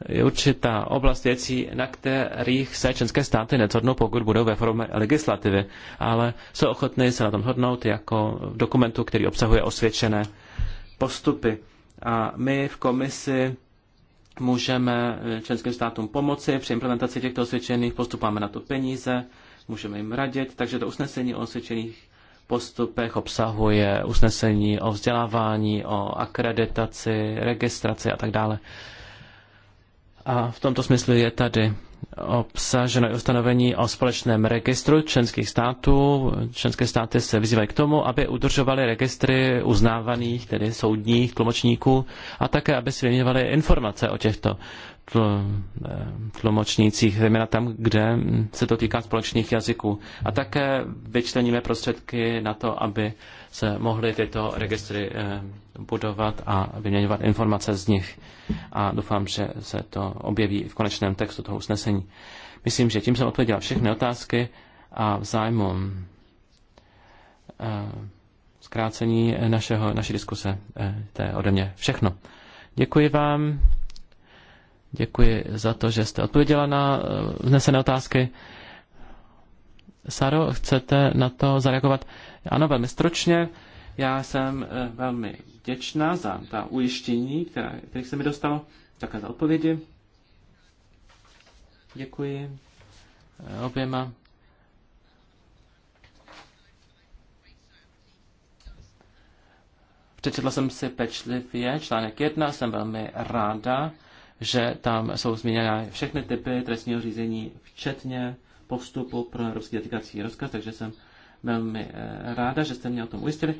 S2: Je určitá oblast věcí, na kterých se členské státy nezhodnou, pokud budou ve formě legislativy, ale jsou ochotny se na tom hodnout jako v dokumentu, který obsahuje osvědčené postupy. A my v komisi můžeme členským státům pomoci při implementaci těchto osvědčených postupů, máme na to peníze, můžeme jim radit, takže to usnesení o osvědčených postupech, obsahuje usnesení o vzdělávání, o akreditaci, registraci a tak dále. A v tomto smyslu je tady obsaženo i ustanovení o společném registru členských států. Členské státy se vyzývají k tomu, aby udržovaly registry uznávaných, tedy soudních tlumočníků, a také, aby si vyměňovaly informace o těchto Eh, tlumočnících, zejména tam, kde se to týká společných jazyků. A také vyčleníme prostředky na to, aby se mohly tyto registry eh, budovat a vyměňovat informace z nich. A doufám, že se to objeví v konečném textu toho usnesení. Myslím, že tím jsem odpověděl všechny otázky a v zájmu eh, zkrácení našeho, naší diskuse. To je ode mě všechno. Děkuji vám. Děkuji za to, že jste odpověděla na eh, vznesené otázky. Saro, chcete na to zareagovat? Ano, velmi stručně. Já jsem eh, velmi vděčná za ta ujištění, která, kterých se mi dostalo, také za odpovědi. Děkuji eh, oběma. Přečetla jsem si pečlivě článek 1, jsem velmi ráda, že tam jsou změněny všechny typy trestního řízení, včetně postupu pro evropský zatýkací rozkaz, takže jsem velmi eh, ráda, že jste mě o tom ujistili.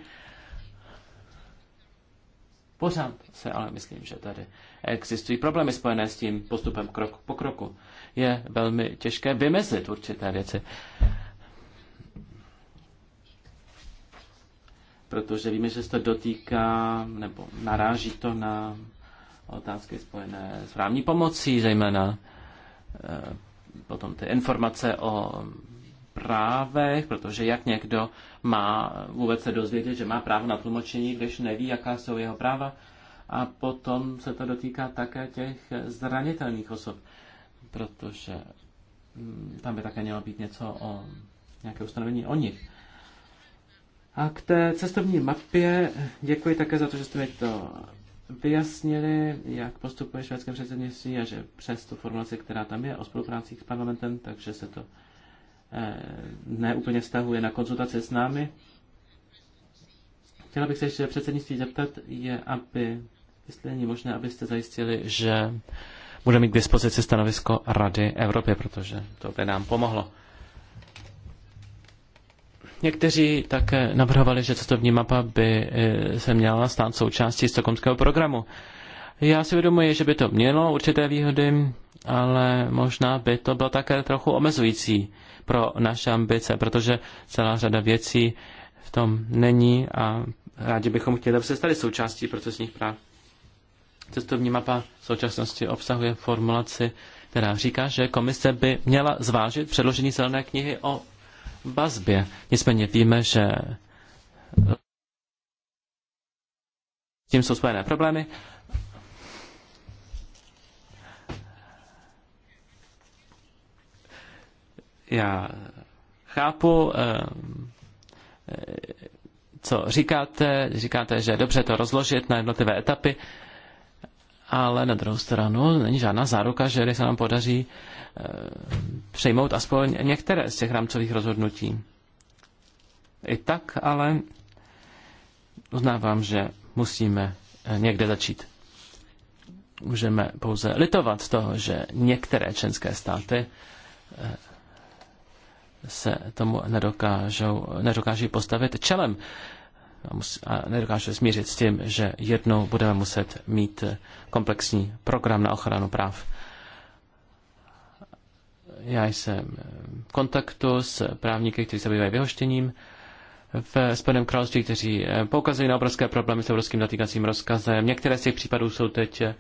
S2: Pořád se ale myslím, že tady existují problémy spojené s tím postupem krok po kroku. Je velmi těžké vymezit určité věci. Protože víme, že se to dotýká nebo naráží to na otázky spojené s právní pomocí, zejména eh, potom ty informace o právech, protože jak někdo má vůbec se dozvědět, že má právo na tlumočení, když neví, jaká jsou jeho práva. A potom se to dotýká také těch zranitelných osob, protože hm, tam by také mělo být něco o nějaké ustanovení o nich. A k té cestovní mapě děkuji také za to, že jste mi to vyjasnili, jak postupuje švédské předsednictví a že přes tu formulaci, která tam je o spoluprácích s parlamentem, takže se to eh, neúplně stahuje na konzultace s námi. Chtěla bych se ještě předsednictví zeptat, je, aby, jestli není možné, abyste zajistili, že bude mít k dispozici stanovisko Rady Evropy, protože to by nám pomohlo. Někteří také navrhovali, že cestovní mapa by eh, se měla stát součástí stokomského programu. Já si vědomuji, že by to mělo určité výhody, ale možná by to bylo také trochu omezující pro naše ambice, protože celá řada věcí v tom není a rádi bychom chtěli, aby se staly součástí procesních práv. Cestovní mapa v současnosti obsahuje formulaci, která říká, že komise by měla zvážit předložení zelené knihy o vazbě. Nicméně víme, že s tím jsou spojené problémy. Já chápu, eh, co říkáte. Říkáte, že je dobře to rozložit na jednotlivé etapy, ale na druhou stranu není žádná záruka, že když se nám podaří Eh, přejmout aspoň některé z těch rámcových rozhodnutí. I tak ale uznávám, že musíme eh, někde začít. Můžeme pouze litovat toho, že některé členské státy eh, se tomu nedokážou, nedokáží postavit čelem a nedokážou smířit s tím, že jednou budeme muset mít komplexní program na ochranu práv já jsem v kontaktu s právníky, kteří se bývají vyhoštěním v Spojeném království, kteří eh, poukazují na obrovské problémy s evropským zatýkacím rozkazem. Některé z těch případů jsou teď eh,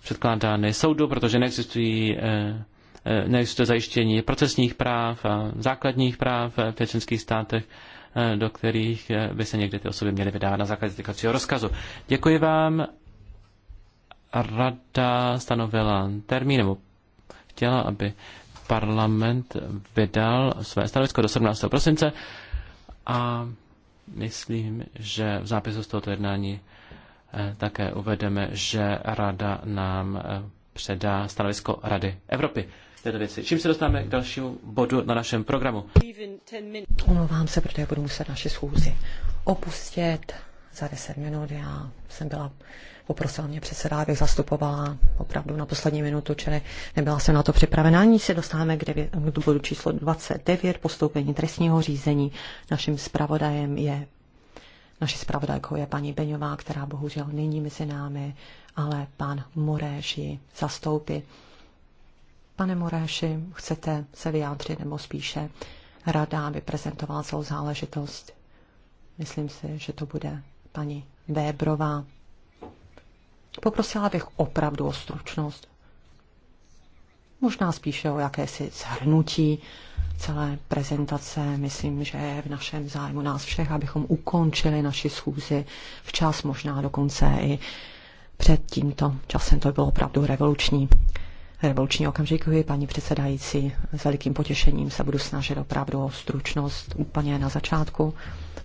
S2: předkládány soudu, protože neexistují eh, neexistuje zajištění procesních práv a základních práv v těch státech, do kterých by se někdy ty osoby měly vydávat na základě zatýkacího rozkazu. Děkuji vám. Rada stanovila termín, nebo chtěla, aby parlament vydal své stanovisko do 17. prosince a myslím, že v zápisu z tohoto jednání eh, také uvedeme, že Rada nám eh, předá stanovisko Rady Evropy této věci. Čím se dostáváme k dalšímu bodu na našem programu?
S3: Omlouvám se, protože budu muset naši schůzi opustit za 10 minut. Já jsem byla poprosil mě předseda, abych zastupovala opravdu na poslední minutu, čili nebyla jsem na to připravená. Ani se dostáváme k, devět, k bodu číslo 29, postoupení trestního řízení. Naším zpravodajem je Naši zpravodajkou je paní Beňová, která bohužel není mezi námi, ale pan Moréš ji zastoupí. Pane Moréši, chcete se vyjádřit nebo spíše rada, aby prezentoval celou záležitost? Myslím si, že to bude paní Vébrová, Poprosila bych opravdu o stručnost. Možná spíše o jakési zhrnutí celé prezentace. Myslím, že je v našem zájmu nás všech, abychom ukončili naši schůzi včas, možná dokonce i před tímto časem. To bylo opravdu revoluční revoluční okamžik, paní předsedající. S velikým potěšením se budu snažit opravdu o stručnost úplně na začátku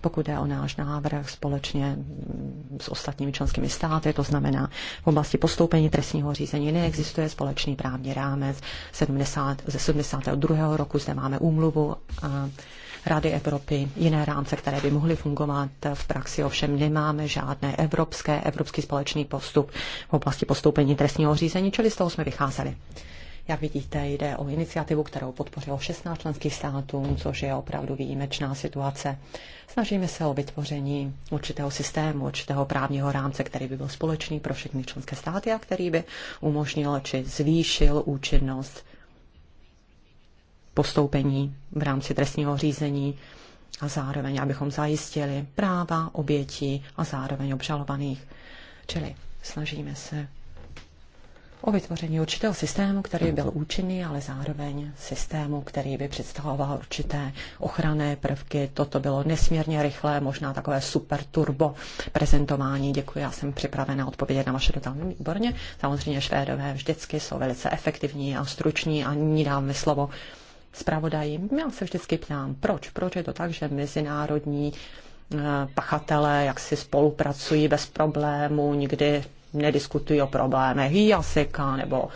S3: pokud jde o náš návrh společně s ostatními členskými státy, to znamená v oblasti postoupení trestního řízení neexistuje společný právní rámec 70, ze 72. roku, zde máme úmluvu a Rady Evropy, jiné rámce, které by mohly fungovat v praxi, ovšem nemáme žádné evropské, evropský společný postup v oblasti postoupení trestního řízení, čili z toho jsme vycházeli. Jak vidíte, jde o iniciativu, kterou podpořilo 16 členských států, což je opravdu výjimečná situace. Snažíme se o vytvoření určitého systému, určitého právního rámce, který by byl společný pro všechny členské státy a který by umožnil či zvýšil účinnost postoupení v rámci trestního řízení a zároveň, abychom zajistili práva obětí a zároveň obžalovaných. Čili snažíme se o vytvoření určitého systému, který byl účinný, ale zároveň systému, který by představoval určité ochranné prvky. Toto bylo nesmírně rychlé, možná takové super turbo prezentování. Děkuji, já jsem připravena odpovědět na vaše dotazy výborně. Samozřejmě Švédové vždycky jsou velice efektivní a struční a ní dáme slovo zpravodají. Já se vždycky ptám, proč? Proč je to tak, že mezinárodní eh, pachatelé jak si spolupracují bez problému, nikdy nediskutují o problémech jazyka nebo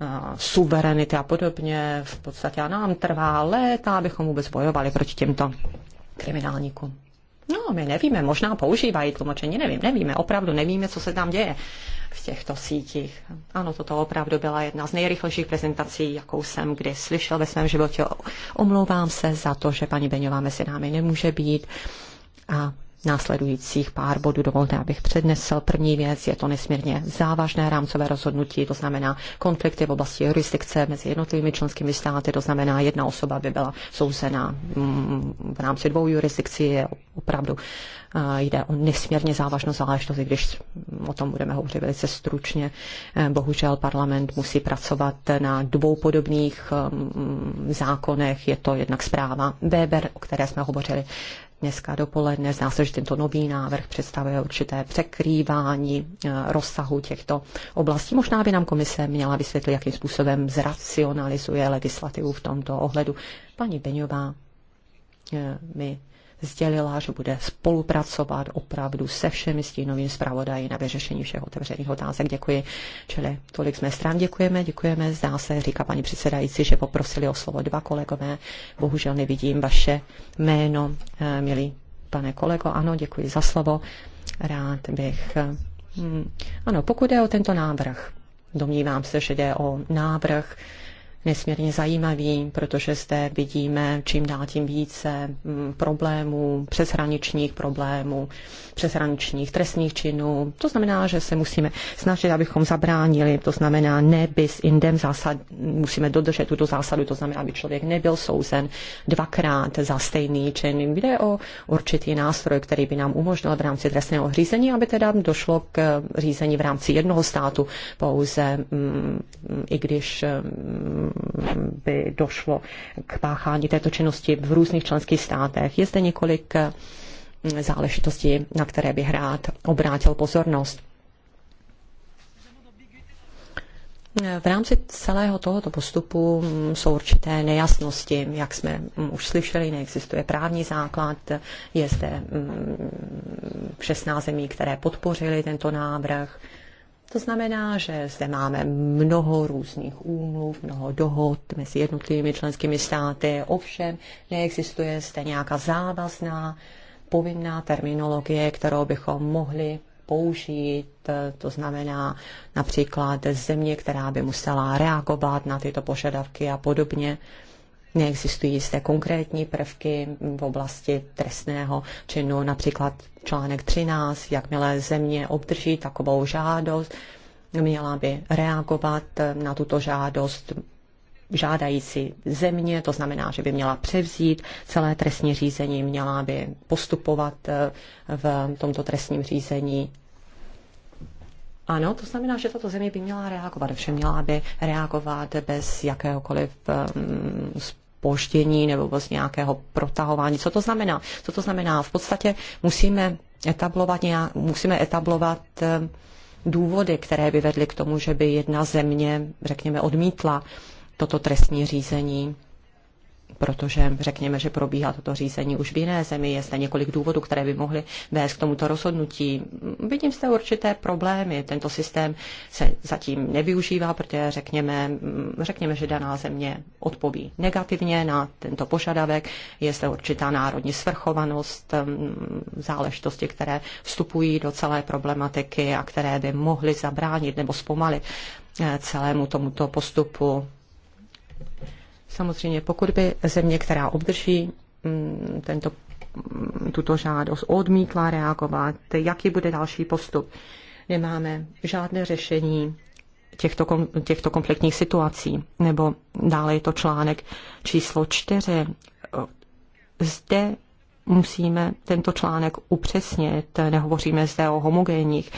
S3: eh, suverenity a podobně. V podstatě a nám trvá léta, abychom vůbec bojovali proti těmto kriminálníkům. No, my nevíme, možná používají tlumočení, nevím, nevíme, opravdu nevíme, co se tam děje v těchto sítích. Ano, toto opravdu byla jedna z nejrychlejších prezentací, jakou jsem kdy slyšel ve svém životě. Omlouvám se za to, že paní Beňová mezi námi nemůže být a následujících pár bodů dovolte, abych přednesl. První věc je to nesmírně závažné rámcové rozhodnutí, to znamená konflikty v oblasti jurisdikce mezi jednotlivými členskými státy, to znamená jedna osoba by byla souzena mm, v rámci dvou jurisdikcí, je opravdu eh, jde o nesmírně závažnou záležitost, když o tom budeme hovořit velice stručně. Eh, bohužel parlament musí pracovat na dvou podobných eh, zákonech. Je to jednak zpráva Weber, o které jsme hovořili dneska dopoledne. Zná se, že tento nový návrh představuje určité překrývání eh, rozsahu těchto oblastí. Možná by nám komise měla vysvětlit, jakým způsobem zracionalizuje legislativu v tomto ohledu. Paní Beňová eh, my sdělila, že bude spolupracovat opravdu se všemi stínovými zpravodají na vyřešení všech otevřených otázek. Děkuji. Čili tolik jsme mé stran děkujeme, děkujeme. Zdá se, říká paní předsedající, že poprosili o slovo dva kolegové. Bohužel nevidím vaše jméno, eh, milý pane kolego. Ano, děkuji za slovo. Rád bych. Hm, ano, pokud je o tento návrh, domnívám se, že jde o návrh, nesmírně zajímavý, protože zde vidíme čím dál tím více mm, problémů, přeshraničních problémů, přeshraničních trestních činů. To znamená, že se musíme snažit, abychom zabránili, to znamená ne bis indem zásad, musíme dodržet tuto zásadu, to znamená, aby člověk nebyl souzen dvakrát za stejný čin. Jde o určitý nástroj, který by nám umožnil v rámci trestného řízení, aby teda došlo k řízení v rámci jednoho státu pouze, mm, i když mm, by došlo k páchání této činnosti v různých členských státech. Je zde několik eh, záležitostí, na které bych rád obrátil pozornost. V rámci celého tohoto postupu mm, jsou určité nejasnosti. Jak jsme mm, už slyšeli, neexistuje právní základ. Je zde 16 mm, zemí, které podpořili tento návrh. To znamená, že zde máme mnoho různých úmluv, mnoho dohod mezi jednotlivými členskými státy, ovšem neexistuje zde nějaká závazná povinná terminologie, kterou bychom mohli použít, to znamená například země, která by musela reagovat na tyto požadavky a podobně. Neexistují jisté konkrétní prvky v oblasti trestného činu, například článek 13, jakmile země obdrží takovou žádost, měla by reagovat na tuto žádost žádající země, to znamená, že by měla převzít celé trestní řízení, měla by postupovat eh, v tomto trestním řízení. Ano, to znamená, že tato země by měla reagovat, všem měla by reagovat bez jakéhokoliv eh, spoždění nebo vlastně nějakého protahování. Co to znamená? Co to znamená? V podstatě musíme etablovat, nějak, musíme etablovat eh, důvody, které by vedly k tomu, že by jedna země, řekněme, odmítla toto trestní řízení protože řekněme, že probíhá toto řízení už v jiné zemi, je zde několik důvodů, které by mohly vést k tomuto rozhodnutí. Vidím zde určité problémy. Tento systém se zatím nevyužívá, protože řekněme, řekněme že daná země odpoví negativně na tento požadavek. Je zde určitá národní svrchovanost, um, záležitosti, které vstupují do celé problematiky a které by mohly zabránit nebo zpomalit eh, celému tomuto postupu. Samozřejmě, pokud by země, která obdrží mm, tento, mm, tuto žádost, odmítla reagovat, jaký bude další postup? Nemáme žádné řešení těchto, těchto konfliktních situací. Nebo dále je to článek číslo čtyři. Zde musíme tento článek upřesnit. Nehovoříme zde o homogénních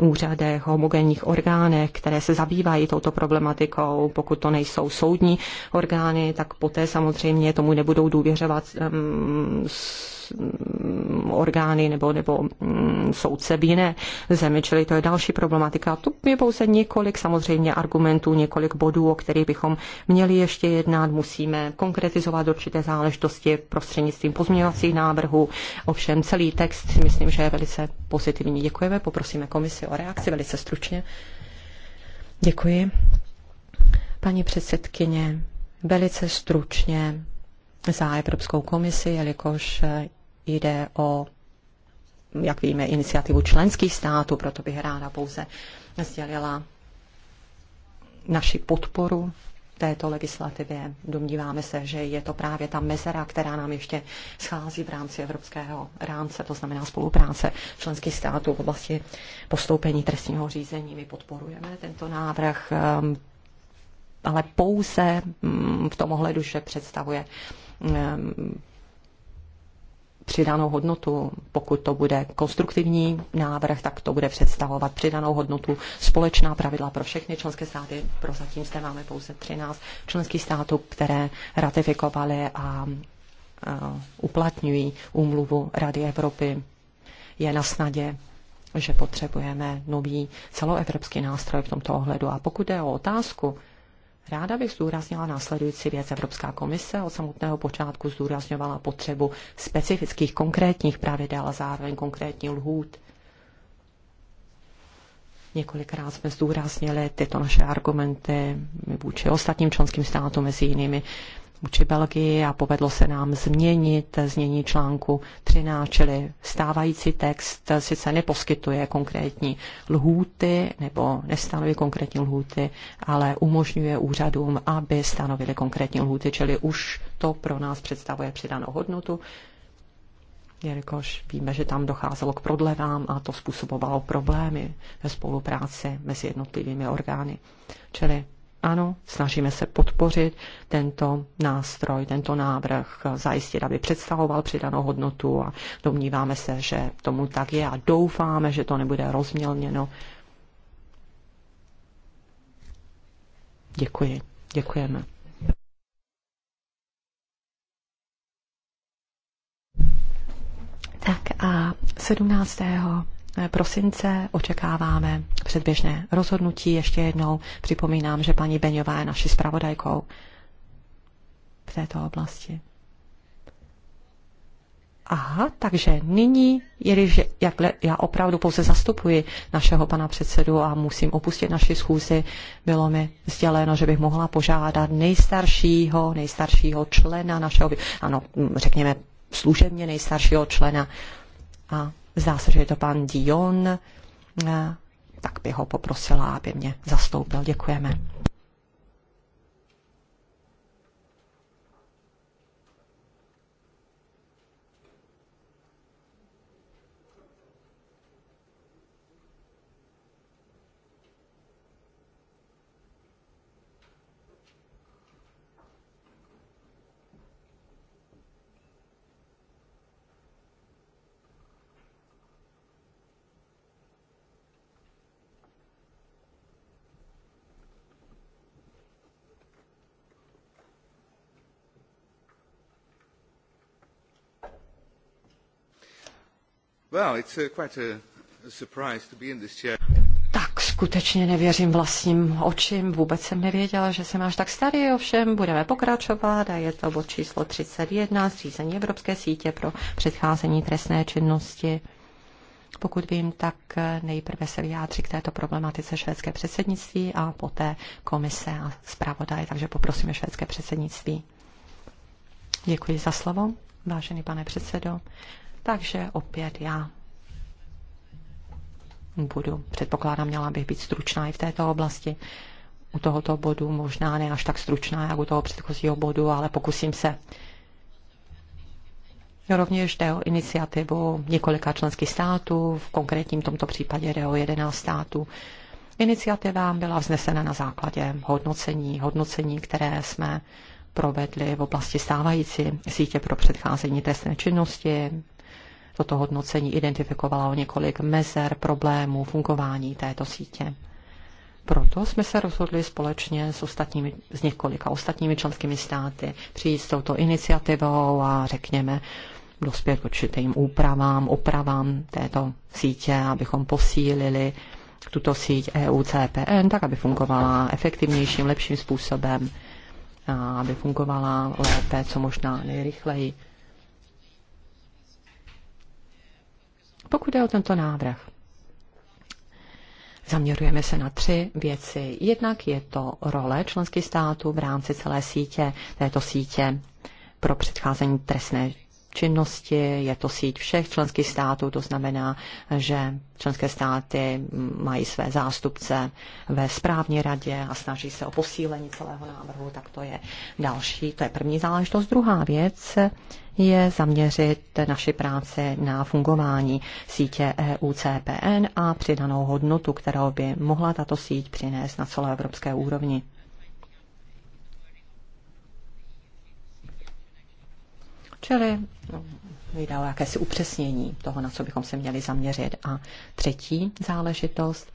S3: úřadech, homogénních orgánech, které se zabývají touto problematikou. Pokud to nejsou soudní orgány, tak poté samozřejmě tomu nebudou důvěřovat um, Mm, orgány nebo, nebo mm, soudce v jiné zemi, čili to je další problematika. Tu je pouze několik samozřejmě argumentů, několik bodů, o kterých bychom měli ještě jednat. Musíme konkretizovat určité záležitosti prostřednictvím pozměňovacích návrhů. Ovšem celý text si myslím, že je velice pozitivní. Děkujeme, poprosíme komisi o reakci velice stručně. Děkuji. Paní předsedkyně, velice stručně za Evropskou komisi, jelikož jde o, jak víme, iniciativu členských států, proto bych ráda pouze sdělila naši podporu této legislativě. Domníváme se, že je to právě ta mezera, která nám ještě schází v rámci evropského rámce, to znamená spolupráce členských států v oblasti postoupení trestního řízení. My podporujeme tento návrh, um, ale pouze um, v tom ohledu, že představuje um, přidanou hodnotu. Pokud to bude konstruktivní návrh, tak to bude představovat přidanou hodnotu. Společná pravidla pro všechny členské státy. Prozatím zde máme pouze 13 členských států, které ratifikovaly a uplatňují úmluvu Rady Evropy. Je na snadě, že potřebujeme nový celoevropský nástroj v tomto ohledu. A pokud jde o otázku, Ráda bych zdůraznila následující věc. Evropská komise od samotného počátku zdůrazňovala potřebu specifických konkrétních pravidel a zároveň konkrétní lhůt. Několikrát jsme zdůraznili tyto naše argumenty vůči ostatním členským státům, mezi jinými vůči Belgii a povedlo se nám změnit znění článku 13, čili stávající text sice neposkytuje konkrétní lhůty nebo nestanoví konkrétní lhůty, ale umožňuje úřadům, aby stanovili konkrétní lhůty, čili už to pro nás představuje přidanou hodnotu, jelikož víme, že tam docházelo k prodlevám a to způsobovalo problémy ve spolupráci mezi jednotlivými orgány. Čili ano, snažíme se podpořit tento nástroj, tento návrh, zajistit, aby představoval přidanou hodnotu a domníváme se, že tomu tak je a doufáme, že to nebude rozmělněno. Děkuji. Děkujeme. Tak a 17 prosince očekáváme předběžné rozhodnutí. Ještě jednou připomínám, že paní Beňová je naší zpravodajkou v této oblasti. Aha, takže nyní, když já opravdu pouze zastupuji našeho pana předsedu a musím opustit naši schůzi, bylo mi sděleno, že bych mohla požádat nejstaršího, nejstaršího člena našeho, ano, řekněme služebně nejstaršího člena a Zdá se, že je to pan Dion, eh, tak bych ho poprosila, aby mě zastoupil. Děkujeme.
S1: Uh, tak
S3: skutečně nevěřím vlastním očím, vůbec jsem nevěděla, že se máš tak starý, ovšem budeme pokračovat a je to bod číslo 31, zřízení Evropské sítě pro předcházení trestné činnosti. Pokud vím, tak eh, nejprve se vyjádří k této problematice švédské předsednictví a poté komise a zpravodaj, takže poprosíme švédské předsednictví. Děkuji za slovo, vážený pane předsedo, takže opět já budu, předpokládám, měla bych být stručná i v této oblasti. U tohoto bodu možná ne až tak stručná, jak u toho předchozího bodu, ale pokusím se. Rovněž jde o iniciativu několika členských států, v konkrétním tomto případě jde o 11 států. Iniciativa byla vznesena na základě hodnocení, hodnocení, které jsme provedli v oblasti stávající sítě pro předcházení trestné činnosti, toto hodnocení o několik mezer problémů fungování této sítě. Proto jsme se rozhodli společně s, ostatními, s několika ostatními členskými státy přijít s touto iniciativou a řekněme dospět k určitým úpravám, opravám této sítě, abychom posílili tuto síť EUCPN, tak aby fungovala efektivnějším, lepším způsobem, a aby fungovala lépe, co možná nejrychleji. Pokud je o tento návrh, Zaměřujeme se na tři věci. Jednak je to role členských států v rámci celé sítě, této sítě pro předcházení trestné činnosti, je to síť všech členských států, to znamená, že členské státy mají své zástupce ve správní radě a snaží se o posílení celého návrhu, tak to je další, to je první záležitost. Druhá věc je zaměřit naši práci na fungování sítě EUCPN a přidanou hodnotu, kterou by mohla tato síť přinést na celé evropské úrovni. Čili no, jde o jakési upřesnění toho, na co bychom se měli zaměřit. A třetí záležitost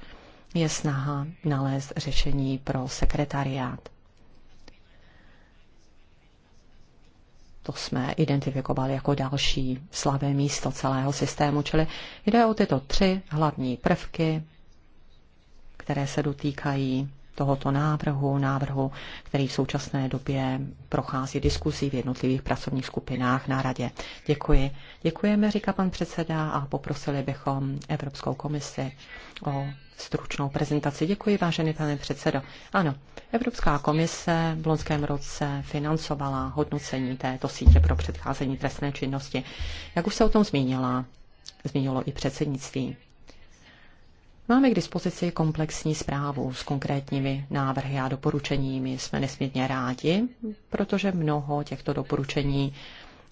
S3: je snaha nalézt řešení pro sekretariát. to jsme identifikovali jako další slabé místo celého systému. Čili jde o tyto tři hlavní prvky, které se dotýkají tohoto návrhu, návrhu, který v současné době prochází diskusí v jednotlivých pracovních skupinách na radě. Děkuji. Děkujeme, říká pan předseda, a poprosili bychom Evropskou komisi o stručnou prezentaci. Děkuji, vážený pane předsedo. Ano, Evropská komise v loňském roce financovala hodnocení této sítě pro předcházení trestné činnosti. Jak už se o tom zmínila, zmínilo i předsednictví. Máme k dispozici komplexní zprávu s konkrétními návrhy a doporučeními. Jsme nesmírně rádi, protože mnoho těchto doporučení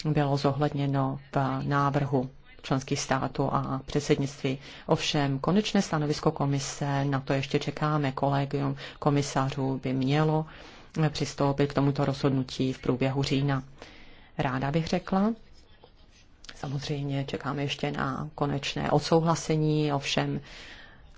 S3: bylo zohledněno v návrhu členských států a předsednictví. Ovšem, konečné stanovisko komise, na to ještě čekáme, kolegium komisařů by mělo přistoupit k tomuto rozhodnutí v průběhu října. Ráda bych řekla, samozřejmě čekáme ještě na konečné odsouhlasení, ovšem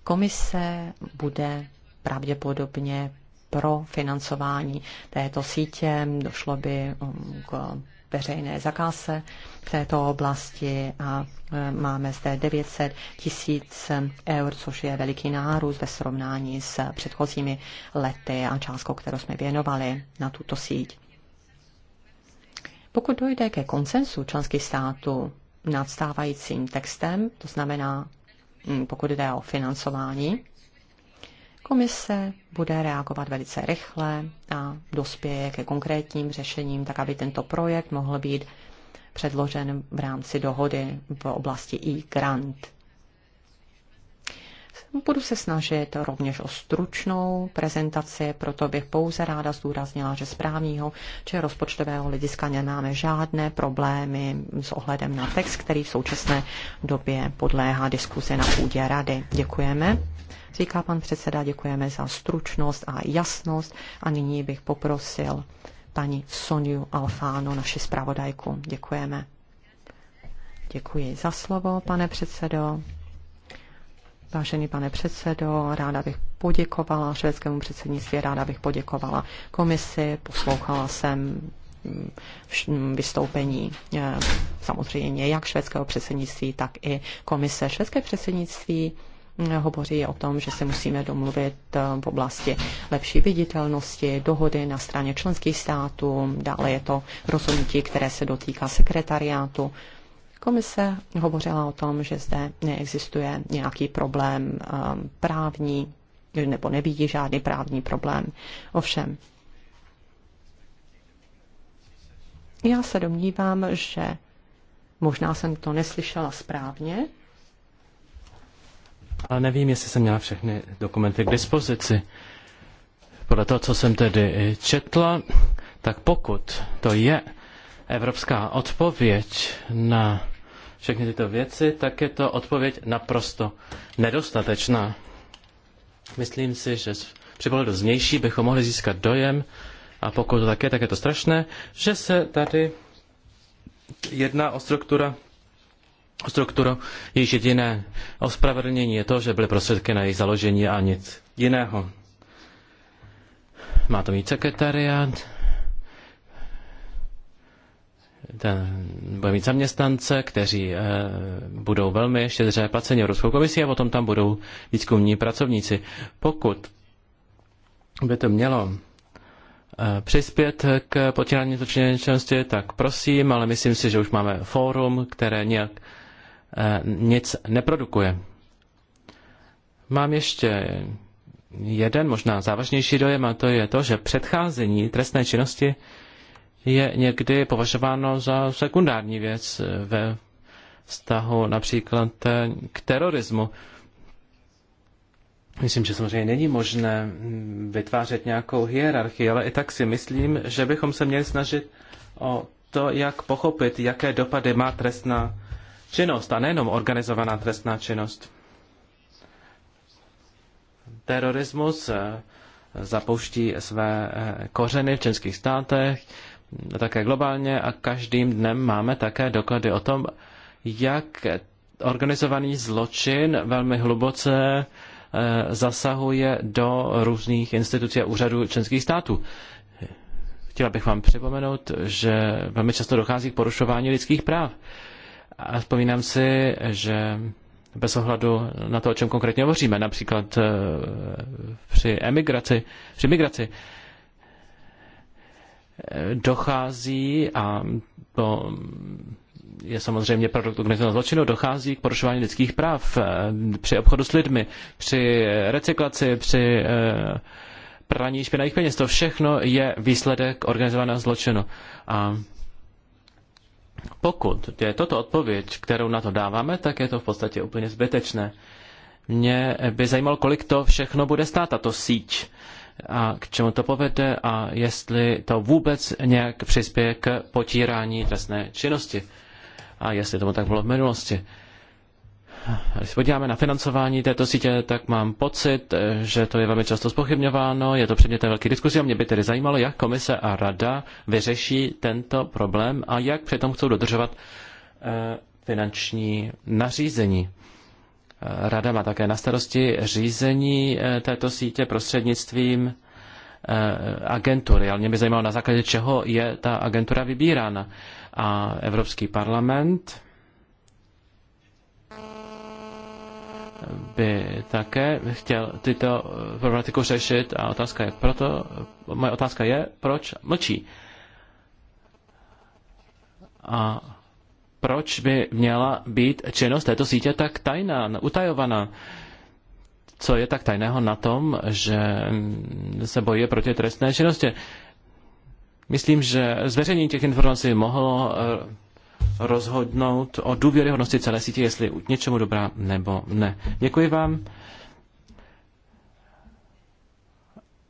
S3: komise bude pravděpodobně pro financování této sítě. Došlo by um, k veřejné zakáse v této oblasti a e, máme zde 900 tisíc eur, což je veliký nárůst ve srovnání s předchozími lety a částkou, kterou jsme věnovali na tuto síť. Pokud dojde ke koncensu členských států nad stávajícím textem, to znamená, mm, pokud jde o financování, Komise bude reagovat velice rychle a dospěje ke konkrétním řešením, tak aby tento projekt mohl být předložen v rámci dohody v oblasti e-grant. Budu se snažit rovněž o stručnou prezentaci, proto bych pouze ráda zdůraznila, že z právního či rozpočtového hlediska nemáme žádné problémy s ohledem na text, který v současné době podléhá diskuzi na půdě rady. Děkujeme říká pan předseda. Děkujeme za stručnost a jasnost a nyní bych poprosil paní Soniu Alfáno, naši zpravodajku. Děkujeme. Děkuji za slovo, pane předsedo. Vážený pane předsedo, ráda bych poděkovala švédskému předsednictví, ráda bych poděkovala komisi, poslouchala jsem mm, mm, vystoupení eh, samozřejmě jak švédského předsednictví, tak i komise. Švédské předsednictví hovoří o tom, že se musíme domluvit eh, v oblasti lepší viditelnosti, dohody na straně členských států, dále je to rozhodnutí, které se dotýká sekretariátu. Komise hovořila o tom, že zde neexistuje nějaký problém eh, právní, nebo nevidí žádný právní problém. Ovšem, já se domnívám, že možná jsem to neslyšela správně,
S2: ale nevím, jestli jsem měla všechny dokumenty k dispozici. Podle toho, co jsem tedy četla, tak pokud to je evropská odpověď na všechny tyto věci, tak je to odpověď naprosto nedostatečná. Myslím si, že při pohledu znější bychom mohli získat dojem, a pokud to tak je, tak je to strašné, že se tady jedná o struktura strukturu, jejíž jediné ospravedlnění je to, že byly prostředky na jejich založení a nic jiného. Má to mít sekretariát, ten, bude mít zaměstnance, kteří e, budou velmi štědře placeni Evropskou komisí a potom tam budou výzkumní pracovníci. Pokud by to mělo e, přispět k potírání zločinnosti, tak prosím, ale myslím si, že už máme fórum, které nějak Eh, nic neprodukuje. Mám ještě jeden možná závažnější dojem a to je to, že předcházení trestné činnosti je někdy považováno za sekundární věc ve vztahu například eh, k terorismu. Myslím, že samozřejmě není možné mm, vytvářet nějakou hierarchii, ale i tak si myslím, že bychom se měli snažit o to, jak pochopit, jaké dopady má trestná činnost a nejenom organizovaná trestná činnost. Terorismus eh, zapouští své eh, kořeny v českých státech, také globálně a každým dnem máme také doklady o tom, jak organizovaný zločin velmi hluboce eh, zasahuje do různých institucí a úřadů členských států. Chtěla bych vám připomenout, že velmi často dochází k porušování lidských práv. A vzpomínám si, že bez ohledu na to, o čem konkrétně hovoříme, například eh, při emigraci, při migraci, eh, dochází, a to je samozřejmě produkt organizovaného zločinu, dochází k porušování lidských práv eh, při obchodu s lidmi, při recyklaci, při praní špinavých peněz. To všechno je výsledek organizovaného zločinu. A pokud je toto odpověď, kterou na to dáváme, tak je to v podstatě úplně zbytečné. Mě by zajímalo, kolik to všechno bude stát, tato síť, a k čemu to povede a jestli to vůbec nějak přispěje k potírání trestné činnosti. A jestli tomu tak bylo v minulosti. Když se podíváme na financování této sítě, tak mám pocit, eh, že to je velmi často spochybňováno, je to předmětem velké diskuse a mě by tedy zajímalo, jak komise a rada vyřeší tento problém a jak přitom chcou dodržovat eh, finanční nařízení. Eh, rada má také na starosti řízení této sítě prostřednictvím agentury, ale mě by zajímalo, na základě čeho je ta agentura vybírána. A Evropský parlament by také chtěl tyto eh, problematiku řešit a otázka je proto, moje otázka je, proč mlčí. A proč by měla být činnost této sítě tak tajná, utajovaná? Co je tak tajného na tom, že se bojuje proti trestné činnosti? Myslím, že zveřejnění těch informací mohlo eh, rozhodnout o důvěryhodnosti celé sítě, jestli k něčemu dobrá nebo ne. Děkuji vám.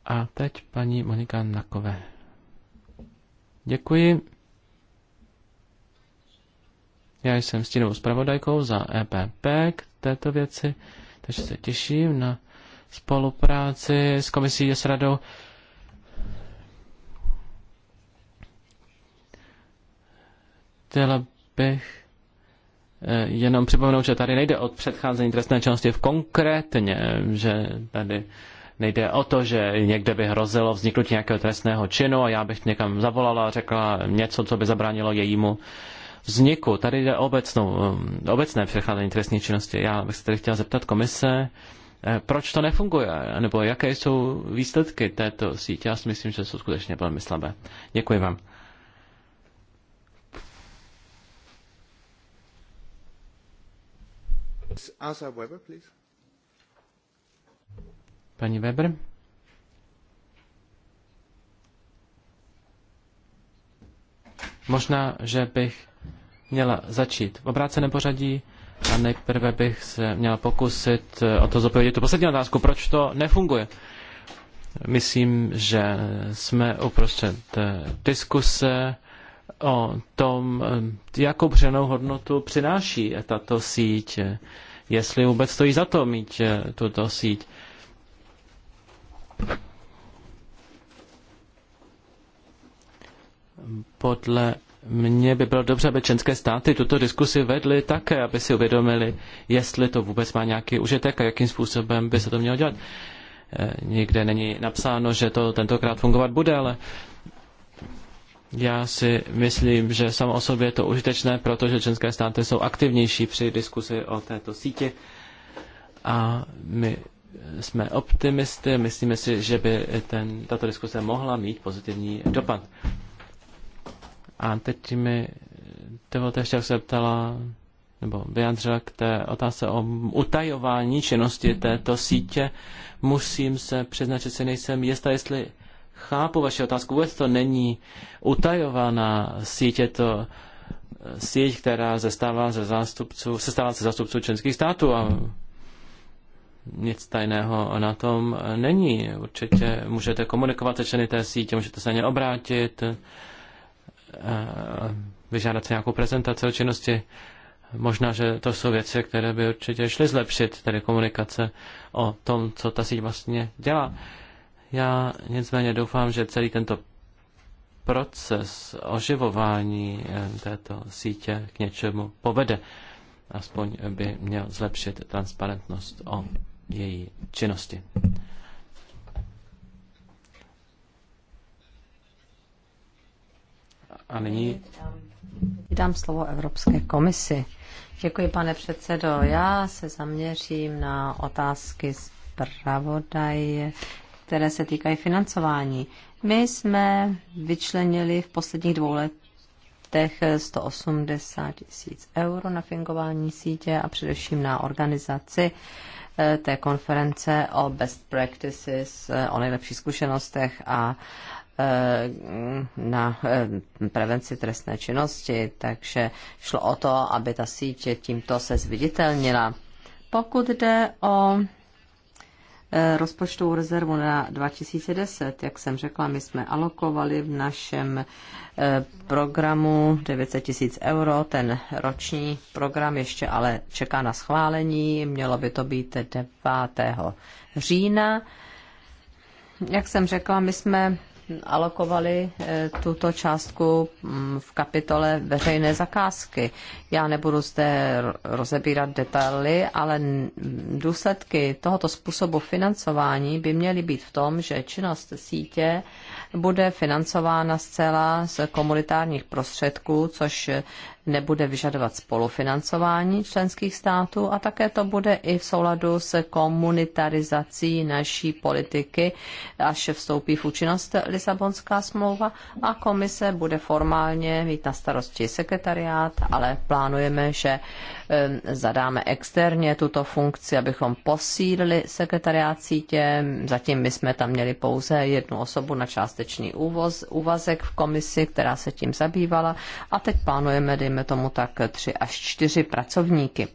S2: A teď paní Monika Nakové. Děkuji. Já jsem stínovou zpravodajkou za EPP k této věci, takže se těším na spolupráci s komisí a s radou. Chtěla bych eh, jenom připomenout, že tady nejde o předcházení trestné činnosti v konkrétně, že tady nejde o to, že někde by hrozilo vzniknutí nějakého trestného činu a já bych někam zavolala a řekla něco, co by zabránilo jejímu vzniku. Tady jde o obecnou, eh, obecné předcházení trestní činnosti. Já bych se tady chtěla zeptat komise, eh, proč to nefunguje, nebo jaké jsou výsledky této sítě. Já si myslím, že jsou skutečně velmi slabé. Děkuji vám.
S1: Asa Weber, please.
S2: Paní Weber. Možná, že bych měla začít v obráceném pořadí a nejprve bych se měla pokusit eh, o to zopovědět tu poslední otázku, proč to nefunguje. Myslím, že jsme uprostřed eh, diskuse o tom, eh, jakou přenou hodnotu přináší tato síť jestli vůbec stojí za to mít eh, tuto síť. Podle mně by bylo dobře, aby členské státy tuto diskusi vedly také, aby si uvědomili, jestli to vůbec má nějaký užitek a jakým způsobem by se to mělo dělat. Eh, Nikde není napsáno, že to tentokrát fungovat bude, ale já si myslím, že samo o sobě je to užitečné, protože členské státy jsou aktivnější při diskusi o této síti a my jsme optimisty, myslíme si, že by ten, tato diskuse mohla mít pozitivní dopad. A teď mi dovolte ještě, jak se ptala nebo vyjádřila k té otázce o utajování činnosti této sítě. Musím se přiznat, že si nejsem jistá, jestli chápu vaši otázku. Vůbec to není utajovaná síť, to eh, síť, která zestává ze zástupců, sestává ze zástupců členských států a nic tajného na tom není. Určitě můžete komunikovat se členy té sítě, můžete se na ně obrátit, eh, vyžádat si nějakou prezentaci o činnosti. Možná, že to jsou věci, které by určitě šly zlepšit, tedy komunikace o tom, co ta síť vlastně dělá. Já nicméně doufám, že celý tento proces oživování eh, této sítě k něčemu povede. Aspoň by měl zlepšit transparentnost o její činnosti. A nyní
S4: dám slovo Evropské komisi. Děkuji, pane předsedo. Já se zaměřím na otázky zpravodaje které se týkají financování. My jsme vyčlenili v posledních dvou letech 180 tisíc euro na fingování sítě a především na organizaci eh, té konference o best practices, eh, o nejlepších zkušenostech a eh, na prevenci trestné činnosti, takže šlo o to, aby ta sítě tímto se zviditelnila. Pokud jde o rozpočtovou rezervu na 2010. Jak jsem řekla, my jsme alokovali v našem eh, programu 900 tisíc euro. Ten roční program ještě ale čeká na schválení. Mělo by to být 9. října. Jak jsem řekla, my jsme alokovali eh, tuto částku mm, v kapitole veřejné zakázky. Já nebudu zde rozebírat detaily, ale důsledky tohoto způsobu financování by měly být v tom, že činnost sítě bude financována zcela z komunitárních prostředků, což eh, nebude vyžadovat spolufinancování členských států a také to bude i v souladu s komunitarizací naší politiky, až vstoupí v účinnost Lisabonská smlouva a komise bude formálně mít na starosti sekretariát, ale plánujeme, že zadáme externě tuto funkci, abychom posílili sekretariát sítě. Zatím my jsme tam měli pouze jednu osobu na částečný úvoz, úvazek v komisi, která se tím zabývala a teď plánujeme, dejme tomu tak, tři až čtyři pracovníky.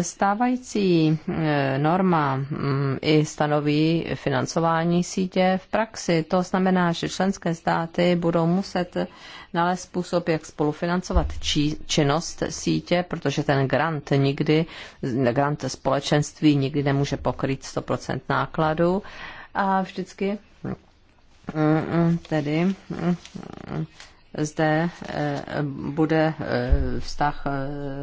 S4: Stávající eh, norma mm, i stanoví financování sítě v praxi. To znamená, že členské státy budou muset nalézt způsob, jak spolufinancovat či, činnost sítě, protože ten grant nikdy, grant společenství nikdy nemůže pokrýt 100% nákladů a vždycky mm, mm, tedy zde eh, bude eh, vztah eh,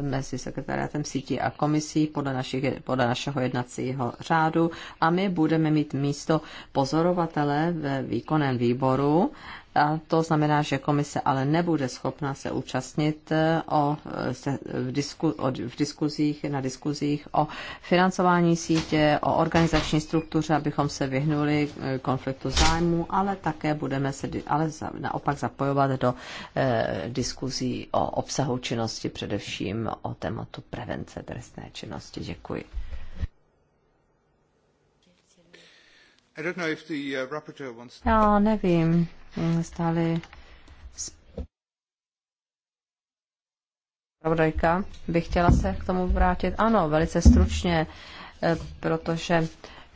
S4: mezi sekretariátem sítí a komisí podle, našich, podle našeho jednacího řádu a my budeme mít místo pozorovatele ve výkonném výboru a to znamená, že komise ale nebude schopna se účastnit eh, o, eh, se, v, disku, o, v diskuzích, na diskuzích o financování sítě, o organizační struktuře, abychom se vyhnuli eh, konfliktu zájmu, ale také budeme se ale za, naopak zapojovat do eh, diskuzí o obsahu činnosti, především o tématu prevence trestné činnosti. Děkuji.
S1: Uh, Já
S4: nevím, Eh, stále Pravodajka, bych chtěla se k tomu vrátit. Ano, velice stručně, eh, protože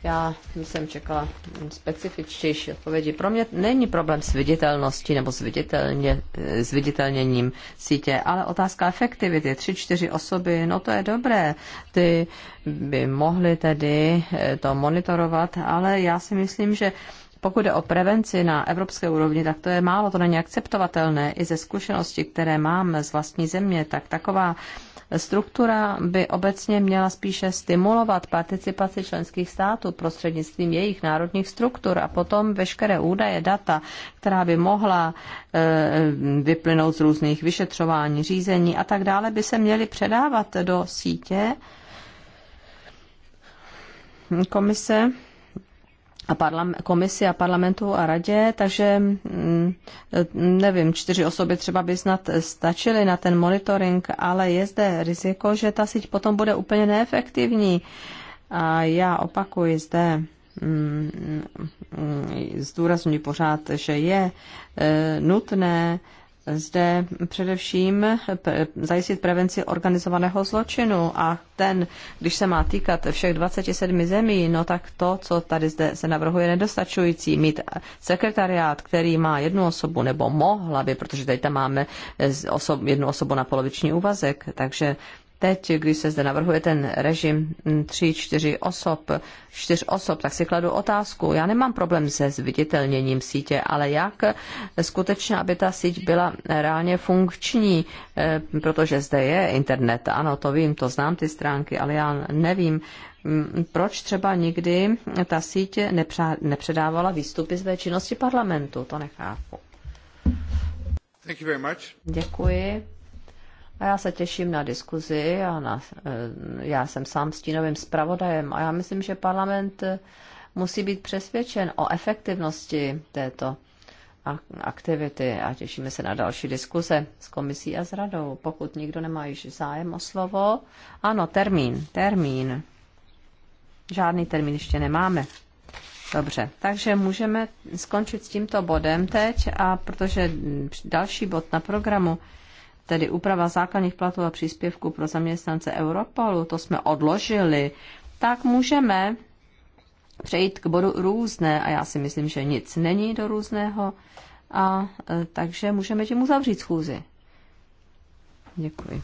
S4: já jsem čekala specifičtější odpovědi. Pro mě není problém s viditelností nebo s, viditelně, eh, s viditelněním sítě, ale otázka efektivity. Tři, čtyři osoby, no to je dobré. Ty by mohly tedy to monitorovat, ale já si myslím, že pokud jde o prevenci na evropské úrovni, tak to je málo, to není akceptovatelné. I ze zkušenosti, které mám z vlastní země, tak taková struktura by obecně měla spíše stimulovat participaci členských států prostřednictvím jejich národních struktur a potom veškeré údaje, data, která by mohla eh, vyplynout z různých vyšetřování, řízení a tak dále, by se měly předávat do sítě komise a komisi a parlamentu a radě, takže mm, e, nevím, čtyři osoby třeba by snad stačily na ten monitoring, ale je zde riziko, že ta síť potom bude úplně neefektivní. A já opakuji zde, mm, mm, zdůraznuju pořád, že je e, nutné zde především zajistit prevenci organizovaného zločinu a ten, když se má týkat všech 27 zemí, no tak to, co tady zde se navrhuje nedostačující, mít sekretariát, který má jednu osobu, nebo mohla by, protože teď tam máme osob, jednu osobu na poloviční úvazek, takže Teď, když se zde navrhuje ten režim mm, tři čtyři osob, čtyř osob, tak si kladu otázku. Já nemám problém se zviditelněním sítě, ale jak skutečně, aby ta síť byla reálně funkční, eh, protože zde je internet. Ano, to vím, to znám ty stránky, ale já nevím, mm, proč třeba nikdy ta síť nepředávala výstupy své činnosti parlamentu. To nechápu. Děkuji. A já se těším na diskuzi a na, eh, já jsem sám stínovým zpravodajem a já myslím, že parlament eh, musí být přesvědčen o efektivnosti této aktivity a těšíme se na další diskuze s komisí a s radou. Pokud nikdo nemá již zájem o slovo, ano, termín, termín. Žádný termín ještě nemáme. Dobře, takže můžeme skončit s tímto bodem teď a protože další bod na programu tedy úprava základních platů a příspěvků pro zaměstnance Europolu, to jsme odložili, tak můžeme přejít k bodu různé a já si myslím, že nic není do různého a e, takže můžeme tím uzavřít schůzi. Děkuji.